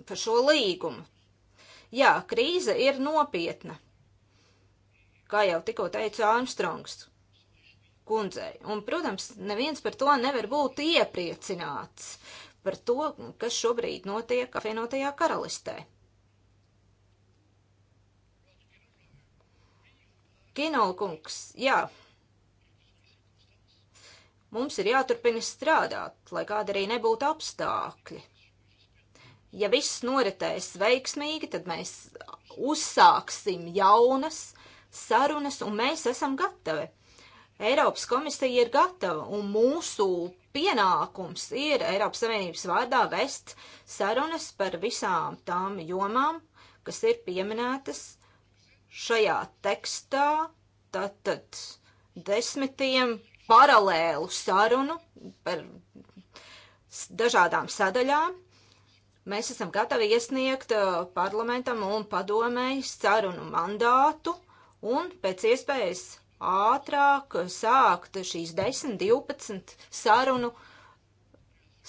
par šo līgumu. Jā, krīze ir nopietna kā jau tikko teicu Armstrongs kundzei. Un, protams, neviens par to nevar būt iepriecināts par to, kas šobrīd notiek apvienotajā karalistē. Kinolkungs, jā, mums ir jāturpina strādāt, lai kāda arī nebūtu apstākļi. Ja viss noritēs veiksmīgi, tad mēs uzsāksim jaunas, sarunas, un mēs esam gatavi. Eiropas komisija ir gatava, un mūsu pienākums ir Eiropas Savienības vārdā vest sarunas par visām tām jomām, kas ir pieminētas šajā tekstā, tātad desmitiem paralēlu sarunu par dažādām sadaļām. Mēs esam gatavi iesniegt uh, parlamentam un padomēji sarunu mandātu un pēc iespējas ātrāk sākt šīs 10, 12 sarunu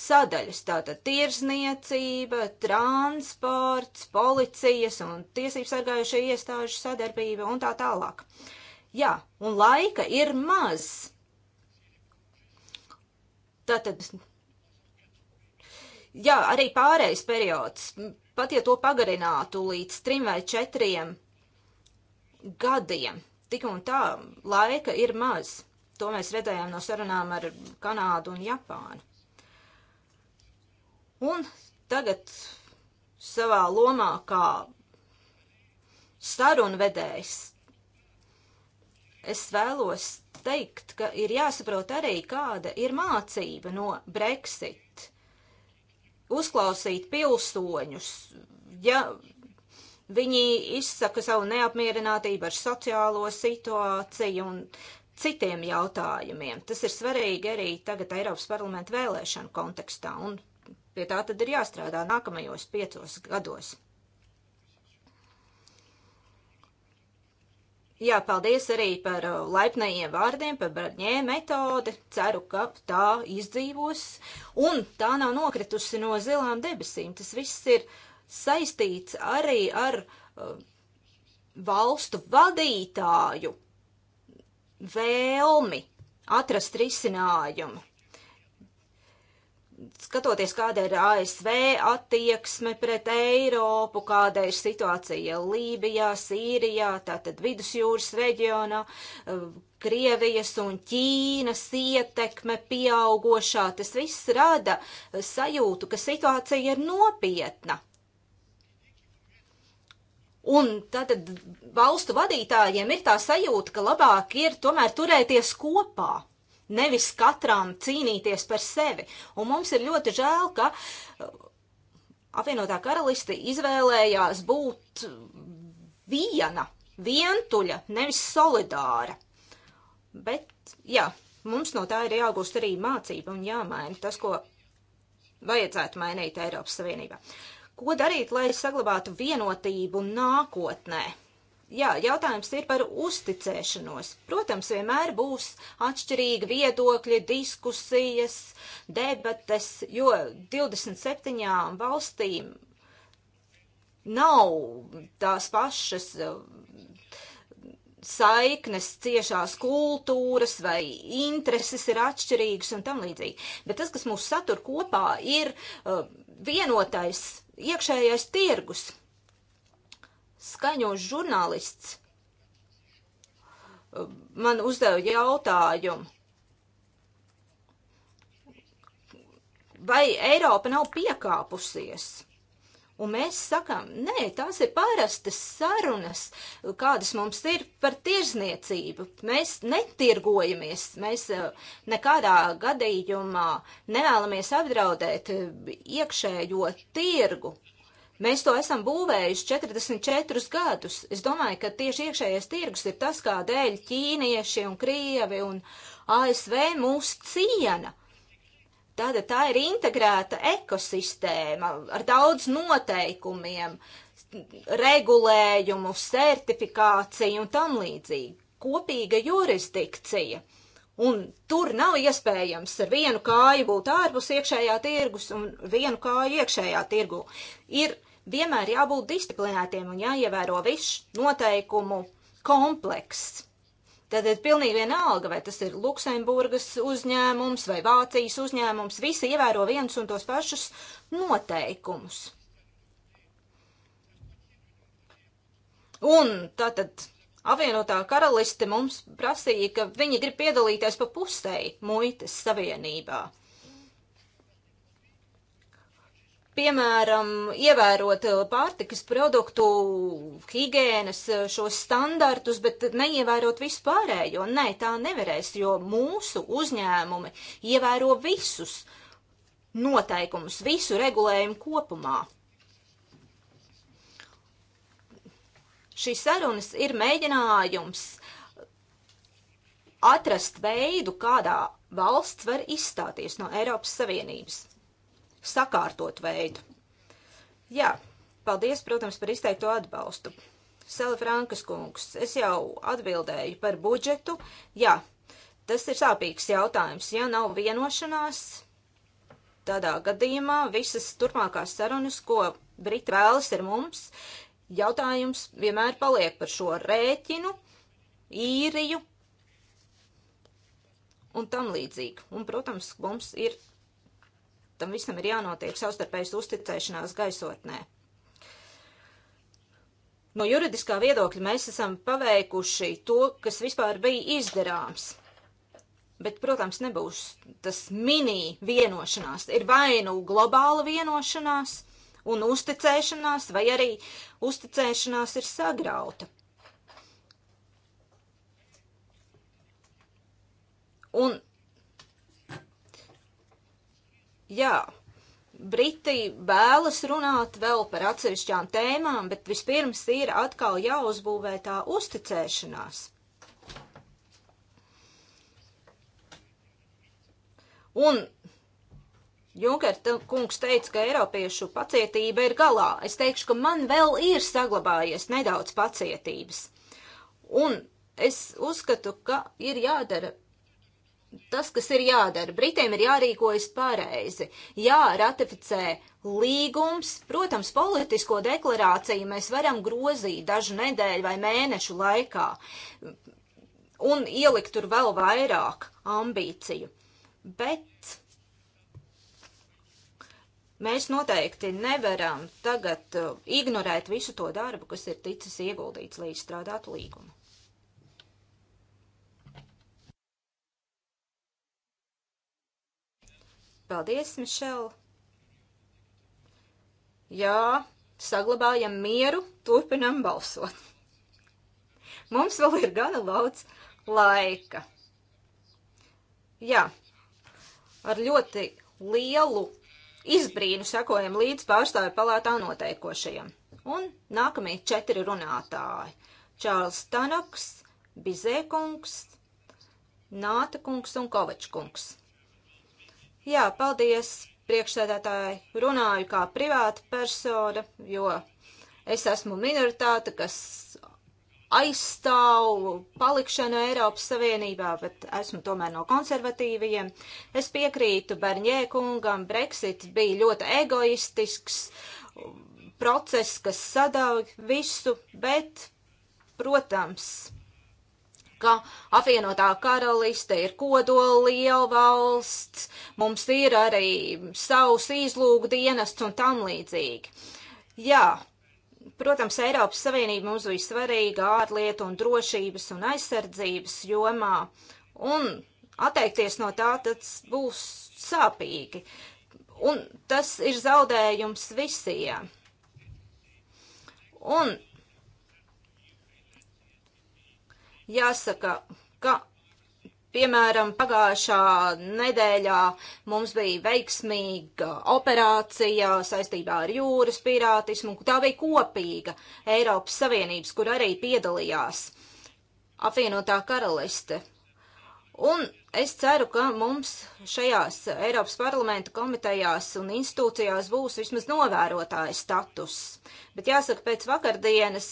sadaļas. Tātad tirzniecība, transports, policijas un tiesības sargājušie iestāžu sadarbība un tā tālāk. Jā, un laika ir maz. Tātad, jā, arī pārējais periods, pat ja to pagarinātu līdz trim vai četriem gadiem. Tik un tā laika ir maz. To mēs redzējām no sarunām ar Kanādu un Japānu. Un tagad savā lomā kā sarunvedējs es vēlos teikt, ka ir jāsaprot arī, kāda ir mācība no Brexit. Uzklausīt pilsoņus, ja Viņi izsaka savu neapmierinātību ar sociālo situāciju un citiem jautājumiem. Tas ir svarīgi arī tagad Eiropas parlamenta vēlēšanu kontekstā, un pie tā tad ir jāstrādā nākamajos piecos gados. Jā, paldies arī par uh, laipnajiem vārdiem, par barņē metodi. Ceru, ka tā izdzīvos. Un tā nav nokritusi no zilām debesīm. Tas viss ir uh, saistīts arī ar uh, valstu vadītāju vēlmi atrast risinājumu. Skatoties, kāda ir ASV attieksme pret Eiropu, kāda ir situācija Lībijā, Sīrijā, tātad vidusjūras reģionā, uh, Krievijas un Ķīnas ietekme pieaugošā, tas viss rada uh, sajūtu, ka situācija ir nopietna. Un tātad valstu vadītājiem ir tā sajūta, ka labāk ir tomēr turēties kopā, nevis katram cīnīties par sevi. Un mums ir ļoti žēl, ka uh, apvienotā karaliste izvēlējās būt viena, vientuļa, nevis solidāra. Bet, jā, mums no tā ir jāgūst arī mācība un jāmaina tas, ko vajadzētu mainīt Eiropas Savienībā. Uh, Ko darīt, lai saglabātu vienotību nākotnē? Jā, jautājums ir par uzticēšanos. Protams, vienmēr būs atšķirīgi viedokļi, diskusijas, debates, jo 27 valstīm nav tās pašas saiknes, ciešās kultūras vai intereses ir atšķirīgas un tam līdzīgi. Bet tas, kas mūs satur kopā, ir uh, vienotais iekšējais tirgus. Skaņos žurnālists um, man uzdeva jautājumu, vai Eiropa nav piekāpusies? Un mēs sakām, nē, tās ir parastas sarunas, kādas mums ir par tirzniecību. Mēs netirgojamies, mēs eh, nekādā gadījumā nevēlamies apdraudēt eh, iekšējo tirgu. Mēs to esam būvējuši 44 gadus. Es domāju, ka tieši iekšējais tirgus ir tas, kādēļ ķīnieši un krievi un ASV mūs ciena. Tāda tā ir integrēta ekosistēma ar daudz noteikumiem, regulējumu, certifikāciju un tam līdzīgi. Kopīga jurisdikcija. Un tur nav iespējams ar vienu kāju būt ārpus iekšējā tirgus un vienu kāju iekšējā tirgu. Ir vienmēr jābūt disciplinētiem un jāievēro viss noteikumu komplekss. Tad ir pilnīgi vienalga, vai tas ir Luksemburgas uzņēmums vai Vācijas uzņēmums. Visi ievēro viens un tos pašus noteikumus. Un tātad apvienotā karaliste mums prasīja, ka viņi grib piedalīties pa pusēji muitas savienībā. piemēram, ievērot eh, pārtikas produktu, higienas eh, šos standartus, bet neievērot vispārējo. Nē, tā nevarēs, jo mūsu uzņēmumi ievēro visus noteikumus, visu regulējumu kopumā. Šīs sarunas ir mēģinājums atrast veidu, kādā valsts var izstāties no Eiropas Savienības sakārtot veidu. Jā, paldies, protams, par izteikto atbalstu. Sela Frankas kungs, es jau atbildēju par budžetu. Jā, tas ir sāpīgs jautājums. Ja nav vienošanās, tādā gadījumā visas turpmākās sarunas, ko Briti vēlas ar mums, jautājums vienmēr paliek par šo rēķinu, īriju un tam līdzīgi. Un, protams, mums ir tam visam ir jānotiek savstarpējas uzticēšanās gaisotnē. No juridiskā viedokļa mēs esam paveikuši to, kas vispār bija izdarāms. Bet, protams, nebūs tas mini vienošanās. Ir vai nu globāla vienošanās un uzticēšanās, vai arī uzticēšanās ir sagrauta. Un Jā, Briti vēlas runāt vēl par atsevišķām tēmām, bet vispirms ir atkal jāuzbūvē tā uzticēšanās. Un Junker kungs teica, ka Eiropiešu pacietība ir galā. Es teikšu, ka man vēl ir saglabājies nedaudz pacietības. Un es uzskatu, ka ir jādara tas, kas ir jādara. Britiem ir jārīkojas pareizi, jāratificē līgums. Protams, politisko deklarāciju mēs varam grozīt dažu nedēļu vai mēnešu laikā un ielikt tur vēl vairāk ambīciju. Bet mēs noteikti nevaram tagad uh, ignorēt visu to darbu, kas ir ticis ieguldīts, lai izstrādātu līgumu. Paldies, Mišel! Jā, saglabājam mieru, turpinam balsot. Mums vēl ir gana daudz laika. Jā, ar ļoti lielu izbrīnu sekojam līdz pārstāvju palātā noteikošajam. Un nākamie četri runātāji - Čārls Tanaks, Bizēkungs, Nāta kungs un Kovačkungs. Jā, paldies, priekšsēdētāji. Runāju kā privāta persona, jo es esmu minoritāte, kas aizstāvu palikšanu Eiropas Savienībā, bet esmu tomēr no konservatīviem. Es piekrītu Berņē kungam, Brexit bija ļoti egoistisks process, kas sadauj visu, bet, protams, ka apvienotā karaliste ir kodoliela valsts, mums ir arī savs izlūkdienests un tam līdzīgi. Jā, Protams, Eiropas Savienība mums bija svarīga ārlietu un drošības un aizsardzības jomā, un atteikties no tā tas būs sāpīgi. Un tas ir zaudējums visiem. Un Jāsaka, ka Piemēram, pagājušā nedēļā mums bija veiksmīga operācija saistībā ar jūras pirātismu. Tā bija kopīga Eiropas Savienības, kur arī piedalījās apvienotā karaliste. Un es ceru, ka mums šajās Eiropas parlamenta komitejās un institūcijās būs vismaz novērotāja status. Bet jāsaka, pēc vakardienas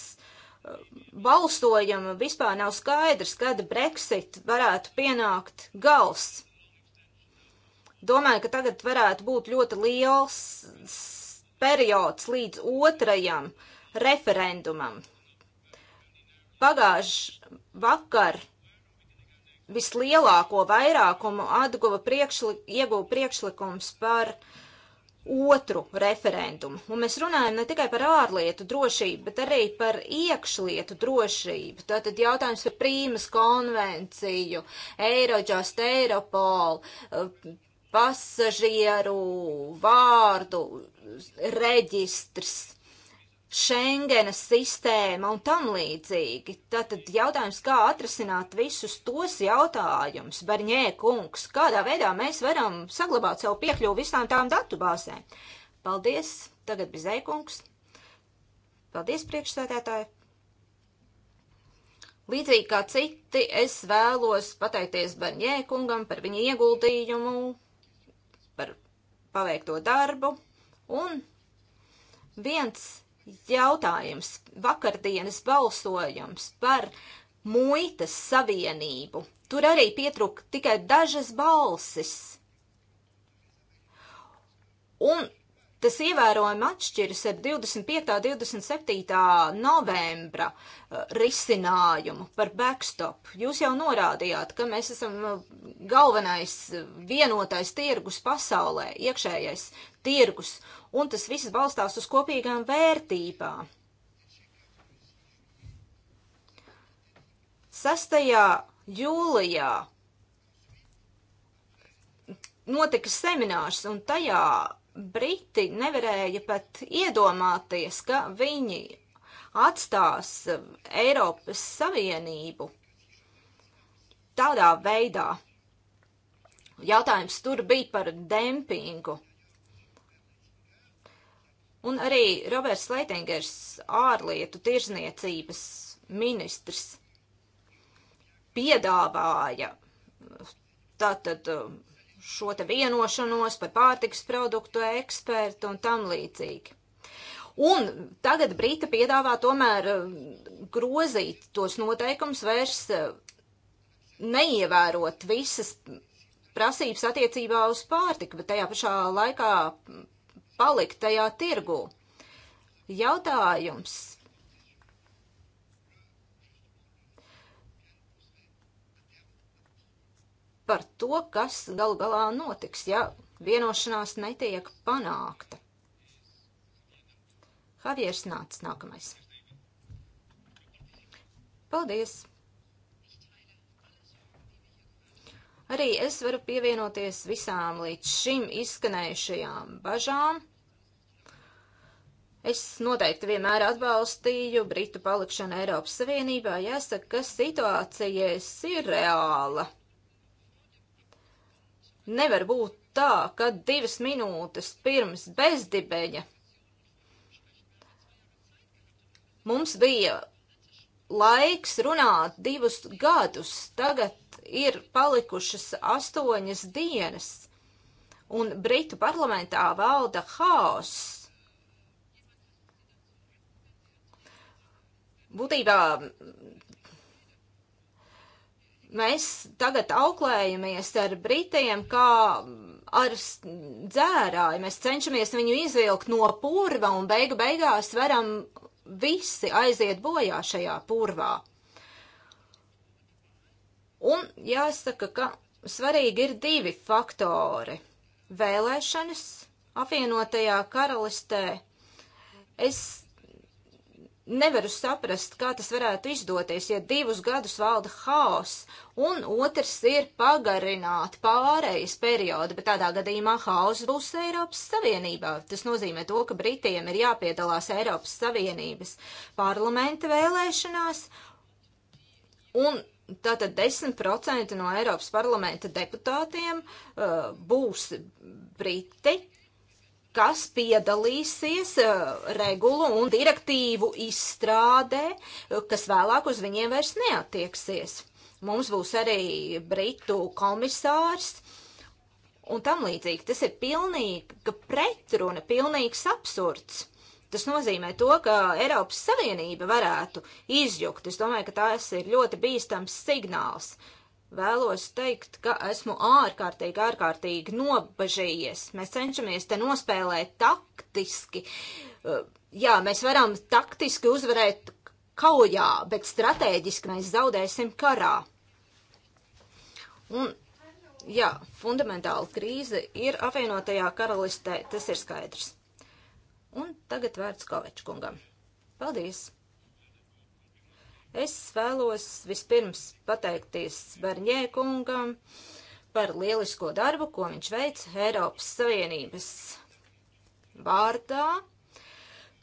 balstojama vispār nav skaidrs, kad Brexit varētu pienākt gals. Domāju, ka tagad varētu būt ļoti liels periods līdz otrajam referendumam. Pagājuši vakar vislielāko vairākumu atguva priekšli, ieguva priekšlikums par uh, otru referendumu. Un mēs runājam ne tikai par ārlietu drošību, bet arī par iekšlietu drošību. Tātad jautājums par Prīmas konvenciju, Eirodžast, Eiropol, pasažieru vārdu reģistrs. Schengenas sistēma un tam līdzīgi. Tātad jautājums, kā atrasināt visus tos jautājumus, Barņē kungs, kādā veidā mēs varam saglabāt savu piekļuvu visām tām datubāzēm. Paldies, tagad Bizei kungs. Paldies, priekšsēdētāji. Līdzīgi kā citi, es vēlos pateikties Barņē kungam par viņa ieguldījumu, par paveikto darbu un viens jautājums, vakardienas balsojums par muitas savienību. Tur arī pietrūka tikai dažas balsis. Un tas ievērojami atšķiras ar 25. un 27. novembra uh, risinājumu par backstop. Jūs jau norādījāt, ka mēs esam uh, galvenais uh, vienotais tirgus pasaulē, iekšējais tirgus, un tas viss balstās uz kopīgām vērtībām. Sastajā jūlijā notika seminārs, un tajā Briti nevarēja pat iedomāties, ka viņi atstās Eiropas Savienību tādā veidā. Jautājums tur bija par dempingu. Un arī Roberts Leitingers, ārlietu tirzniecības ministrs, piedāvāja tātad šo te vienošanos par pārtiks produktu ekspertu un tam līdzīgi. Un tagad Brita piedāvā tomēr eh, grozīt tos noteikums, vairs eh, neievērot visas prasības attiecībā uz pārtiku, bet tajā pašā laikā palikt tajā tirgū. Jautājums. Par to, kas galu galā notiks, ja vienošanās netiek panākta. Havieris nāca nākamais. Paldies! Arī es varu pievienoties visām līdz šim izskanējušajām bažām. Es noteikti vienmēr atbalstīju Britu palikšanu Eiropas Savienībā. Jāsaka, ka situācijas ir reāla. Nevar būt tā, ka divas minūtes pirms bezdibeņa mums bija laiks runāt divus gadus. Tagad ir palikušas astoņas dienas, un Britu parlamentā valda haoss. Būtībā mm, mēs tagad auklējamies ar Britiem kā ar dzērāju. Mēs cenšamies viņu izvilkt no purva un beigu beigās varam visi aiziet bojā šajā purvā. Un jāsaka, ka svarīgi ir divi faktori - vēlēšanas apvienotajā karalistē. Es nevaru saprast, kā tas varētu izdoties, ja divus gadus valda haoss, un otrs ir pagarināt pārejas periodu, bet tādā gadījumā haoss būs Eiropas Savienībā. Tas nozīmē to, ka Britiem ir jāpiedalās Eiropas Savienības parlamenta vēlēšanās, un Tātad 10% no Eiropas parlamenta deputātiem uh, būs briti, kas piedalīsies uh, regulu un direktīvu izstrādē, uh, kas vēlāk uz viņiem vairs neatieksies. Mums būs arī britu komisārs un tam līdzīgi. Tas ir pilnīga pretruna, pilnīgs absurds. Tas nozīmē to, ka Eiropas Savienība varētu izjukt. Es domāju, ka tas ir ļoti bīstams signāls. Vēlos teikt, ka esmu ārkārtīgi, ārkārtīgi nobažījies. Mēs cenšamies te nospēlēt taktiski. Eh, jā, mēs varam taktiski uzvarēt kaujā, bet strateģiski mēs zaudēsim karā. Un, jā, fundamentāla krīze ir apvienotajā karalistē, tas ir skaidrs. Un tagad vērts Koveča kungam. Paldies! Es vēlos vispirms pateikties Barņē kungam par lielisko darbu, ko viņš veic Eiropas Savienības vārdā.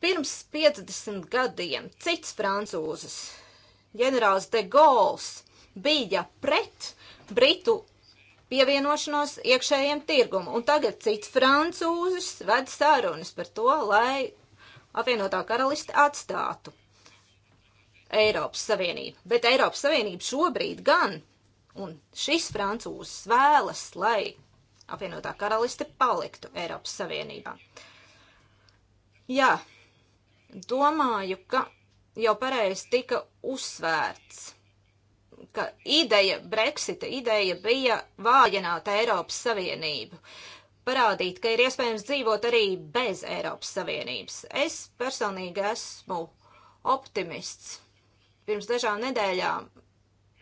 Pirms 50 gadiem cits francūzis, ģenerālis de Gauls, bija pret Britu pievienošanos iekšējiem tirgumu. Un tagad cits francūzis ved sarunas par to, lai apvienotā karaliste atstātu Eiropas Savienību. Bet Eiropas Savienība šobrīd gan, un šis francūzis vēlas, lai apvienotā karaliste paliktu Eiropas Savienībā. Jā, domāju, ka jau pareizi tika uzsvērts ka ideja, Brexita ideja bija vājināt Eiropas Savienību, parādīt, ka ir iespējams dzīvot arī bez Eiropas Savienības. Es personīgi esmu optimists. Pirms dažām nedēļām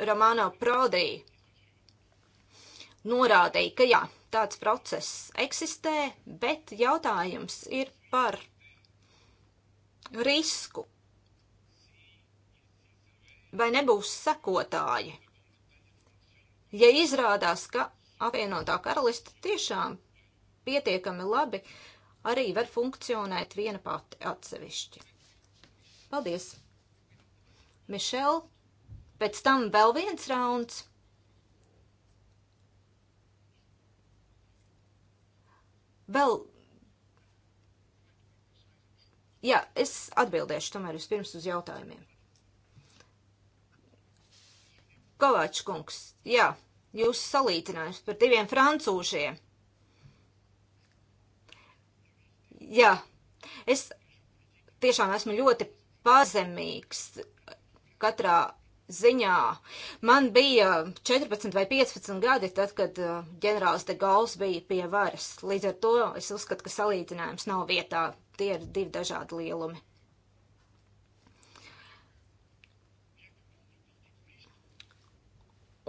Romano Prodi norādīja, ka jā, tāds process eksistē, bet jautājums ir par risku, vai nebūs sekotāji. Ja izrādās, ka apvienotā karaliste tiešām pietiekami labi arī var funkcionēt viena pati atsevišķi. Paldies! Mišel, pēc tam vēl viens rauns. Vēl Jā, es atbildēšu tomēr vispirms uz jautājumiem. Kovačs kungs, jā, jūsu salīdzinājums par diviem francūžiem. Jā, es tiešām esmu ļoti pazemīgs katrā ziņā. Man bija 14 vai 15 gadi, tad, kad uh, ģenerālis de Gauls bija pie varas. Līdz ar to es uzskatu, ka salīdzinājums nav vietā. Tie ir divi dažādi lielumi.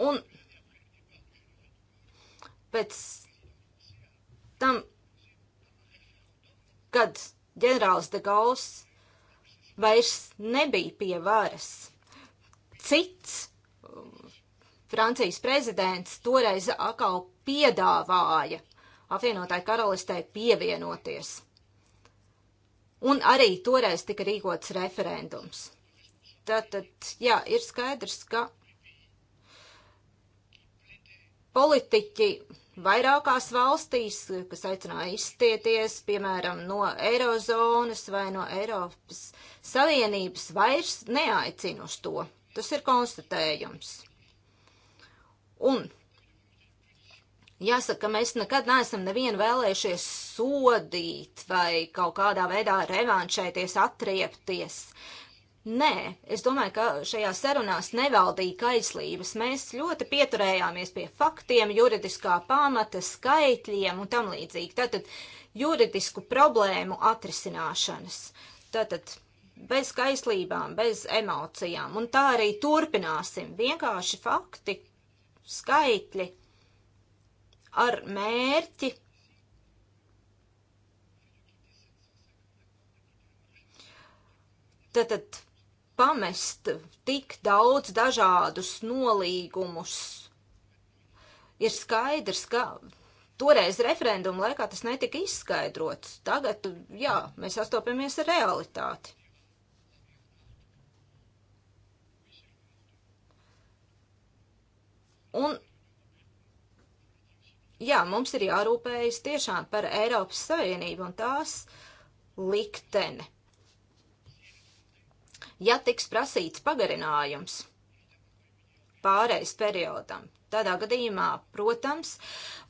Un pēc tam, kad ģenerālis de Gauls vairs nebija pie varas, cits um, Francijas prezidents toreiz atkal piedāvāja apvienotāju karalistē pievienoties. Un arī toreiz tika rīkots referendums. Tātad, jā, ir skaidrs, ka politiķi vairākās valstīs, kas aicināja izstieties, piemēram, no Eirozonas vai no Eiropas Savienības, vairs neaicina uz to. Tas ir konstatējums. Un Jāsaka, mēs nekad neesam nevienu vēlējušies sodīt vai kaut kādā veidā revanšēties, atriepties. Uh, Nē, es domāju, ka šajā sarunās nevaldīja kaislības. Mēs ļoti pieturējāmies pie faktiem, juridiskā pamata, skaitļiem un tam līdzīgi. Tātad juridisku problēmu atrisināšanas. Tātad bez kaislībām, bez emocijām. Un tā arī turpināsim. Vienkārši fakti, skaitļi ar mērķi Tātad pamest tik daudz dažādus nolīgumus. Ir skaidrs, ka toreiz referenduma laikā tas netika izskaidrots. Tagad, jā, mēs sastopamies ar realitāti. Un, jā, mums ir jārūpējas tiešām par Eiropas Savienību un tās likteni ja tiks prasīts pagarinājums pārejas periodam. Tādā gadījumā, protams,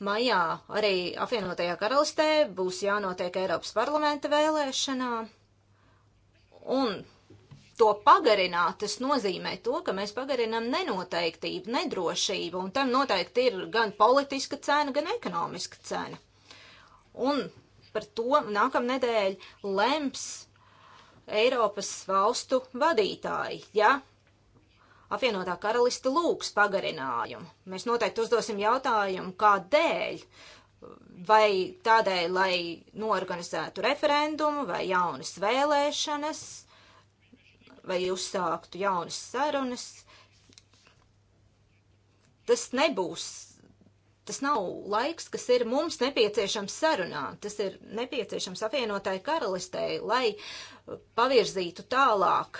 maijā arī apvienotajā karalistē būs jānotiek Eiropas parlamenta vēlēšanām. Un to pagarināt, tas nozīmē to, ka mēs pagarinam nenoteiktību, nedrošību, un tam noteikti ir gan politiska cena, gan ekonomiska cena. Un par to nākamnedēļ lems Eiropas valstu vadītāji, ja apvienotā karaliste lūgs pagarinājumu. Mēs noteikti uzdosim jautājumu, kādēļ. Vai tādēļ, lai norganizētu referendumu, vai jaunas vēlēšanas, vai uzsāktu jaunas sarunas. Tas nebūs tas nav laiks, kas ir mums nepieciešams sarunām. Tas ir nepieciešams apvienotāji karalistei, lai pavirzītu tālāk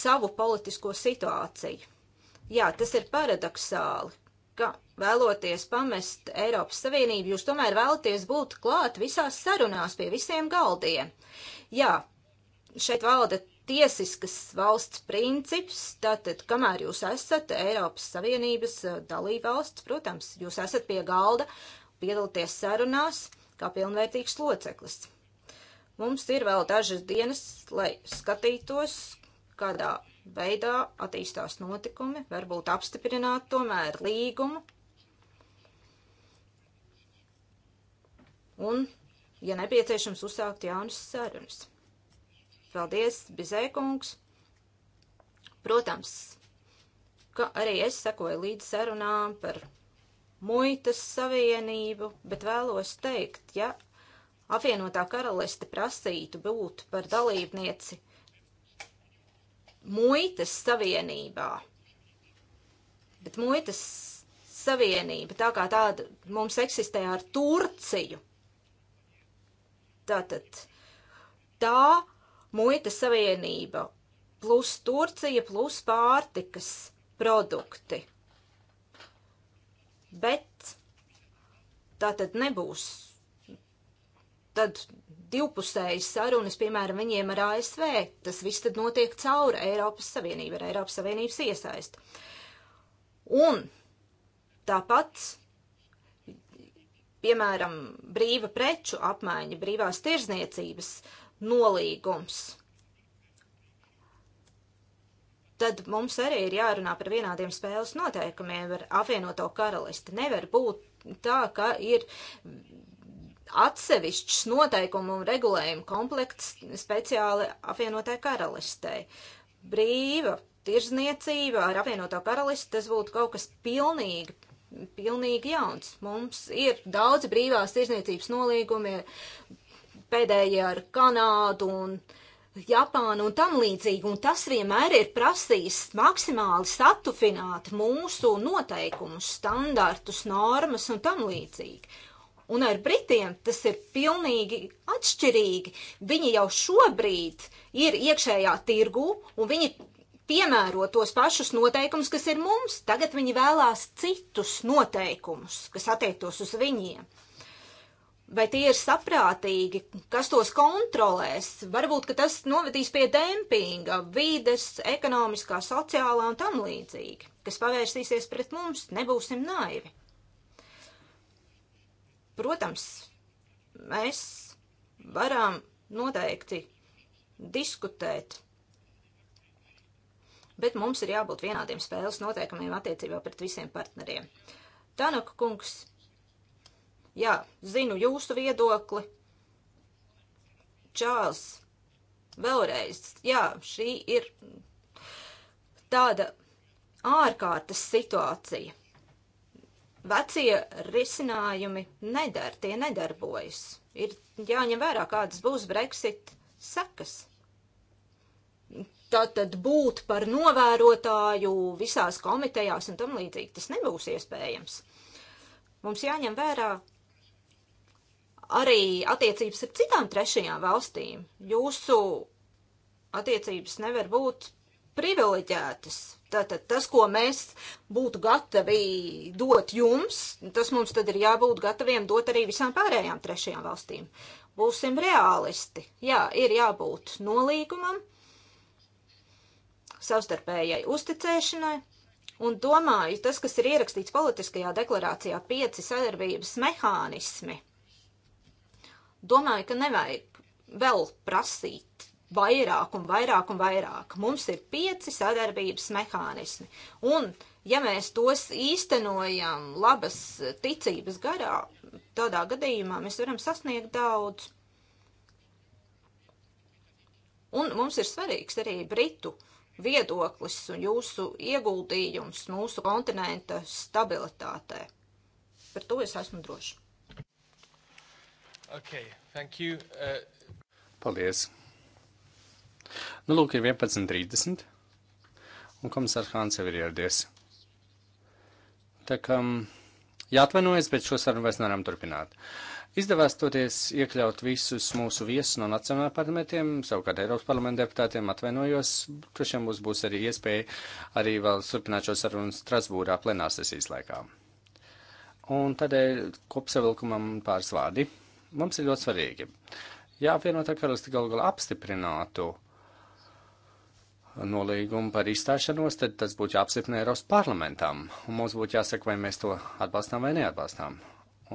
savu politisko situāciju. Jā, tas ir paradoxāli, ka vēloties pamest Eiropas Savienību, jūs tomēr vēlaties būt klāt visās sarunās pie visiem galdiem. Jā, šeit valda tiesiskas valsts princips, tātad kamēr jūs esat Eiropas Savienības eh, dalībvalsts, protams, jūs esat pie galda, piedalīties sarunās kā pilnvērtīgs loceklis. Mums ir vēl dažas dienas, lai skatītos, kādā veidā attīstās notikumi, varbūt apstiprināt tomēr līgumu. Un, ja nepieciešams, uzsākt jaunas sarunas. Paldies, Bizēkungs. Protams, ka arī es sekoju līdz sarunām par muitas savienību, bet vēlos teikt, ja apvienotā karaliste prasītu būt par dalībnieci muitas savienībā, bet muitas savienība tā kā tāda mums eksistē ar Turciju, tātad tā muitas savienība, plus Turcija, plus pārtikas produkti. Bet tā tad nebūs. Tad divpusējas sarunas, piemēram, viņiem ar ASV, tas viss tad notiek cauri Eiropas Savienību, ar Eiropas Savienības iesaisti. Un tāpat, piemēram, brīva preču apmaiņa, brīvās tirzniecības uh, nolīgums. Tad mums arī ir jārunā par vienādiem spēles noteikumiem ar apvienoto karalisti. Nevar būt tā, ka ir atsevišķs noteikumu un regulējumu komplekts speciāli apvienotai karalistei. Brīva tirzniecība ar apvienoto karalisti, tas būtu kaut kas pilnīgi, pilnīgi jauns. Mums ir daudz brīvās tirzniecības nolīgumi, pēdējie ar Kanādu un Japānu un tam līdzīgi, un tas vienmēr ir prasījis maksimāli satufināt mūsu noteikumus, standartus, normas un tam līdzīgi. Un ar Britiem tas ir pilnīgi atšķirīgi. Viņi jau šobrīd ir iekšējā tirgu, un viņi piemēro tos pašus noteikumus, kas ir mums, tagad viņi vēlās citus noteikumus, kas attiektos uz viņiem. Vai tie ir saprātīgi, kas tos kontrolēs? Varbūt, ka tas novedīs pie dempinga, vides, ekonomiskā, sociālā un tam līdzīgi, kas pavērsīsies pret mums, nebūsim naivi. Protams, mēs varam noteikti diskutēt, bet mums ir jābūt vienādiem spēles noteikumiem attiecībā pret visiem partneriem. Tanaka kungs Jā, zinu jūsu viedokli. Čāls, vēlreiz, jā, šī ir tāda ārkārtas situācija. Vecie risinājumi nedara, tie nedarbojas. Ir jāņem vērā, kādas būs Brexit sekas. Tātad būt par novērotāju visās komitejās un tam līdzīgi tas nebūs iespējams. Mums jāņem vērā, arī attiecības ar citām trešajām valstīm. Jūsu attiecības nevar būt privileģētas. Tātad tas, ko mēs būtu gatavi dot jums, tas mums tad ir jābūt gataviem dot arī visām pārējām trešajām valstīm. Būsim realisti. Jā, ir jābūt nolīgumam, savstarpējai uzticēšanai, un domāju, tas, kas ir ierakstīts politiskajā deklarācijā, pieci sadarbības mehānismi Domāju, ka nevajag vēl prasīt vairāk un vairāk un vairāk. Mums ir pieci sadarbības mehānismi. Un, ja mēs tos īstenojam labas ticības garā, tādā gadījumā mēs varam sasniegt daudz. Un mums ir svarīgs arī Britu viedoklis un jūsu ieguldījums mūsu kontinenta stabilitātē. Par to es esmu droši. Okay, thank you. Uh... Paldies. Nu, lūk, ir 11.30, un komisārs Hāns jau ir ieradies. Tā kā mm, jāatvainojas, bet šo sarunu vairs nevaram turpināt. Izdevās toties iekļaut visus mūsu viesus no nacionālajiem parlamentiem, savukārt Eiropas parlamenta deputātiem atvainojos, kuršiem mums būs arī iespēja arī vēl turpināt šo sarunu Strasbūrā plenārsesijas laikā. Un tādēļ kopsavilkumam pāris vārdi mums ir ļoti svarīgi. Ja apvienotā karaliste galu galā apstiprinātu nolīgumu par izstāšanos, tad tas būtu jāapstiprina Eiropas parlamentam, un mums būtu jāsaka, vai mēs to atbalstām vai neatbalstām.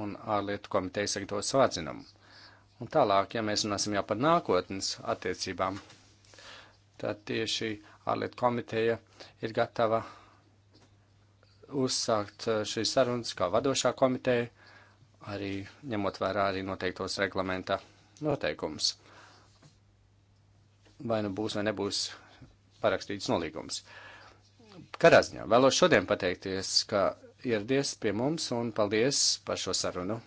Un ārlietu komiteja sagatavo savu atzinumu. Un tālāk, ja mēs runāsim jau par nākotnes attiecībām, tad tieši ārlietu komiteja ir gatava uzsākt eh, šīs sarunas kā vadošā komiteja arī ņemot vērā arī noteiktos reglamenta noteikumus. Vai nu būs vai nebūs parakstīts nolīgums. Katrā ziņā vēlos šodien pateikties, ka ieradies pie mums un paldies par šo sarunu.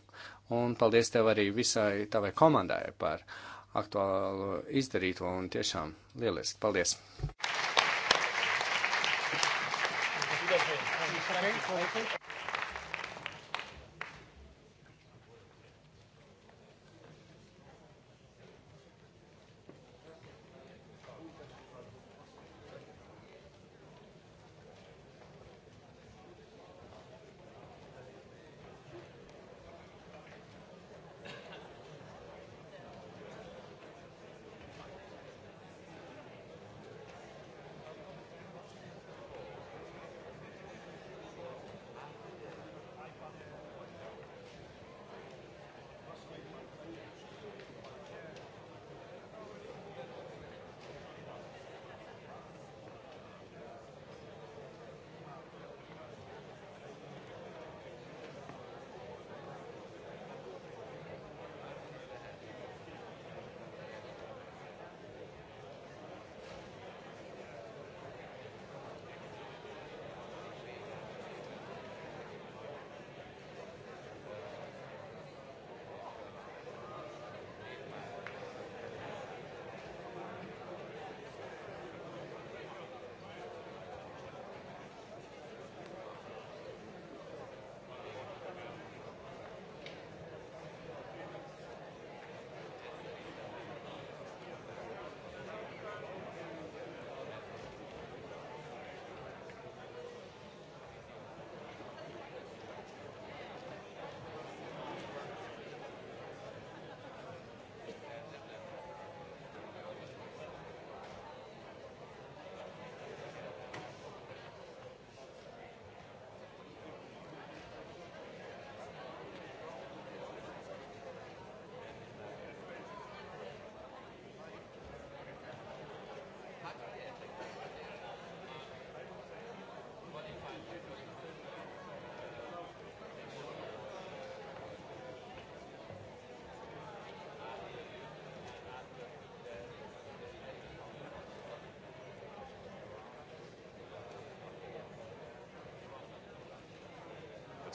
Un paldies tev arī visai tavai komandai par aktuālu izdarīto un tiešām lieliski. Paldies! Thank you.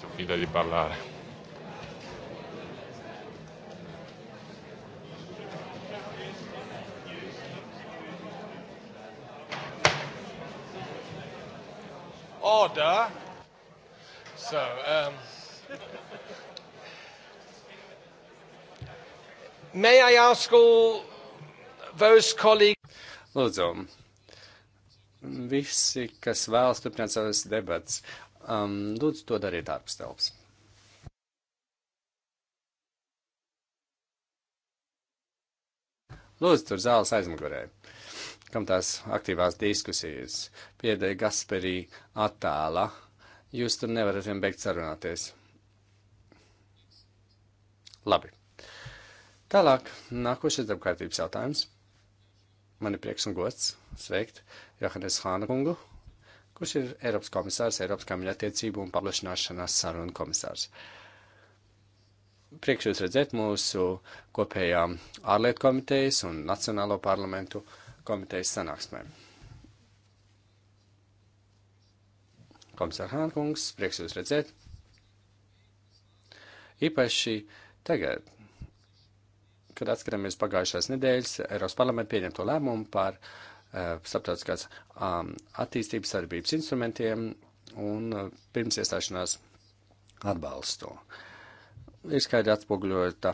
faccio finta di parlare. Order. So, um, may I ask all those colleagues? Lūdzu, visi, kas vēlas turpināt savas debats, Um, lūdzu, to dariet ārpus telpas. Lūdzu, tur zāles aizmugurē, kam tās aktīvās diskusijas piedēja Gasperī attēla. Jūs tur nevarat vien beigt sarunāties. Labi. Tālāk, nākošais darbkārtības jautājums. Man ir prieks un gods sveikt Johannes Hāna kungu, kurš ir Eiropas komisārs, Eiropas kaimiņa attiecību un paplašināšanās sarunu komisārs. Priekš jūs redzēt mūsu kopējā ārlietu komitejas un Nacionālo parlamentu komitejas sanāksmēm. Komisār Hānkungs, prieks jūs redzēt. Īpaši tagad, kad atskatāmies pagājušās nedēļas Eiropas parlamenta pieņemto lēmumu par uh, Uh, starptautiskās um, attīstības sadarbības instrumentiem un uh, pirms iestāšanās atbalstu. Ir skaidri atspoguļota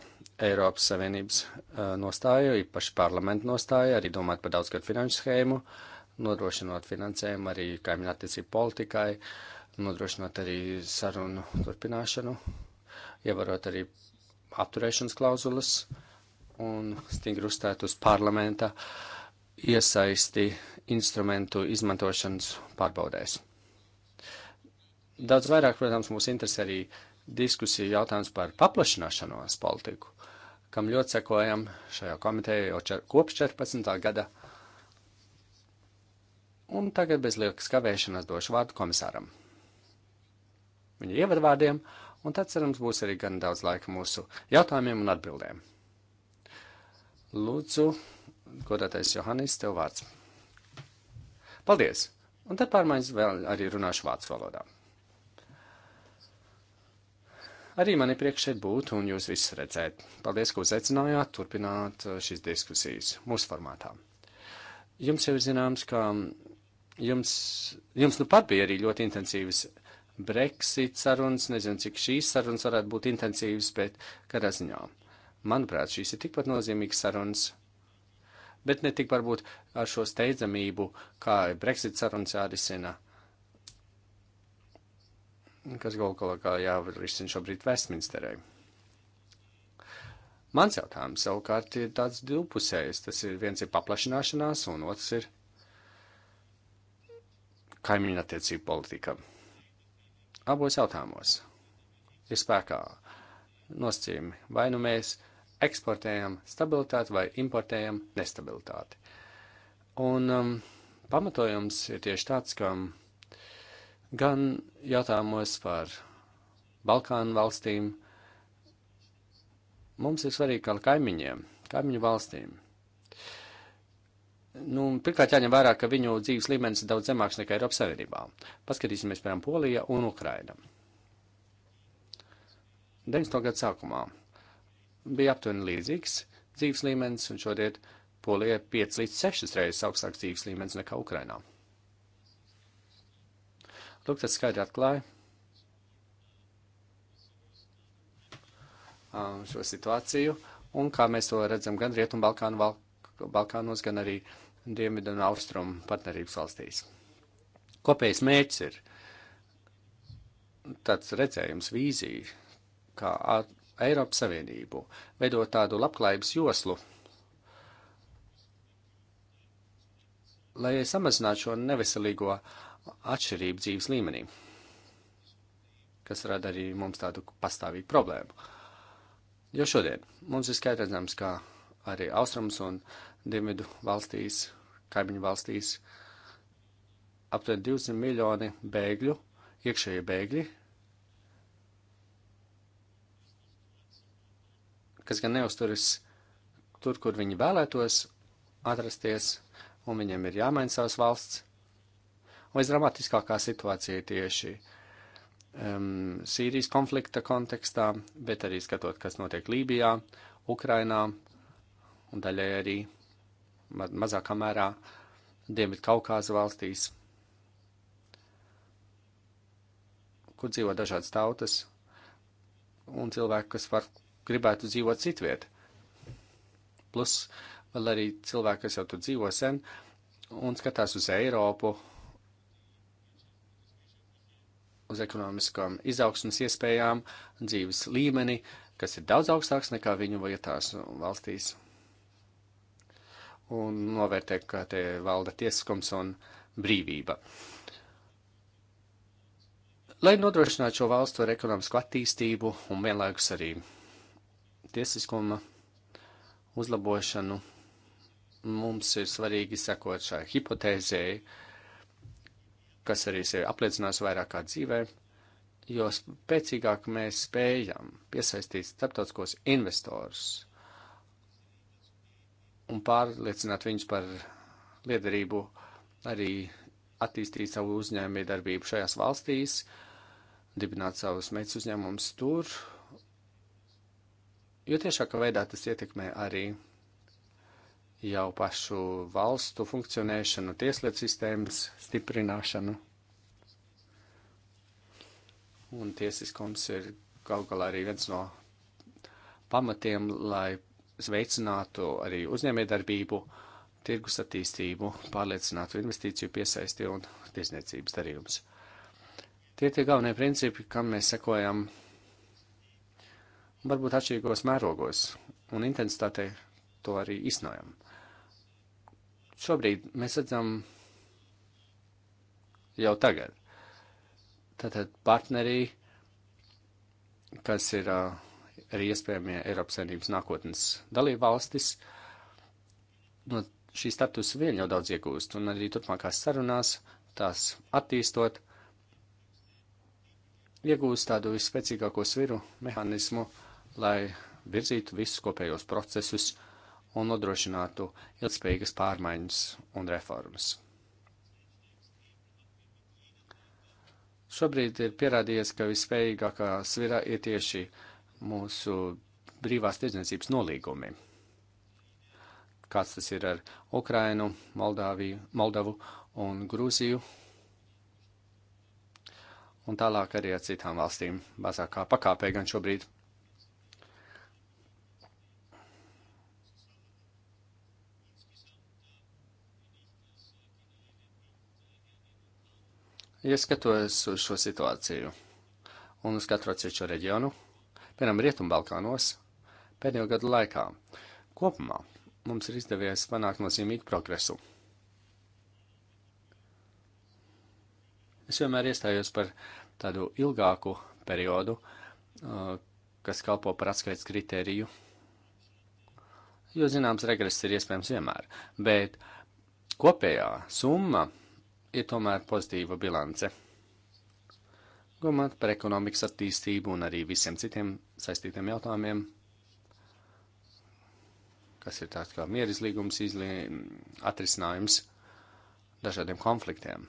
Eiropas Savienības uh, nostāja, īpaši parlamenta nostāja, arī domāt par daudzgad finanšu schēmu, nodrošinot finansējumu arī kaimiņu attiecību politikai, nodrošinot arī sarunu turpināšanu, ievarot arī apturēšanas klauzulas un stingri uzstāt uz parlamenta uh, iesaisti instrumentu izmantošanas pārbaudēs. Daudz vairāk, protams, mūs interesē arī diskusija jautājums par paplašināšanos politiku, kam ļoti sekojam šajā komitejā jau čer, kopš 14. gada. Un tagad bez liekas kavēšanas došu vārdu komisāram. Viņa ievadvārdiem, un tad, cerams, būs arī gan daudz laika mūsu jautājumiem un atbildēm. Lūdzu, godātais Johannis, tev vārds. Paldies! Un tad pārmaiņas vēl arī runāšu vācu valodā. Arī mani priekš šeit būt un jūs visus redzēt. Paldies, ka uzaicinājāt turpināt uh, šīs diskusijas mūsu formātā. Jums jau ir zināms, ka jums, jums nu pat bija arī ļoti intensīvas Brexit sarunas, nezinu, cik šīs sarunas varētu būt intensīvas, bet kādā ziņā. Manuprāt, šīs ir tikpat nozīmīgas sarunas bet ne tik varbūt ar šo steidzamību, kā Brexit sarunas jārisina, kas galu galā kā jārisina šobrīd Westminsterē. Mans jautājums savukārt ir tāds divpusējs. Tas ir viens ir paplašināšanās, un otrs ir kaimiņu attiecību politika. Abos jautājumos ir spēkā nosacījumi. Vai nu mēs eksportējam stabilitāti vai importējam nestabilitāti. Un um, pamatojums ir tieši tāds, ka um, gan jautājumos par Balkānu valstīm mums ir svarīgi kā kaimiņiem, kaimiņu valstīm. Nu, pirmkārt, jāņem vērā, ka viņu dzīves līmenis ir daudz zemāks nekā Eiropas Savienībā. Paskatīsimies, piemēram, Polija un Ukraina. 90. gada sākumā bija aptuveni līdzīgs dzīves līmenis, un šodien Polijai 5 līdz 6 reizes augstāks dzīves līmenis nekā Ukrainā. Lūk, tas skaidri atklāja um, šo situāciju, un kā mēs to redzam gan Rietumu Balkānu, Balkānos, gan arī Dienvidu un Austrumu partnerības valstīs. Kopējais mērķis ir tāds redzējums, vīzija, kā at, Eiropas Savienību, veidot tādu labklājības joslu, lai samazinātu šo neveselīgo atšķirību dzīves līmenī, kas rada arī mums tādu pastāvīgu problēmu. Jo šodien mums ir skaidrs, ka arī austrums un dienvidu valstīs, kaimiņu valstīs, aptuveni 20 miljoni bēgļu, iekšēji bēgļi kas gan neusturas tur, kur viņi vēlētos atrasties, un viņiem ir jāmaina savas valsts. Un visdramatiskākā situācija tieši um, Sīrijas konflikta kontekstā, bet arī skatot, kas notiek Lībijā, Ukrainā un daļai arī ma mazākā mērā Dienvidkaukāza valstīs, kur dzīvo dažādas tautas un cilvēki, kas var gribētu dzīvot citviet. Plus, vēl arī cilvēki, kas jau tur dzīvo sen un skatās uz Eiropu, uz ekonomiskām izaugsmas iespējām, dzīves līmeni, kas ir daudz augstāks nekā viņu vietās valstīs. Un novērtē, ka te valda tiesiskums un brīvība. Lai nodrošinātu šo valstu ar ekonomisku attīstību un vienlaikus arī tiesiskuma uzlabošanu, mums ir svarīgi sekot šai hipotēzēji, kas arī sevi apliecinās vairāk kā dzīvē, jo spēcīgāk mēs spējam piesaistīt starptautiskos investorus un pārliecināt viņus par liederību arī attīstīt savu uzņēmējdarbību šajās valstīs, dibināt savus meitas uzņēmumus tur, jo tiešākā veidā tas ietekmē arī jau pašu valstu funkcionēšanu, tieslietu sistēmas stiprināšanu. Un tiesiskums ir kaut galā arī viens no pamatiem, lai veicinātu arī uzņēmējdarbību, tirgus attīstību, pārliecinātu investīciju piesaisti un tiesniecības darījumus. Tie tie galvenie principi, kam mēs sekojam varbūt atšķirīgos mērogos un intensitātei to arī iznojam. Šobrīd mēs redzam jau tagad. Tātad partnerī, kas ir arī iespējamie Eiropas Savienības nākotnes dalībvalstis, no šī statusa vien jau daudz iegūst, un arī turpmākās sarunās tās attīstot, iegūst tādu visspēcīgāko sviru mehānismu, uh, lai virzītu visus kopējos procesus un nodrošinātu ilgspējīgas pārmaiņas un reformas. Šobrīd ir pierādījies, ka visspējīgākā svira ir tieši mūsu brīvās tirdzniecības nolīgumi. Kāds tas ir ar Ukrainu, Moldāviju, Moldavu un Grūziju, un tālāk arī ar citām valstīm, mazākā pakāpē gan šobrīd. ieskatos uz šo situāciju un uz katru atsevišķo reģionu, piemēram, Rietumbalkānos, pēdējo gadu laikā, kopumā mums ir izdevies panākt nozīmīgu progresu. Es vienmēr iestājos par tādu ilgāku periodu, kas kalpo par atskaites kritēriju, jo zināms regress ir iespējams vienmēr, bet kopējā summa ir tomēr pozitīva bilance. Domāt par ekonomikas attīstību un arī visiem citiem saistītiem jautājumiem, kas ir tāds kā mierizlīgums, izlī... atrisinājums dažādiem konfliktiem.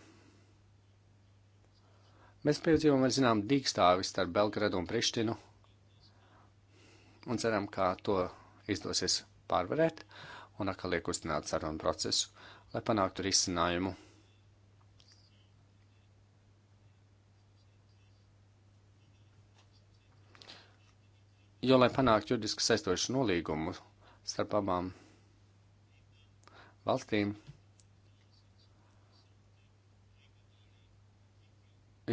Mēs piedzīvojam, zinām, dīkstāvis starp Belgradu un Prištinu un ceram, ka to izdosies pārvarēt un atkal iekustināt sarunu procesu, lai panāktu risinājumu Jo, lai panāktu juridiski saistošu nolīgumu starp abām valstīm,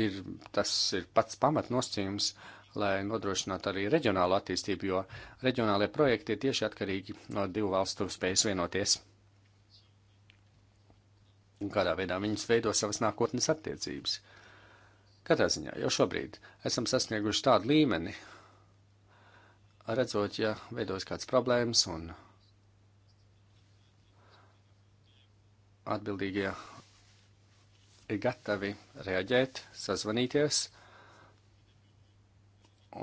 ir, tas ir pats pamatnosacījums, lai nodrošinātu arī reģionālu attīstību, jo reģionālie projekti ir tieši atkarīgi no divu valstu spējas vienoties. Un kādā veidā viņas veido savas nākotnes attiecības. Katrā ziņā jau šobrīd esam sasnieguši tādu līmeni, redzot, ja veidojas kāds problēmas un atbildīgie ir gatavi reaģēt, sazvanīties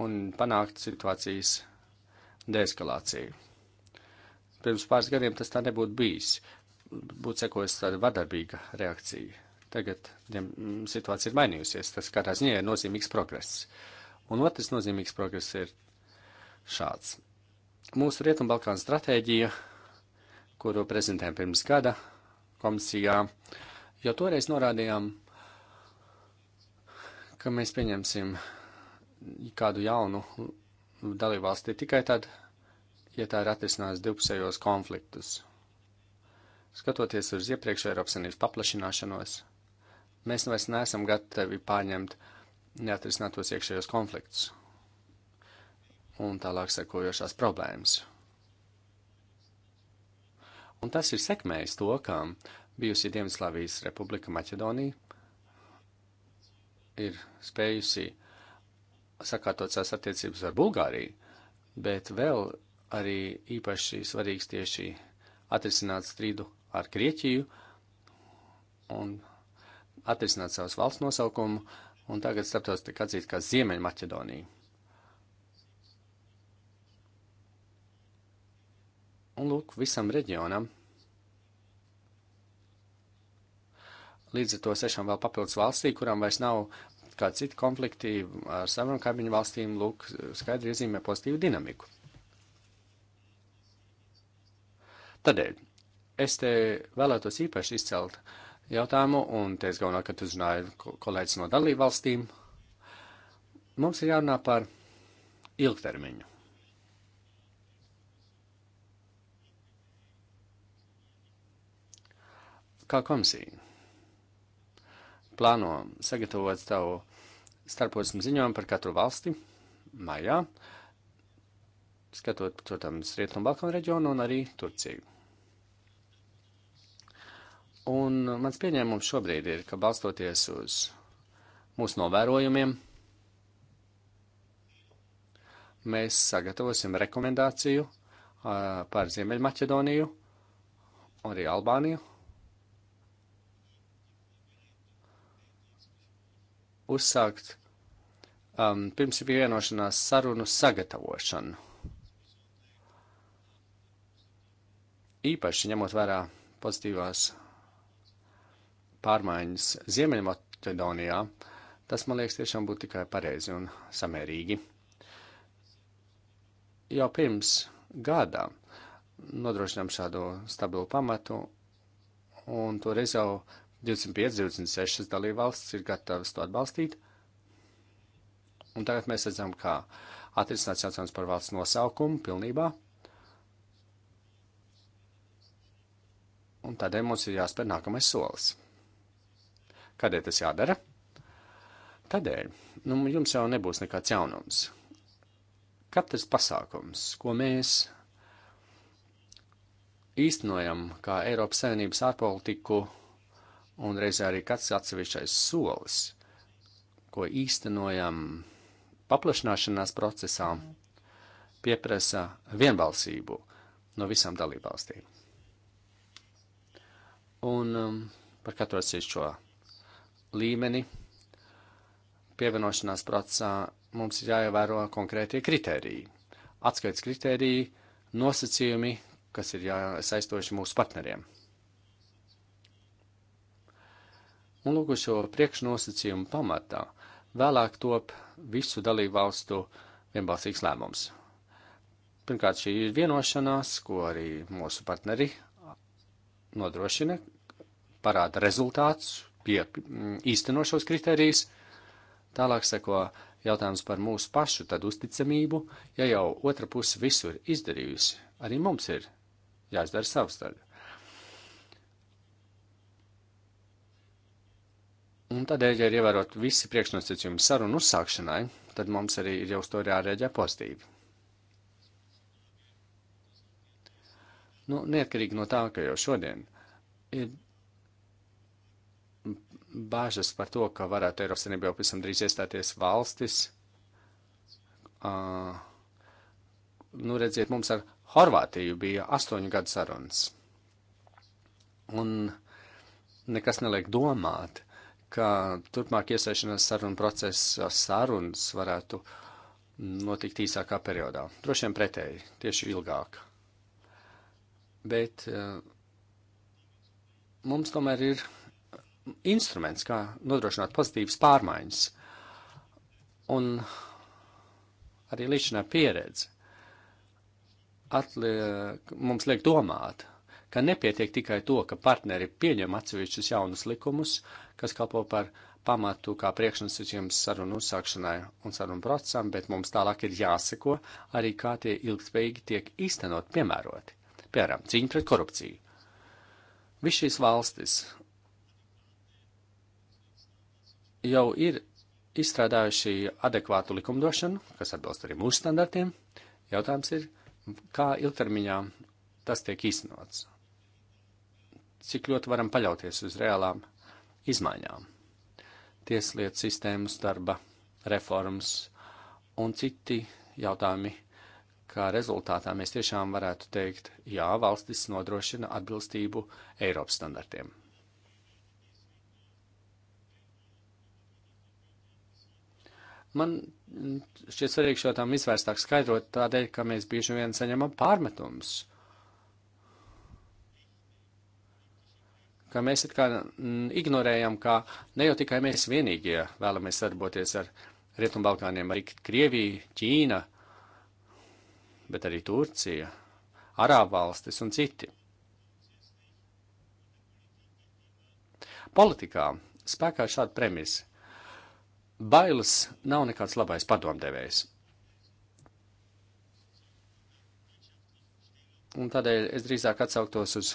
un panākt situācijas deeskalāciju. Pirms pāris gadiem tas tā nebūtu bijis. Būtu sekojusi tāda vadarbīga reakcija. Tagad diem, mm, situācija ir mainījusies. Tas katrā ziņā ir nozīmīgs progress. Un otrs nozīmīgs progress ir šāds. Mūsu Rietumbalkāna stratēģija, kuru prezentējām pirms gada komisijā, jau toreiz norādījām, ka mēs pieņemsim kādu jaunu dalībvalsti tikai tad, ja tā ir atrisinājis divpusējos konfliktus. Skatoties uz iepriekšējo Eiropas Savienības paplašināšanos, mēs vairs neesam gatavi pārņemt neatrisinātos iekšējos konfliktus un tālāk sekojošās problēmas. Un tas ir sekmējis to, ka bijusi Dienvidslāvijas republika Maķedonija ir spējusi sakārtot savas attiecības ar Bulgāriju, bet vēl arī īpaši svarīgs tieši atrisināt strīdu ar Grieķiju un atrisināt savas valsts nosaukumu, un tagad starptautiski atzīt kā Ziemeļmaķedoniju. Un lūk, visam reģionam. Līdz ar to sešām vēl papildus valstī, kurām vairs nav kā citi konflikti ar savām kaimiņu valstīm, lūk, skaidri iezīmē pozitīvu dinamiku. Tādēļ es te vēlētos īpaši izcelt jautājumu, un te es galvenokārt uzrunāju kolēģis no dalību valstīm. Mums ir jārunā par ilgtermiņu. kā komisija plāno sagatavot savu starptautismu ziņojumu par katru valsti maijā, skatot, protams, Rietumu Balkanu reģionu un arī Turciju. Un mans pieņēmums šobrīd ir, ka balstoties uz mūsu novērojumiem, mēs sagatavosim rekomendāciju uh, par Ziemeļmaķedoniju, arī Albāniju uzsākt um, pirms bija vienošanās sarunu sagatavošanu. Īpaši ņemot vērā pozitīvās pārmaiņas Ziemeļmaķedonijā, tas, man liekas, tiešām būtu tikai pareizi un samērīgi. Jau pirms gada nodrošinām šādu stabilu pamatu, un toreiz jau 25-26 dalībvalstis ir gatavas to atbalstīt. Un tagad mēs redzam, kā atrisināt jautājumus par valsts nosaukumu pilnībā. Un tādēļ mums ir jāspēr nākamais solis. Kādēļ tas jādara? Tādēļ, nu, jums jau nebūs nekāds jaunums. Katrs pasākums, ko mēs īstenojam kā Eiropas Savienības ārpolitiku, un reizē arī kāds atsevišķais solis, ko īstenojam paplašināšanās procesā, pieprasa vienbalsību no visām dalībvalstīm. Un um, par katru atsevišķo līmeni pievienošanās procesā mums ir jāievēro konkrētie kritēriji, atskaits kritēriji, nosacījumi, kas ir jāsaistoši mūsu partneriem. Un lūk, šo priekšnosacījumu pamatā vēlāk top visu dalību valstu vienbalsīgs lēmums. Pirmkārt, šī ir vienošanās, ko arī mūsu partneri nodrošina, parāda rezultāts, pie, mm, īsteno šos kriterijus. Tālāk seko jautājums par mūsu pašu tad uzticamību, ja jau otra puse visu ir izdarījusi, arī mums ir jāizdara savs daļa. Un tādēļ, ja ir ievērot visi priekšnosacījumi sarunu uzsākšanai, tad mums arī ir jau uz to jārēģē pozitīvi. Nu, neatkarīgi no tā, ka jau šodien ir bāžas par to, ka varētu Eiropas Savienībā jau pavisam drīz iestāties valstis. Uh, nu, redziet, mums ar Horvātiju bija astoņu gadu sarunas. Un nekas neliek domāt, ka turpmāk iesaišanās sarunu procesā sarunas varētu notikt īsākā periodā. Droši vien pretēji, tieši ilgāk. Bet mums tomēr ir instruments, kā nodrošināt pozitīvas pārmaiņas. Un arī līdzinā pieredze atliek, mums liek domāt, ka nepietiek tikai to, ka partneri pieņem atsevišķus jaunus likumus, kas kalpo par pamatu kā priekšnosacījumu sarunu uzsākšanai un sarunu procesam, bet mums tālāk ir jāseko arī, kā tie ilgspējīgi tiek īstenot, piemēroti. Piemēram, cīņa pret korupciju. Viss šīs valstis jau ir izstrādājuši adekvātu likumdošanu, kas atbilst arī mūsu standartiem. Jautājums ir, kā ilgtermiņā tas tiek īstenots cik ļoti varam paļauties uz reālām izmaiņām. Tieslietu sistēmas darba, reformas un citi jautājumi, kā rezultātā mēs tiešām varētu teikt, jā, valstis nodrošina atbilstību Eiropas standartiem. Man šķiet svarīgi šo tām izvērstāk skaidrot tādēļ, ka mēs bieži vien saņemam pārmetumus ka mēs it kā mm, ignorējam, ka ne jau tikai mēs vienīgie vēlamies sadarboties ar Rietumbalkāniem, arī Krievija, Ķīna, bet arī Turcija, Arābu valstis un citi. Politikā spēkā šāda premisa. Bailes nav nekāds labais padomdevējs. un tādēļ es drīzāk atsauktos uz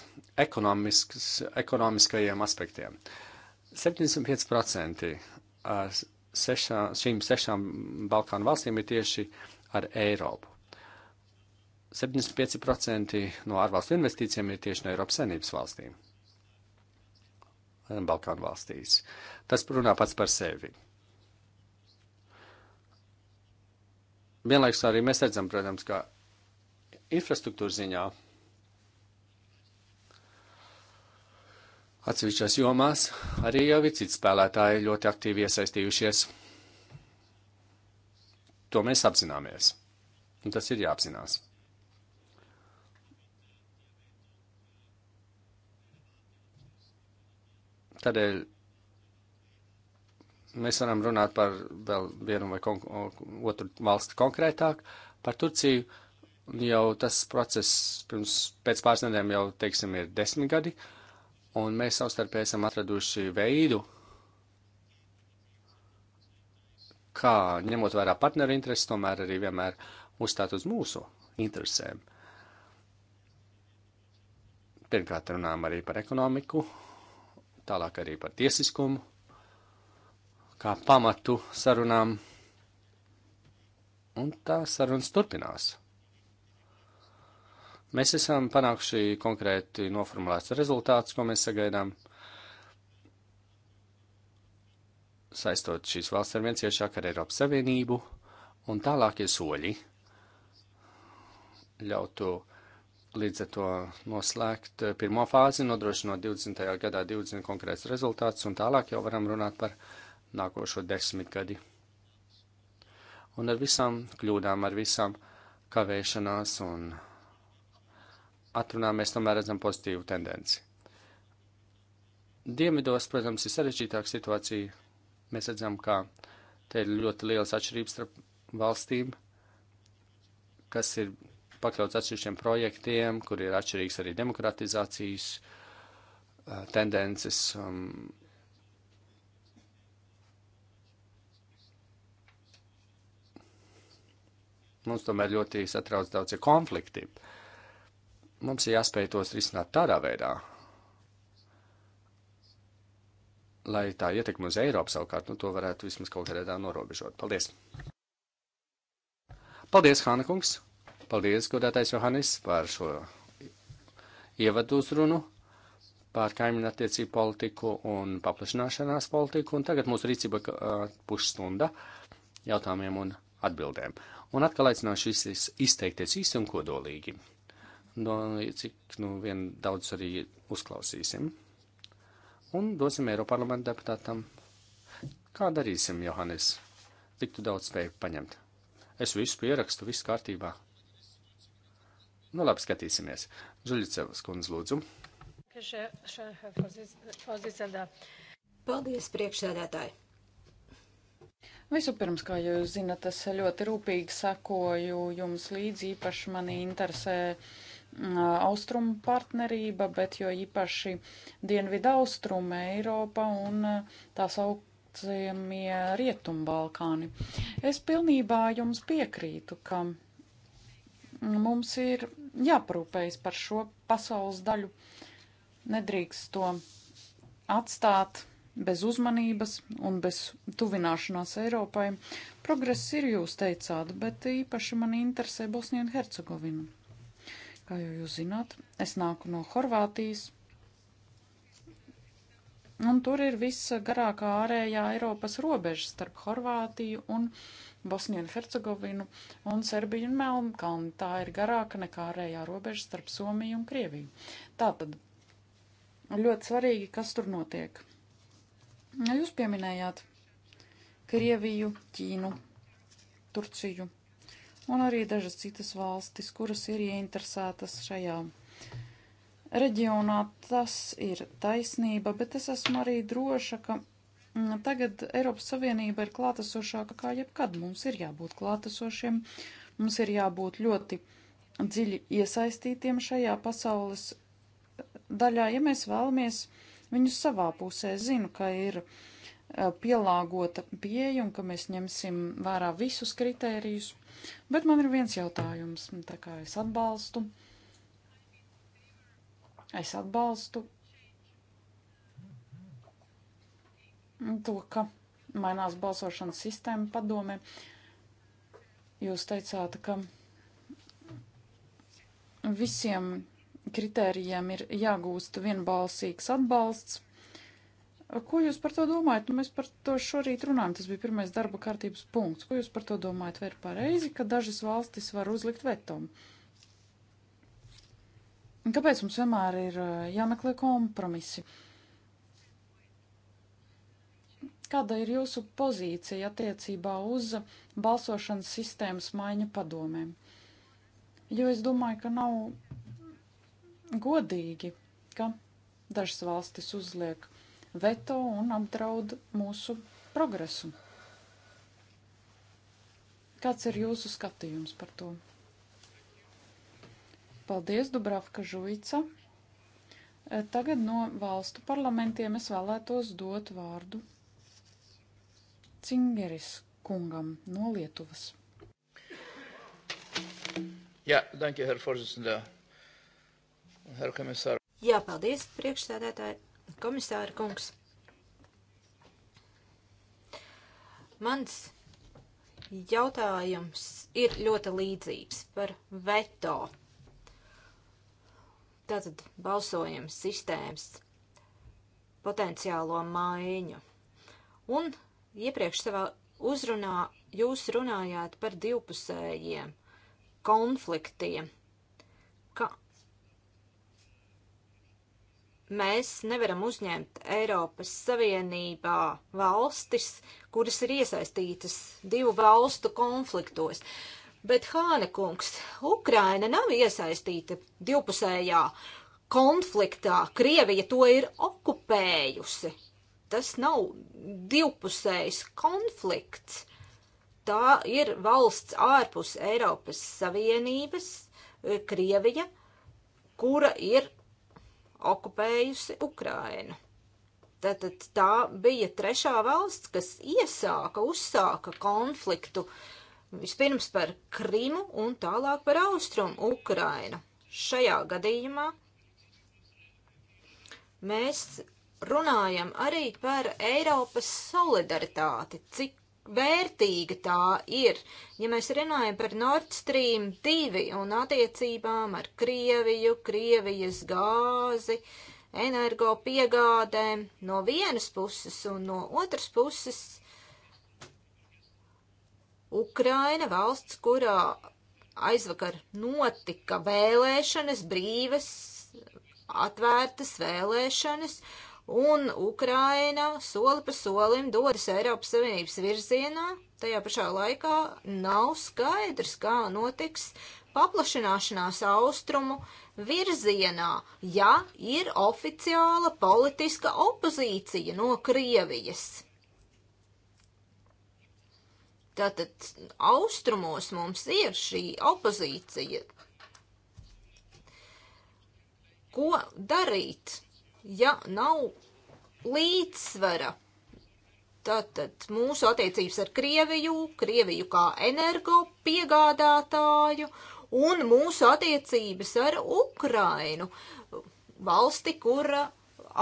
ekonomiskajiem aspektiem. 75% sešā, šīm sešām Balkānu valstīm ir tieši ar Eiropu. 75% no ārvalstu investīcijiem ir tieši no Eiropas Savienības valstīm. Balkānu valstīs. Tas runā pats par sevi. Vienlaikus arī mēs redzam, protams, ka Infrastruktūra ziņā atsevišķās jomās arī jau ir citi spēlētāji ļoti aktīvi iesaistījušies. To mēs apzināmies, un tas ir jāapzinās. Tādēļ mēs varam runāt par vēl vienu vai otru valstu konkrētāk, par Turciju. Uh, jau tas process pirms, pēc pāris nedēļām jau, teiksim, ir desmit gadi, un mēs savstarpēji esam atraduši veidu, kā ņemot vērā partneru intereses, tomēr arī vienmēr uzstāt uz mūsu interesēm. Pirmkārt, runājam arī par ekonomiku, tālāk arī par tiesiskumu, kā pamatu sarunām, un tā sarunas turpinās. Mēs esam panākuši konkrēti noformulēts rezultāts, ko mēs sagaidām, saistot šīs valsts ar viens iešāk ar Eiropas Savienību, un tālākie soļi ļautu līdz ar to noslēgt pirmo fāzi, nodrošinot 20. gadā 20 konkrēts rezultāts, un tālāk jau varam runāt par nākošo desmitgadi. Un ar visām kļūdām, ar visām kavēšanās un atrunā mēs tomēr redzam pozitīvu tendenci. Dienvidos, protams, ir sarežģītāka situācija. Mēs redzam, ka te ir ļoti liels atšķirības starp valstīm, kas ir pakļauts atsevišķiem projektiem, kur ir atšķirīgs arī demokratizācijas uh, tendences. Um, Mums tomēr ļoti satrauc daudzie konflikti. Uh, Mums ir jāspēj tos risināt tādā veidā, lai tā ietekme uz Eiropu savukārt, nu, to varētu vismaz kaut kādā norobežot. Paldies! Paldies, Hāna kungs! Paldies, godātais Johannis, par šo ievadu uzrunu par kaimiņu attiecību politiku un paplašināšanās politiku, un tagad mūsu rīcība uh, pusstunda jautājumiem un atbildēm. Un atkal aicināšu visus izteikties īsi un kodolīgi domāju, cik nu vien daudz arī uzklausīsim. Un dosim Eiroparlamenta deputātam. Kā darīsim, Johannes? Tik tu daudz spēju paņemt. Es visu pierakstu, viss kārtībā. Nu, labi, skatīsimies. Žuļicevas kundz, lūdzu. Paldies, priekšsēdētāji! Vispirms, kā jūs zinat, es ļoti rūpīgi sekoju jums līdzi, īpaši mani interesē uh, austrumu partnerība, bet jo īpaši dienvidu austrumu Eiropa un tā saucamie Rietumbalkāni. Es pilnībā jums piekrītu, ka mums ir jāparūpējas par šo pasaules daļu. Nedrīkst to atstāt bez uzmanības un bez tuvināšanās Eiropai. Progress ir, jūs teicāt, bet īpaši man interesē Bosnija un Hercegovina. Kā jau jūs zināt, es nāku no Horvātijas. Un tur ir viss garākā ārējā Eiropas robeža starp Horvātiju un Bosniju un Hercegovinu un Serbiju un Melnkalni. Tā ir garāka nekā ārējā robeža starp Somiju un Krieviju. Tātad ļoti svarīgi, kas tur notiek. Jūs pieminējāt Krieviju, Ķīnu, Turciju un arī dažas citas valstis, kuras ir ieinteresētas šajā reģionā. Tas ir taisnība, bet es esmu arī droša, ka mm, tagad Eiropas Savienība ir klātesošāka kā jebkad. Mums ir jābūt klātesošiem, mums ir jābūt ļoti dziļi iesaistītiem šajā pasaules daļā, ja mēs vēlamies viņus savā pusē. Zinu, ka ir eh, pielāgota pieeja un ka mēs ņemsim vērā visus kritērijus. Bet man ir viens jautājums, tā kā es atbalstu. Es atbalstu to, ka mainās balsošanas sistēma padome. Jūs teicāt, ka visiem kritērijiem ir jāgūst vienbalsīgs atbalsts Ko jūs par to domājat? Nu, mēs par to šorīt runājam, tas bija pirmais darba kārtības punkts. Ko jūs par to domājat? Vai ir pareizi, ka dažas valstis var uzlikt vetumu? Kāpēc mums vienmēr ir eh, jāmeklē kompromisi? Kāda ir jūsu pozīcija attiecībā uz balsošanas sistēmas maiņa padomēm? Jo es domāju, ka nav godīgi, ka dažas valstis uzliek veto un apdraud mūsu progresu. Kāds ir jūsu skatījums par to? Paldies, Dubravka Žuica. E, tagad no valstu parlamentiem es vēlētos dot vārdu Cingeris kungam no Lietuvas. Jā, danke, herr Forzesndā. Herr komisār. Jā, paldies, priekšsēdētāji. Komisāra kungs. Mans jautājums ir ļoti līdzīgs par veto. Tātad balsojuma sistēmas potenciālo maiņu. Un iepriekš savā uzrunā jūs runājāt par divpusējiem konfliktiem. Ka mēs nevaram uzņemt Eiropas Savienībā valstis, kuras ir iesaistītas divu valstu konfliktos. Bet, Hāne kungs, Ukraina nav iesaistīta divpusējā konfliktā. Krievija to ir okupējusi. Tas nav divpusējs konflikts. Tā ir valsts ārpus Eiropas Savienības, eh, Krievija, kura ir okupējusi Ukrainu. Tātad tā bija trešā valsts, kas iesāka, uzsāka konfliktu vispirms par Krimu un tālāk par Austrumu Ukrainu. Šajā gadījumā mēs runājam arī par Eiropas solidaritāti, cik vērtīga tā ir. Ja mēs runājam par Nord Stream 2 un attiecībām ar Krieviju, Krievijas gāzi, energo piegādēm no vienas puses un no otras puses Ukraina valsts, kurā aizvakar notika vēlēšanas, brīvas, atvērtas vēlēšanas, un Ukraina soli pa solim dodas Eiropas Savienības virzienā. Tajā pašā laikā nav skaidrs, kā notiks paplašināšanās austrumu virzienā, ja ir oficiāla politiska opozīcija no Krievijas. Tātad austrumos mums ir šī opozīcija. Ko darīt? ja nav līdzsvara. Tātad mūsu attiecības ar Krieviju, Krieviju kā energo piegādātāju un mūsu attiecības ar Ukrainu, valsti, kura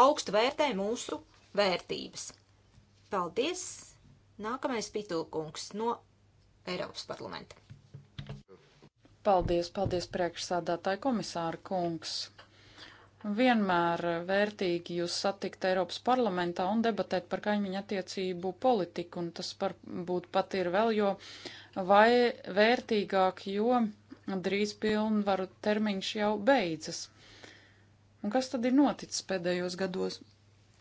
augstu vērtē mūsu vērtības. Paldies! Nākamais pitulkungs no Eiropas parlamenta. Paldies, paldies priekšsādātāji komisāra kungs! vienmēr vērtīgi jūs satikt Eiropas parlamentā un debatēt par kaimiņu attiecību politiku, un tas varbūt pat ir vēl jo vai vērtīgāk, jo drīz pilnvaru termiņš jau beidzas. Un kas tad ir noticis pēdējos gados?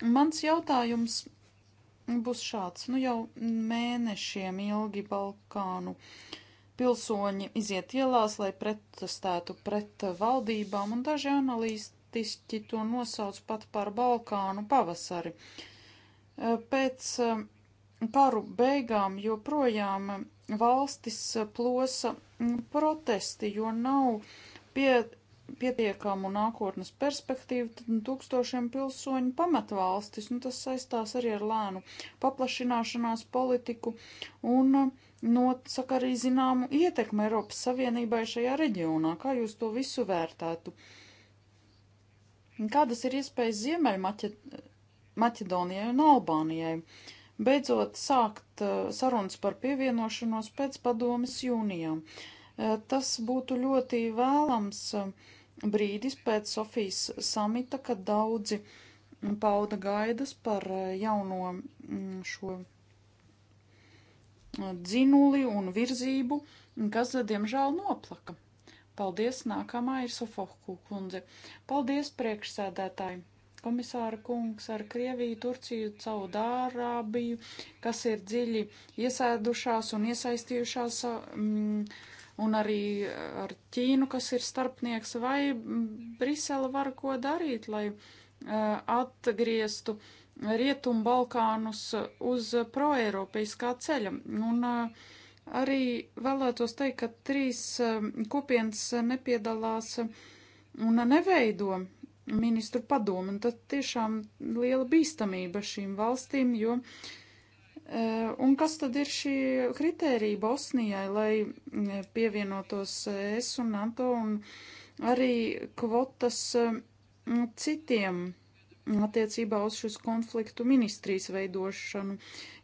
Mans jautājums būs šāds. Nu jau mēnešiem ilgi Balkānu pilsoņi iziet ielās, lai pretestētu pret valdībām, un daži analīsti politiski to nosauc pat par Balkānu pavasari. Eh, pēc eh, paru beigām joprojām eh, valstis plosa mm, protesti, jo nav pie, pietiekamu nākotnes perspektīvu, tad mm, tūkstošiem pilsoņu pamet valstis, un nu, tas saistās arī ar lēnu paplašināšanās politiku un nosaka arī zināmu ietekmi Eiropas Savienībai šajā reģionā. Kā jūs to visu vērtētu? Uh, Kādas ir iespējas Ziemeļmaķedonijai un Albānijai beidzot sākt eh, sarunas par pievienošanos pēc padomes jūnijā? Eh, tas būtu ļoti vēlams eh, brīdis pēc Sofijas samita, kad daudzi mm, pauda gaidas par jauno mm, šo mm, dzinuli un virzību, kas, diemžēl, noplaka. Paldies, nākamā ir Sofohku kundze. Paldies, priekšsēdētāji! Komisāra kungs ar Krieviju, Turciju, Caudārābiju, kas ir dziļi iesēdušās un iesaistījušās, mm, un arī ar Ķīnu, kas ir starpnieks, vai mm, Brisele var ko darīt, lai eh, atgrieztu Rietumu Balkānus uz proeiropeiskā ceļa. Un, uh, Arī vēlētos teikt, ka trīs um, kopienas nepiedalās un neveido ministru padomu, un tad tiešām liela bīstamība šīm valstīm, jo uh, un kas tad ir šī kritērija Bosnijai, lai uh, pievienotos es un NATO un arī kvotas um, citiem attiecībā uz šis konfliktu ministrijas veidošanu,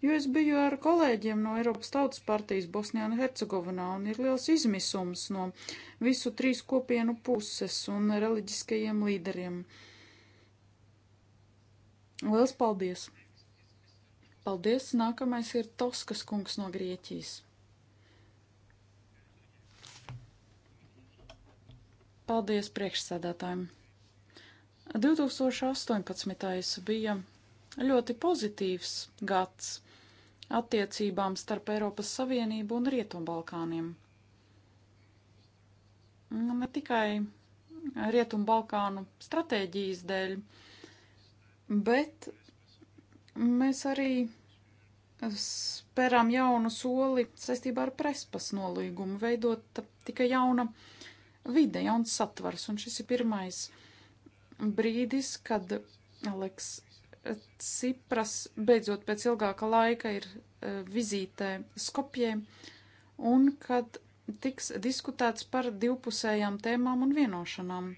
jo es biju ar kolēģiem no Eiropas Tautas partijas Bosnijā un Hercegovinā, un ir liels izmisums no visu trīs kopienu puses un reliģiskajiem līderiem. Liels paldies! Paldies! Nākamais ir Toskas kungs no Grieķijas. Paldies priekšsēdētājiem! 2018. bija ļoti pozitīvs gads attiecībām starp Eiropas Savienību un Rietumbalkāniem. Ne tikai Rietumbalkānu stratēģijas dēļ, bet mēs arī spērām jaunu soli saistībā ar prespas nolīgumu, veidot tikai jauna vide, jauns satvars, un šis ir pirmais brīdis, kad Aleks Cipras beidzot pēc ilgāka laika ir e, vizītē Skopjē un kad tiks diskutēts par divpusējām tēmām un vienošanām.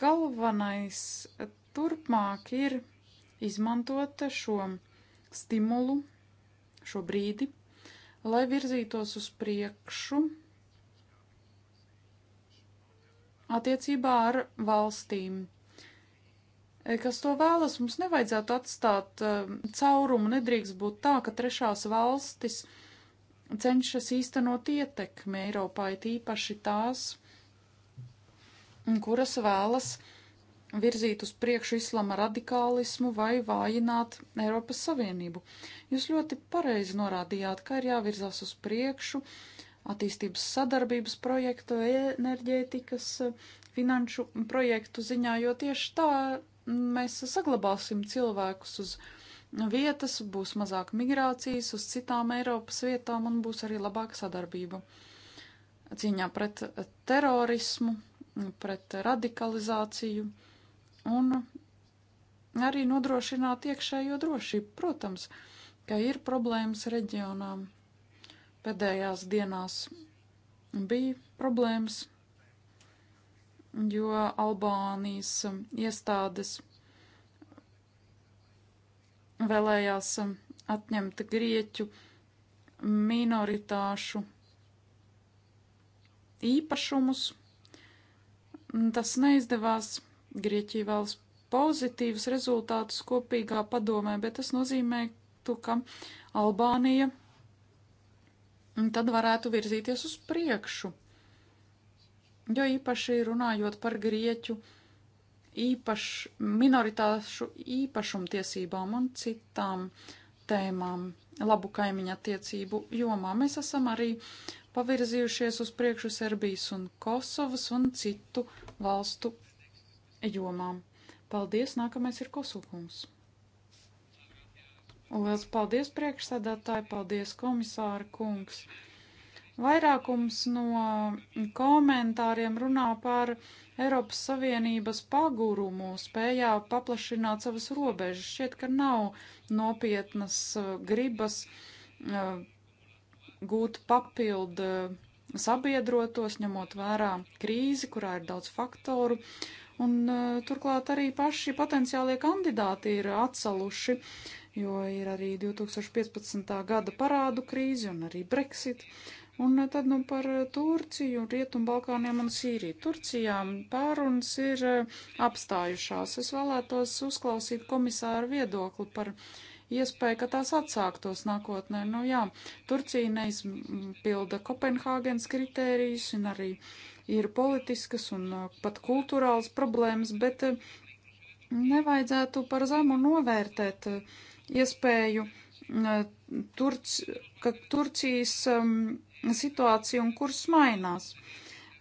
Galvenais turpmāk ir izmantot šo stimulu, šo brīdi, lai virzītos uz priekšu attiecībā ar valstīm. E, kas to vēlas, mums nevajadzētu atstāt e, caurumu, nedrīkst būt tā, ka trešās valstis cenšas īstenot ietekmi Eiropā, it īpaši tās, kuras vēlas virzīt uz priekšu islama radikālismu vai vājināt Eiropas Savienību. Jūs ļoti pareizi norādījāt, ka ir jāvirzās uz priekšu, uh, attīstības sadarbības projektu, enerģētikas, eh, finanšu projektu ziņā, jo tieši tā mēs saglabāsim cilvēkus uz vietas, būs mazāk migrācijas uz citām Eiropas vietām un būs arī labāka sadarbība. Cīņā pret terorismu, pret radikalizāciju un arī nodrošināt iekšējo drošību. Protams, ka ir problēmas reģionām pēdējās dienās bija problēmas, jo Albānijas um, iestādes vēlējās um, atņemt grieķu minoritāšu īpašumus. Tas neizdevās. Grieķija vēlas pozitīvus rezultātus kopīgā padomē, bet tas nozīmē, ka Albānija tad varētu virzīties uz priekšu. Jo īpaši runājot par grieķu īpaš, minoritāšu īpašumtiesībām un citām tēmām labu kaimiņa attiecību jomā, mēs esam arī pavirzījušies uz priekšu Serbijas un Kosovas un citu valstu jomām. Paldies, nākamais ir Kosovums. Lielas paldies priekšsēdētāji, paldies komisāra kungs. Vairākums no komentāriem runā par Eiropas Savienības pagurumu, spējā paplašināt savas robežas. Šķiet, ka nav nopietnas uh, gribas uh, gūt papildu uh, sabiedrotos, ņemot vērā krīzi, kurā ir daudz faktoru. Un turklāt arī paši potenciālie kandidāti ir atsaluši uh, jo ir arī 2015. gada parādu krīze un arī Brexit. Un eh, tad nu par eh, Turciju, Rietumbalkāniem un Sīriju. Turcijā pārunas ir eh, apstājušās. Es vēlētos uzklausīt komisāru viedokli par iespēju, ka tās atsāktos nākotnē. Nu jā, Turcija neizpilda Kopenhāgens kritērijus un arī ir politiskas un pat kultūrāls problēmas, bet nevajadzētu par zemu novērtēt uh, iespēju mm, Turc, ka Turcijas um, situācija un kurs mainās.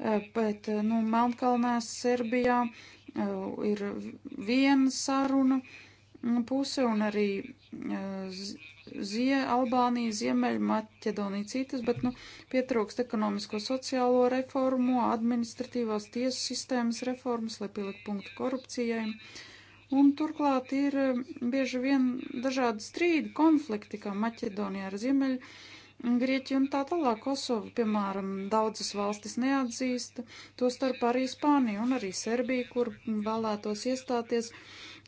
Eh, bet, eh, nu, Melnkalnē, Serbijā eh, ir viena saruna mm, puse un arī Zie, Albānija, Ziemeļa, Maķedonija citas, bet, nu, pietrūkst ekonomisko sociālo reformu, administratīvās tiesu sistēmas reformas, lai pielikt punktu korupcijai. Uh, Un turklāt ir eh, bieži vien dažādi strīdi, konflikti, kā Maķedonijā ar Ziemeļu. Grieķija un tā tālāk Kosova, piemēram, daudzas valstis neatzīst, to starp arī Spānija un arī Serbija, kur vēlētos iestāties,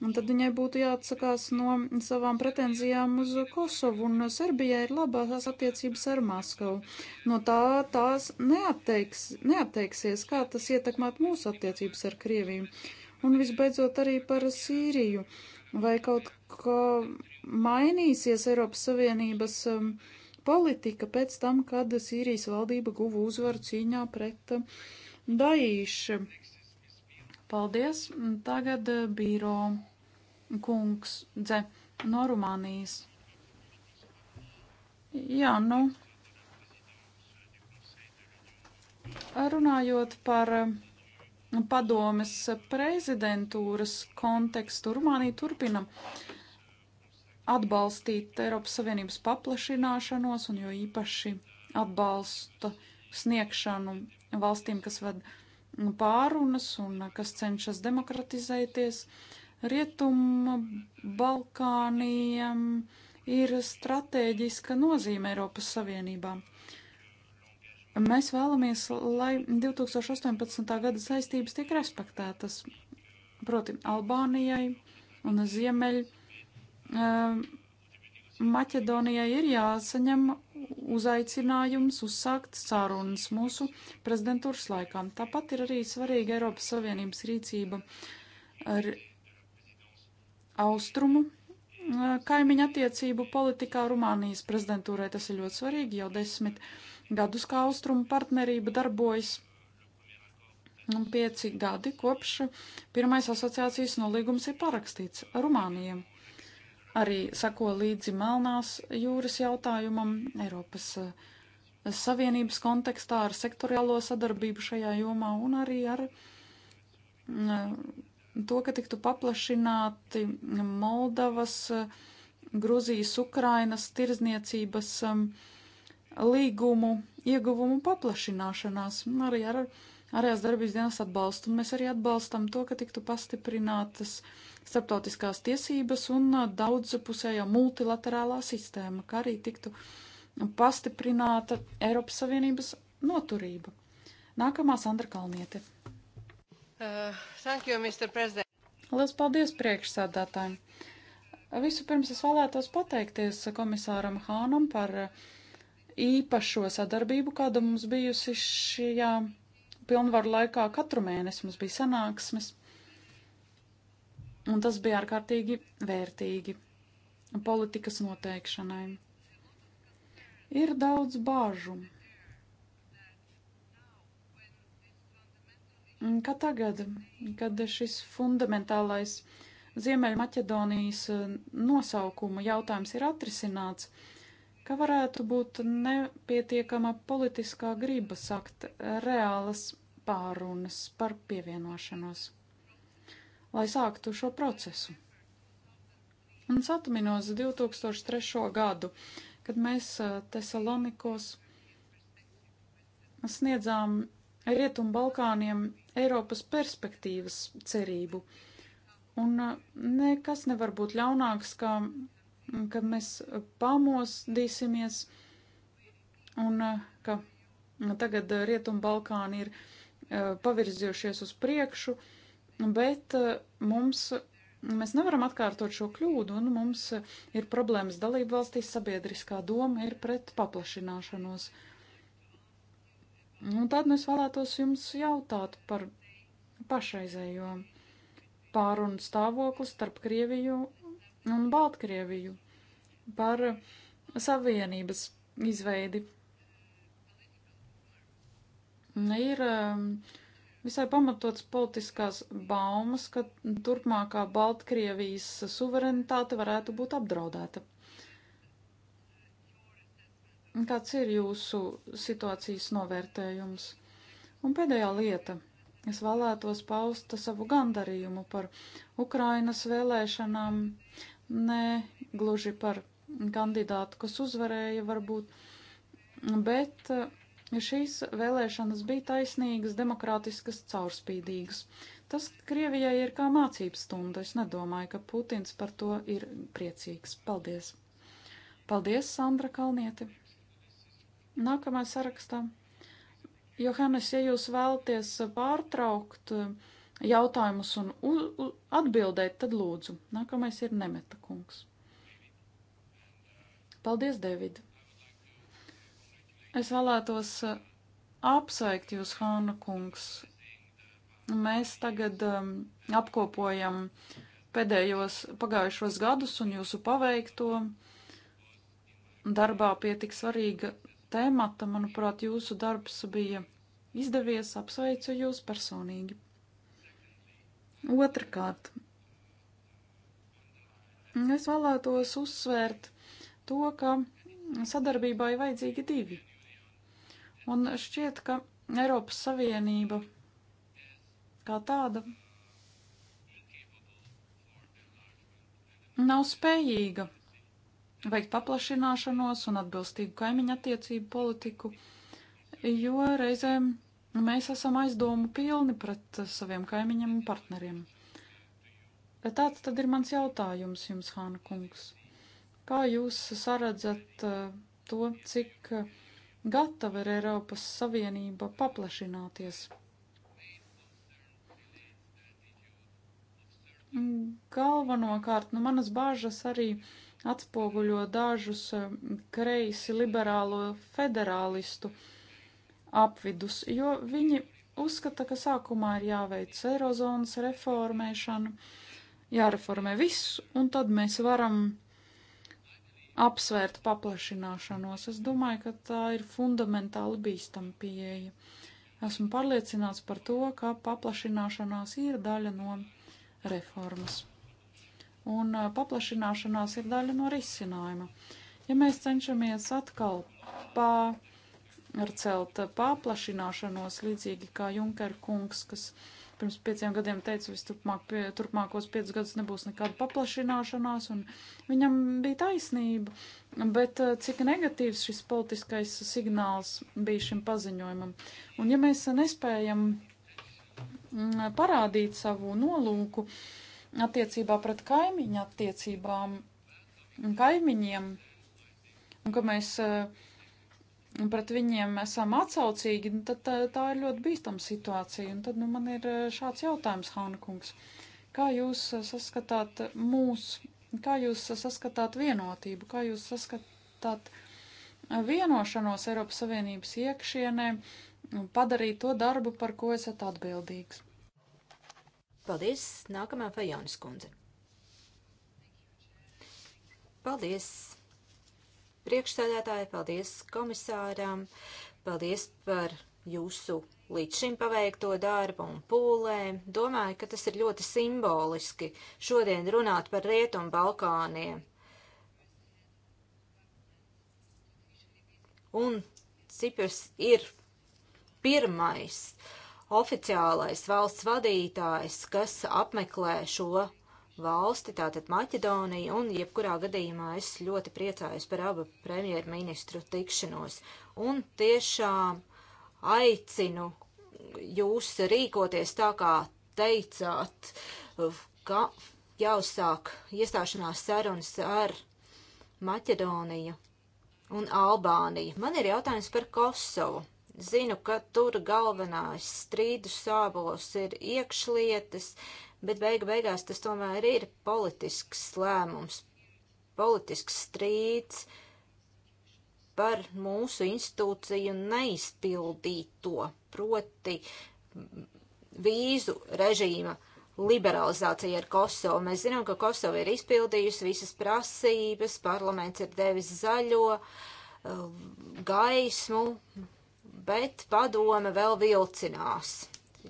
un tad viņai būtu jāatsakās no savām pretenzijām uz Kosovu, un Serbijai ir labās attiecības ar Maskavu. No tā tās neatteiks, neatteiksies, kā tas ietekmēt mūsu attiecības ar Krieviju. Uh, Un visbeidzot arī par Sīriju. Vai kaut ko mainīsies Eiropas Savienības um, politika pēc tam, kad Sīrijas valdība guva uzvaru cīņā pret um, Daīšu? Paldies. Tagad uh, bīro kungs dze no Rumānijas. Jā, nu. Runājot par uh, padomes prezidentūras kontekstu. Rumānija turpina atbalstīt Eiropas Savienības paplašināšanos un jo īpaši atbalsta sniegšanu valstīm, kas ved pārunas un kas cenšas demokratizēties. Rietumu Balkāniem ir stratēģiska nozīme Eiropas Savienībā. Mēs vēlamies, lai 2018. gada saistības tiek respektētas, proti Albānijai un Ziemeļ um, Maķedonijai ir jāsaņem uzaicinājums uzsākt sarunas mūsu prezidentūras laikā. Tāpat ir arī svarīga Eiropas Savienības rīcība ar austrumu uh, kaimiņu attiecību politikā Rumānijas prezidentūrai. Tas ir ļoti svarīgi jau desmit gadu gadus, kā austrumu partnerība darbojas. Un pieci gadi kopš pirmais asociācijas nolīgums ir parakstīts Rumānijam. Arī sako līdzi Melnās jūras jautājumam Eiropas eh, Savienības kontekstā ar sektoriālo sadarbību šajā jomā un arī ar mm, to, ka tiktu paplašināti Moldavas, Gruzijas, Ukrainas tirzniecības um, līgumu ieguvumu paplašināšanās, arī ar ārējās darbības dienas atbalstu. Un mēs arī atbalstam to, ka tiktu pastiprinātas starptautiskās tiesības un uh, daudzpusējā multilaterālā sistēma, kā arī tiktu pastiprināta Eiropas Savienības noturība. Nākamā Sandra Kalniete. Uh, thank you, Mr. President. Lielas paldies priekšsādātājiem. Vispirms es vēlētos pateikties komisāram Hānam par uh, īpašo sadarbību, kāda mums bijusi šajā pilnvaru laikā. Katru mēnesi mums bija sanāksmes, un tas bija ārkārtīgi vērtīgi politikas noteikšanai. Ir daudz bāžu. Kā tagad, kad šis fundamentālais Ziemeļmaķedonijas nosaukuma jautājums ir atrisināts, uh, ka varētu būt nepietiekama politiskā griba sakt reālas pārunas par pievienošanos, lai sāktu šo procesu. Un es atminos 2003. gadu, kad mēs Tesalonikos sniedzām Rietumu Balkāniem Eiropas perspektīvas cerību. Un nekas nevar būt ļaunāks, kā kad mēs eh, pamosdīsimies un eh, ka nu, tagad eh, Rietumbalkāni ir pavirzījušies uz priekšu, bet mums, mēs nevaram atkārtot šo kļūdu un mums ir problēmas dalību valstīs, sabiedriskā doma ir pret paplašināšanos. Un tad nu es vēlētos jums jautāt par pašreizējo pārunu stāvokli starp Krieviju un Baltkrieviju par savienības izveidi. Ir um, visai pamatots politiskās baumas, ka turpmākā Baltkrievijas suverenitāte varētu būt apdraudēta. Kāds ir jūsu situācijas novērtējums? Un pēdējā lieta. Es vēlētos paust savu gandarījumu par Ukrainas vēlēšanām ne gluži par kandidātu, kas uzvarēja varbūt, bet eh, šīs vēlēšanas bija taisnīgas, demokrātiskas, caurspīdīgas. Tas Krievijai ir kā mācības stunda. Es nedomāju, ka Putins par to ir priecīgs. Paldies! Paldies, Sandra Kalnieti! Nākamais sarakstā. Johannes, ja jūs vēlaties pārtraukt, uh, jautājumus un u, u, atbildēt, tad lūdzu. Nākamais ir Nemeta kungs. Paldies, Dēvid! Es vēlētos uh, apsveikt jūs, Hāna kungs. Mēs tagad um, apkopojam pēdējos pagājušos gadus un jūsu paveikto darbā pie tik svarīga tēmata. Manuprāt, jūsu darbs bija izdevies. Apsveicu jūs personīgi! Otrakārt, es vēlētos uzsvērt to, ka sadarbībai vajadzīgi divi. Un šķiet, ka Eiropas Savienība kā tāda nav spējīga veikt paplašināšanos un atbilstīgu kaimiņu attiecību politiku, jo reizēm Mēs esam aizdomu pilni pret eh, saviem kaimiņiem un partneriem. Tāds tad ir mans jautājums jums, Hāna kungs. Kā jūs saredzat eh, to, cik eh, gatava ir Eiropas Savienība paplašināties? Galvenokārt, nu manas bāžas arī atspoguļo dažus kreisi liberālo federālistu uh, apvidus, jo viņi uzskata, ka sākumā ir jāveic eirozonas reformēšana, jāreformē viss, un tad mēs varam apsvērt paplašināšanos. Es domāju, ka tā ir fundamentāli bīstama pieeja. Esmu pārliecināts par to, ka paplašināšanās ir daļa no reformas. Un paplašināšanās ir daļa no risinājuma. Ja mēs cenšamies atkal pār ar celt paplašināšanos, līdzīgi kā Junker kungs, kas pirms pieciem gadiem teica, vis turpmāk, pie, turpmākos piecus gadus nebūs nekāda paplašināšanās, un viņam bija taisnība, bet eh, cik negatīvs šis politiskais signāls bija šim paziņojumam. Un ja mēs nespējam mm, parādīt savu nolūku attiecībā pret kaimiņu attiecībām, kaimiņiem, un ka mēs uh, un pret viņiem esam atsaucīgi, nu, tad tā, tā ir ļoti bīstama situācija. Un tad nu, man ir eh, šāds jautājums, Hānkungs. Kā jūs eh, saskatāt mūs, kā jūs eh, saskatāt vienotību, kā jūs saskatāt vienošanos Eiropas Savienības iekšienē un padarīt to darbu, par ko esat atbildīgs? Paldies! Nākamā Fajonas kundze. Paldies! priekšsēdētāji, paldies komisāram, paldies par jūsu līdz šim paveikto darbu un pūlēm. Domāju, ka tas ir ļoti simboliski šodien runāt par Rietumu Balkāniem. Un Ciprs ir pirmais oficiālais valsts vadītājs, kas apmeklē šo valsti, tātad Maķedoniju, un jebkurā gadījumā es ļoti priecājos par abu premjerministru tikšanos. Un tiešām aicinu jūs rīkoties tā, kā teicāt, ka jāuzsāk iestāšanās sarunas ar Maķedoniju un Albāniju. Man ir jautājums par Kosovu. Zinu, ka tur galvenās strīdus sābols ir iekšlietas, bet beigu beigās tas tomēr ir politisks lēmums, politisks strīds par mūsu institūciju neizpildīto, proti vīzu režīma liberalizācija ar Kosovu. Mēs zinām, ka Kosova ir izpildījusi visas prasības, parlaments ir devis zaļo uh, gaismu bet padome vēl vilcinās.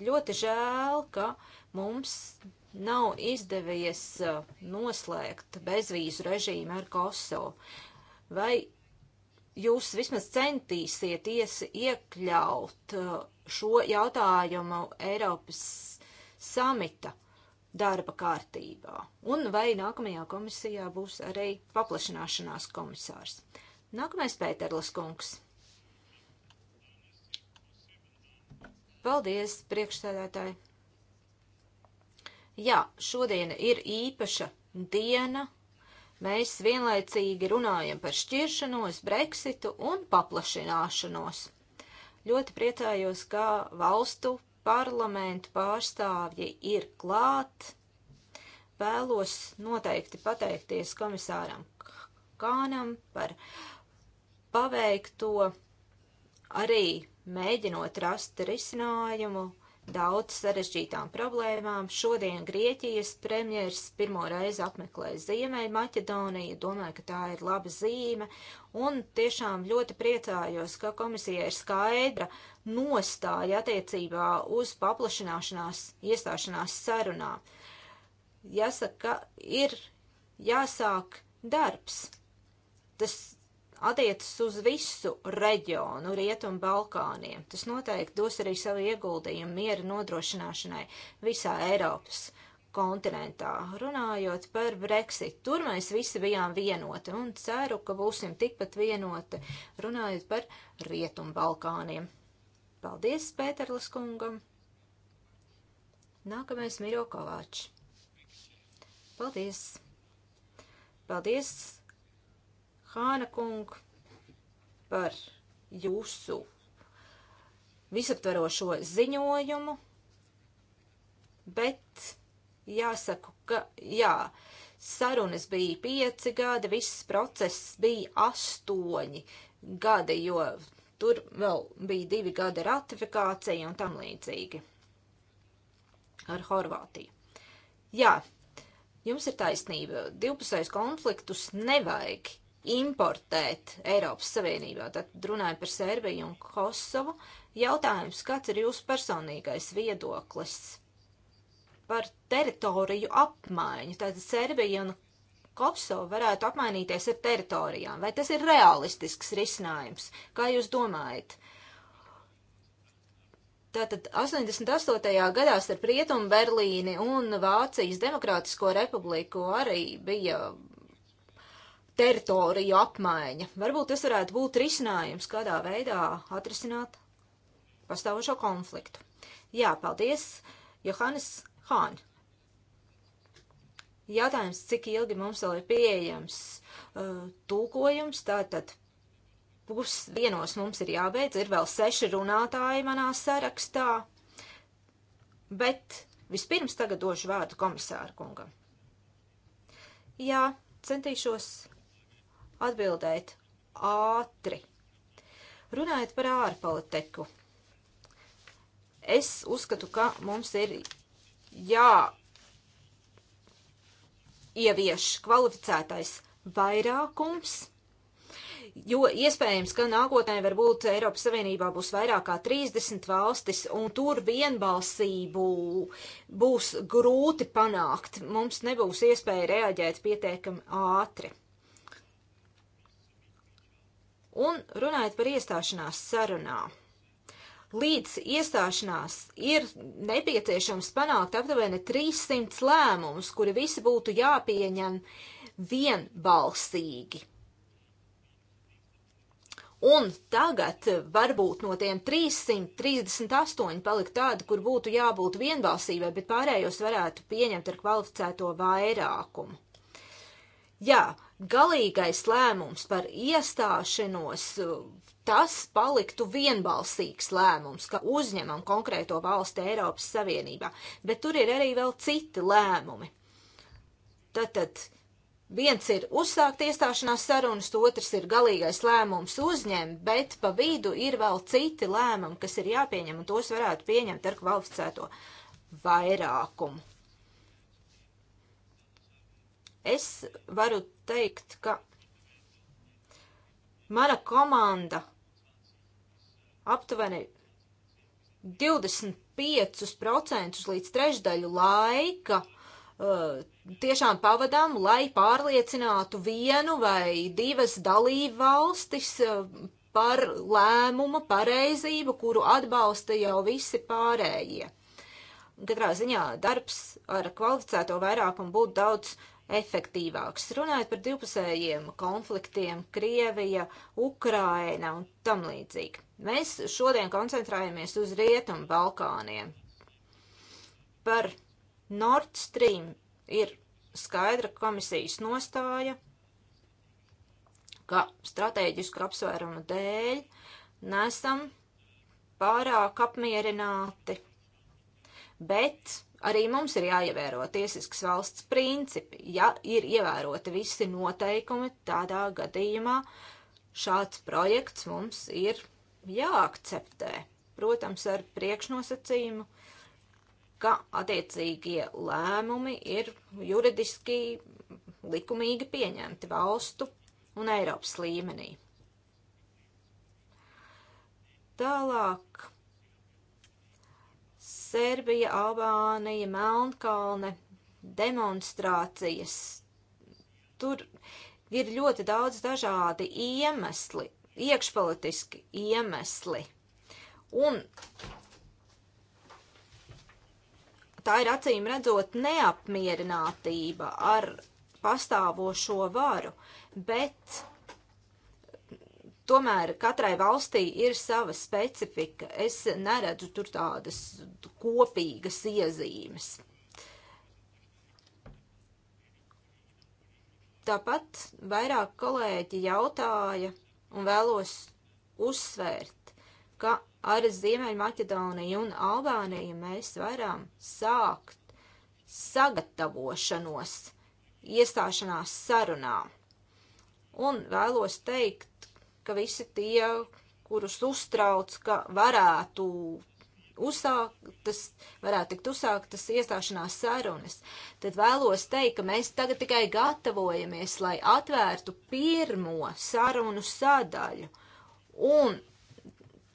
Ļoti žēl, ka mums nav izdevies uh, noslēgt bezvīzu režīmu ar Kosovu. Vai jūs vismaz centīsieties iekļaut uh, šo jautājumu Eiropas samita darba kārtībā? Un vai nākamajā komisijā būs arī paplašināšanās komisārs? Nākamais Pēterlis kungs. Paldies, priekšsēdētāji! Jā, šodien ir īpaša diena. Mēs vienlaicīgi runājam par šķiršanos, Brexitu un paplašināšanos. Ļoti priecājos, ka valstu parlamentu pārstāvji ir klāt. Vēlos noteikti pateikties komisāram Kānam par paveikto arī mēģinot rast risinājumu daudz sarežģītām problēmām. Šodien Grieķijas premjers pirmo reizi apmeklē Ziemeļu Maķedoniju, domāju, ka tā ir laba zīme, un tiešām ļoti priecājos, ka komisija ir skaidra nostāja attiecībā uz paplašināšanās, iestāšanās sarunām. Jāsaka, ir jāsāk darbs. Tas attiecas uz visu reģionu, Rietumu Balkāniem. Tas noteikti dos arī savu ieguldījumu miera nodrošināšanai visā Eiropas kontinentā. Runājot par Brexit, tur mēs visi bijām vienoti un ceru, ka būsim tikpat vienoti runājot par Rietumu Balkāniem. Paldies Pēterlis kungam! Nākamais Miro Kovāčs. Paldies! Paldies Hāna kung par jūsu visaptverošo ziņojumu, bet jāsaka, ka jā, sarunas bija pieci gadi, viss process bija astoņi gadi, jo tur vēl bija divi gadi ratifikācija un tam līdzīgi ar Horvātiju. Jā, jums ir taisnība, divpusējus konfliktus nevajag importēt Eiropas Savienībā. Tad runājot par Serbiju un Kosovu, jautājums, kāds ir jūsu personīgais viedoklis par teritoriju apmaiņu? Tātad Serbija un Kosovu varētu apmainīties ar teritorijām. Vai tas ir realistisks risinājums? Kā jūs domājat? Tātad 88. gadā starp Rietumu Berlīni un Vācijas Demokrātisko republiku arī bija teritoriju apmaiņa. Varbūt tas varētu būt risinājums, kādā veidā atrisināt pastāvošo konfliktu. Jā, paldies, Johannes Hāni. Jautājums, cik ilgi mums vēl ir pieejams uh, tulkojums, tātad pusdienos mums ir jābeidz, ir vēl seši runātāji manā sarakstā, bet vispirms tagad došu vārdu komisāru kungam. Jā, centīšos atbildēt ātri. Runājot par ārpolitiku, es uzskatu, ka mums ir jā ievieš kvalificētais vairākums, jo iespējams, ka nākotnē varbūt Eiropas Savienībā būs vairāk kā 30 valstis, un tur vienbalsību būs grūti panākt. Mums nebūs iespēja reaģēt pietiekami ātri. Un runājot par iestāšanās sarunā. Līdz iestāšanās ir nepieciešams panākt aptuveni 300 lēmumus, kuri visi būtu jāpieņem vienbalsīgi. Un tagad varbūt no tiem 338 palika tādi, kur būtu jābūt vienbalsībai, bet pārējos varētu pieņemt ar kvalificēto vairākumu. Jā, galīgais lēmums par iestāšanos, tas paliktu vienbalsīgs lēmums, ka uzņemam konkrēto valstu Eiropas Savienībā, bet tur ir arī vēl citi lēmumi. Tātad viens ir uzsākt iestāšanās sarunas, otrs ir galīgais lēmums uzņemt, bet pa vidu ir vēl citi lēmumi, kas ir jāpieņem, un tos varētu pieņemt ar kvalificēto vairākumu. Es varu teikt, ka mana komanda aptuveni 25% līdz trešdaļu laika uh, tiešām pavadām, lai pārliecinātu vienu vai divas dalību valstis uh, par lēmumu pareizību, kuru atbalsta jau visi pārējie. Katrā ziņā darbs ar kvalificēto vairākumu būtu daudz efektīvāks. Runājot par divpusējiem konfliktiem, Krievija, Ukraina un tam līdzīgi. Mēs šodien koncentrējamies uz Rietumu Balkāniem. Par Nord Stream ir skaidra komisijas nostāja, ka strateģisku apsvērumu dēļ nesam pārāk apmierināti, bet Arī mums ir jāievēro tiesisks valsts principi. Ja ir ievēroti visi noteikumi, tādā gadījumā šāds projekts mums ir jāakceptē. Protams, ar priekšnosacījumu, ka attiecīgie lēmumi ir juridiski likumīgi pieņemti valstu un Eiropas līmenī. Tālāk Serbija, Albānija, Melnkalne, demonstrācijas. Tur ir ļoti daudz dažādi iemesli, iekšpolitiski iemesli. Un tā ir acīm redzot neapmierinātība ar pastāvošo varu, bet Tomēr katrai valstī ir sava specifika. Es neredzu tur tādas kopīgas iezīmes. Tāpat vairāk kolēģi jautāja un vēlos uzsvērt, ka ar Ziemeļmaķedoniju un Albāniju mēs varam sākt sagatavošanos iestāšanās sarunām. Un vēlos teikt, ka visi tie, kurus uztrauc, ka varētu uzsāktas, varētu tikt uzsāktas iestāšanās sarunas, tad vēlos teikt, ka mēs tagad tikai gatavojamies, lai atvērtu pirmo sarunu sadaļu. Un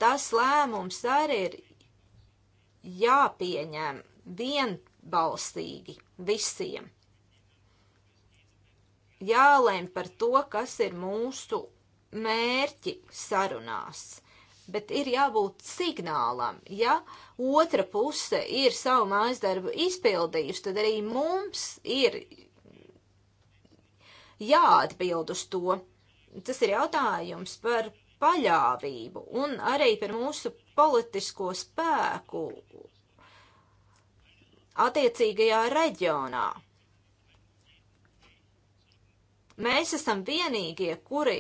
tas lēmums arī ir jāpieņem vienbalstīgi visiem. Jālēm par to, kas ir mūsu mērķi sarunās, bet ir jābūt signālam. Ja otra puse ir savu mājas darbu izpildījusi, tad arī mums ir jāatbild uz to. Tas ir jautājums par paļāvību un arī par mūsu politisko spēku attiecīgajā reģionā. Mēs esam vienīgie, kuri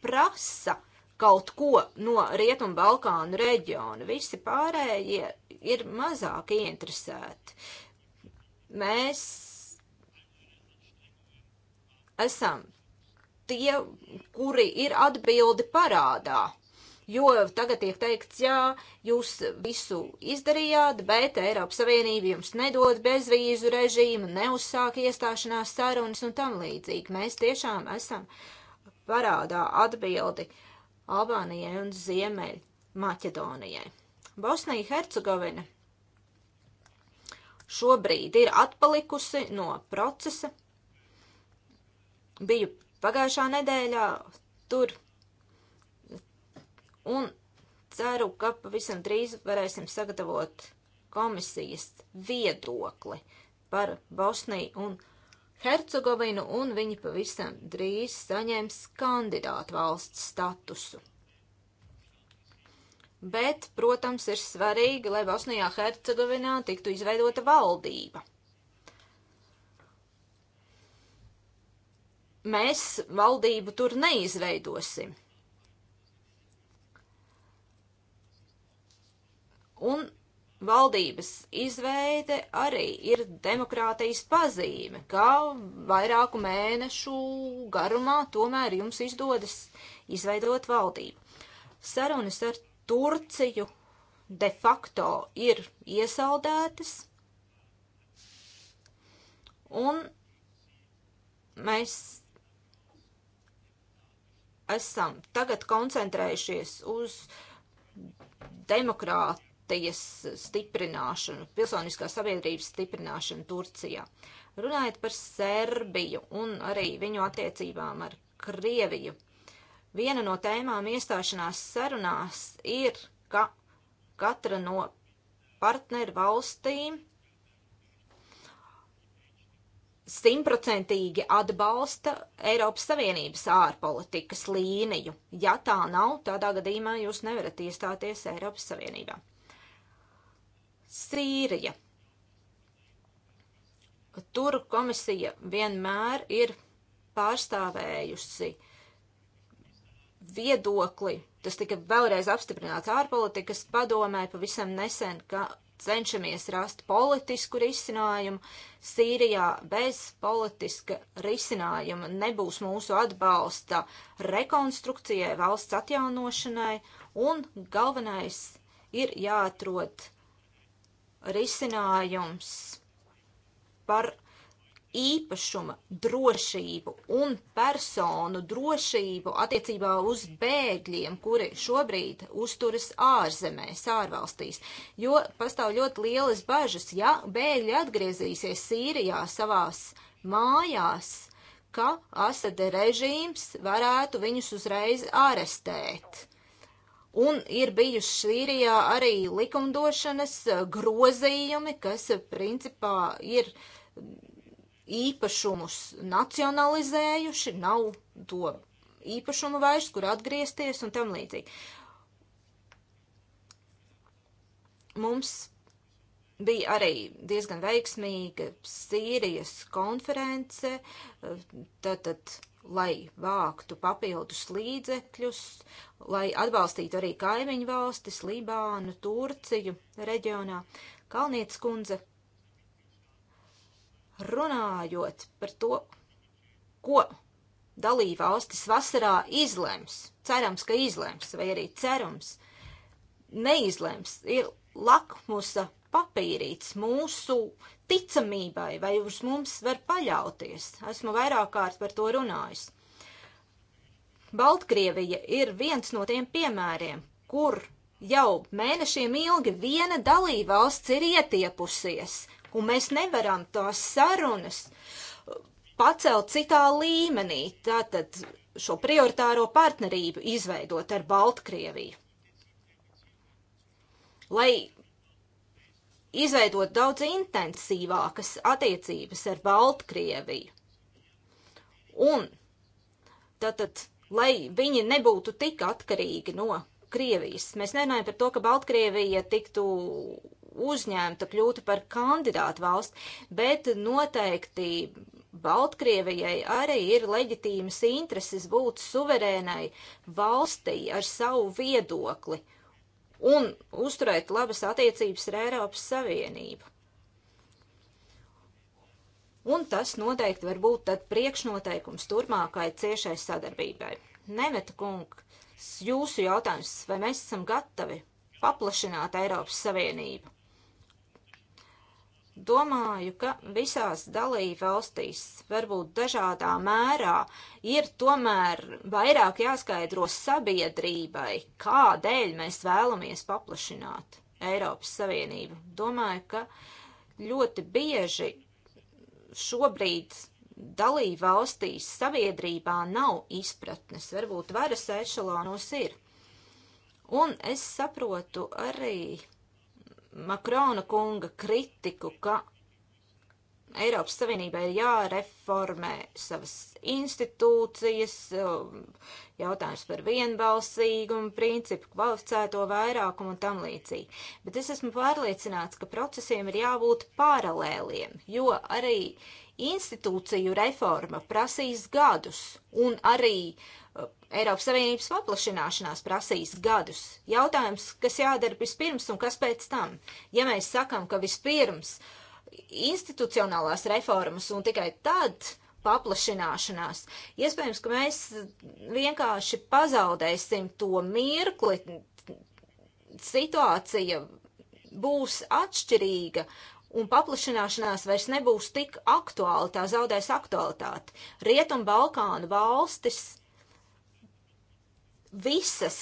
prasa kaut ko no Rietumu Balkānu reģiona. Visi pārējie ir mazāk ieinteresēti. Mēs esam tie, kuri ir atbildi parādā. Jo tagad tiek teikts, jā, jūs visu izdarījāt, bet Eiropas Savienība jums nedod bezvīzu režīmu, neuzsāk iestāšanās sarunas un tam līdzīgi. Mēs tiešām esam uh, parādā atbildi Albānijai un Ziemeļ Maķedonijai. Bosnija Hercegovina šobrīd ir atpalikusi no procesa. Biju pagājušā nedēļā tur un ceru, ka pavisam drīz varēsim sagatavot komisijas viedokli par Bosniju un Hercegovinu Hercegovinu, un viņi pavisam drīz saņems kandidātu valsts statusu. Bet, protams, ir svarīgi, lai Bosnijā Hercegovinā tiktu izveidota valdība. Mēs valdību tur neizveidosim. Un valdības izveide arī ir demokrātijas pazīme, ka vairāku mēnešu garumā tomēr jums izdodas izveidot valdību. Sarunas ar Turciju de facto ir iesaldētas, un mēs esam tagad koncentrējušies uz demokrātu partijas stiprināšanu, pilsoniskās sabiedrības stiprināšanu Turcijā. Runājot par Serbiju un arī viņu attiecībām ar Krieviju, viena no tēmām iestāšanās sarunās ir, ka katra no partneru valstīm simtprocentīgi atbalsta Eiropas Savienības ārpolitikas līniju. Ja tā nav, tādā gadījumā jūs nevarat iestāties Eiropas Savienībā. Sīrija. Tur komisija vienmēr ir pārstāvējusi viedokli. Tas tika vēlreiz apstiprināts ārpolitikas padomē pavisam nesen, ka cenšamies rast politisku risinājumu. Sīrijā bez politiska risinājuma nebūs mūsu atbalsta rekonstrukcijai, valsts atjaunošanai, un galvenais ir jāatrod risinājums par īpašuma drošību un personu drošību attiecībā uz bēgļiem, kuri šobrīd uzturas ārzemēs, ārvalstīs, jo pastāv ļoti lielas bažas, ja bēgļi atgriezīsies Sīrijā savās mājās, ka Asada režīms varētu viņus uzreiz arestēt. Un ir bijuši Sīrijā arī likumdošanas eh, grozījumi, kas eh, principā ir mm, īpašumus nacionalizējuši, nav to īpašumu vairs, kur atgriezties un tam līdzīgi. Mums bija arī diezgan veiksmīga Sīrijas konference, eh, tātad. Tā, lai vāktu papildus līdzekļus, lai atbalstītu arī kaimiņu valstis, Libānu, Turciju reģionā. Kalnietis kundze, runājot par to, ko dalība valstis vasarā izlems, cerams, ka izlems, vai arī cerams, neizlems, ir lakmusa papīrīts mūsu ticamībai, vai uz mums var paļauties. Esmu vairāk kārt par to runājis. Baltkrievija ir viens no tiem piemēriem, kur jau mēnešiem ilgi viena dalībvalsts ir ietiepusies, un mēs nevaram tās sarunas pacelt citā līmenī, tātad šo prioritāro partnerību izveidot ar Baltkrieviju. Lai izveidot daudz intensīvākas attiecības ar Baltkrieviju. Un tātad, lai viņi nebūtu tik atkarīgi no Krievijas, mēs nerunājam par to, ka Baltkrievija tiktu uzņemta, kļūtu par kandidātu valsts, bet noteikti Baltkrievijai arī ir leģitīmas intereses būt suverēnai valstī ar savu viedokli. Uh, un uzturēt labas attiecības ar Eiropas Savienību. Un tas noteikti var būt tad priekšnoteikums turpmākai ciešai sadarbībai. Nemeta kungs, jūsu jautājums, vai mēs esam gatavi paplašināt Eiropas Savienību? domāju, ka visās dalībvalstīs, varbūt dažādā mērā, ir tomēr vairāk jāskaidro sabiedrībai, kādēļ mēs vēlamies paplašināt Eiropas Savienību. Domāju, ka ļoti bieži šobrīd dalībvalstīs sabiedrībā nav izpratnes, varbūt varas ešalonos ir. Un es saprotu arī Makrona kunga kritiku, ka Eiropas Savienībai ir jāreformē savas institūcijas, um, jautājums par vienbalsīgumu, principu, kvalificēto vairākumu un tam līdzīgi. Bet es esmu pārliecināts, ka procesiem ir jābūt paralēliem, jo arī institūciju reforma prasīs gadus un arī uh, Eiropas Savienības paplašināšanās prasīs gadus. Jautājums, kas jādara vispirms un kas pēc tam? Ja mēs sakam, ka vispirms institucionālās reformas un tikai tad paplašināšanās, iespējams, ka mēs vienkārši pazaudēsim to mirkli, situācija būs atšķirīga un paplašināšanās vairs nebūs tik aktuāla, tā zaudēs aktualitāti. Rietum Balkānu valstis visas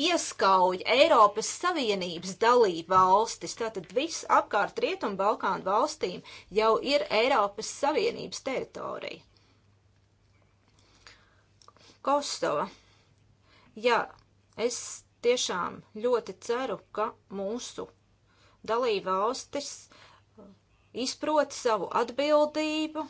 ieskauj Eiropas Savienības dalību valstis. Tātad viss apkārt Rietumu Balkānu valstīm jau ir Eiropas Savienības teritorija. Kosova. Jā, es tiešām ļoti ceru, ka mūsu dalību valstis uh, izprot savu atbildību.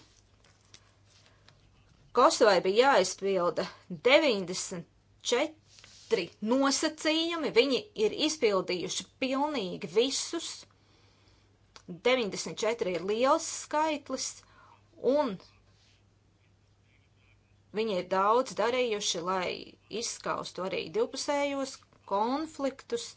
Kosovai bija jāizpilda 90 četri nosacījumi. Viņi ir izpildījuši pilnīgi visus. 94 ir liels skaitlis, un viņi ir daudz darījuši, lai izskaustu arī divpusējos konfliktus.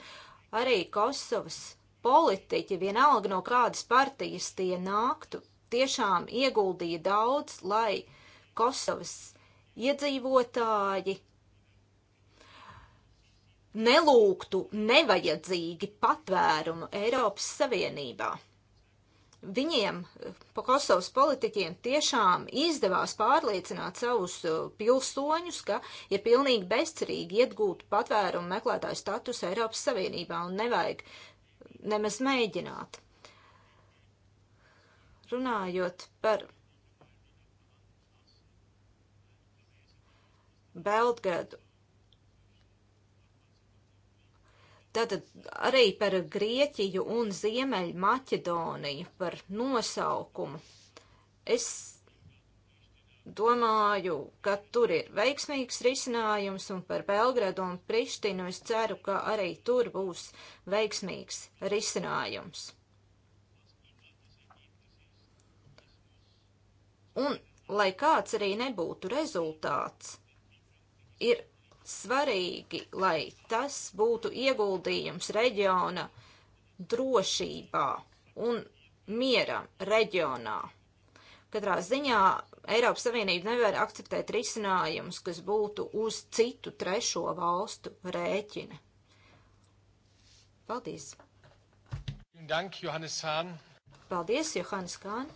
Arī Kosovas politiķi, vienalga no kādas partijas tie nāktu, tiešām ieguldīja daudz, lai Kosovas iedzīvotāji nelūgtu nevajadzīgi patvērumu Eiropas Savienībā. Viņiem, pa Kosovas politiķiem, tiešām izdevās pārliecināt savus uh, pilsoņus, ka ir pilnīgi bezcerīgi iegūt patvērumu meklētāju statusu Eiropas Savienībā un nevajag nemaz mēģināt. Runājot par Belgradu Tātad arī par Grieķiju un Ziemeļu Maķedoniju, par nosaukumu. Es domāju, ka tur ir veiksmīgs risinājums, un par Belgradu un Prištinu es ceru, ka arī tur būs veiksmīgs risinājums. Un, lai kāds arī nebūtu rezultāts, ir svarīgi, lai tas būtu ieguldījums reģiona drošībā un mieram reģionā. Katrā ziņā Eiropas Savienība nevar akceptēt risinājumus, kas būtu uz citu trešo valstu rēķina. Paldies! Dank, Johannes Hahn. Paldies, Johannes Hahn!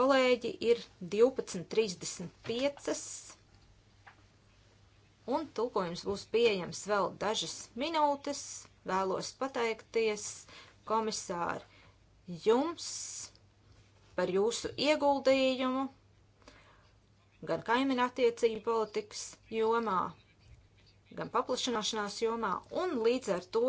Kolēģi ir 12.35 un tulkojums būs pieejams vēl dažas minūtes. Vēlos pateikties komisāri jums par jūsu ieguldījumu gan kaimiņu attiecību politikas jomā, gan paplašanāšanās jomā, un līdz ar to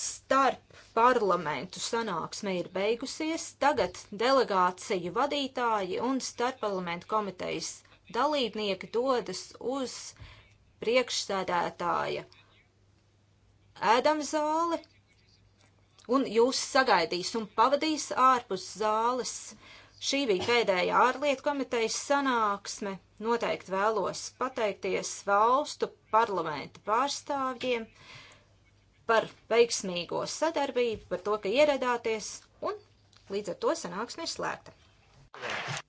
starp parlamentu sanāksme ir beigusies. Tagad delegāciju vadītāji un starp parlamentu komitejas dalībnieki dodas uz priekšsēdētāja ēdam zāli, un jūs sagaidīs un pavadīs ārpus zāles. Šī bija pēdējā ārlietu komitejas sanāksme. Noteikti vēlos pateikties valstu parlamenta pārstāvjiem par veiksmīgo sadarbību, par to, ka ieradāties, un līdz ar to sanāksme ir slēgta. Yeah.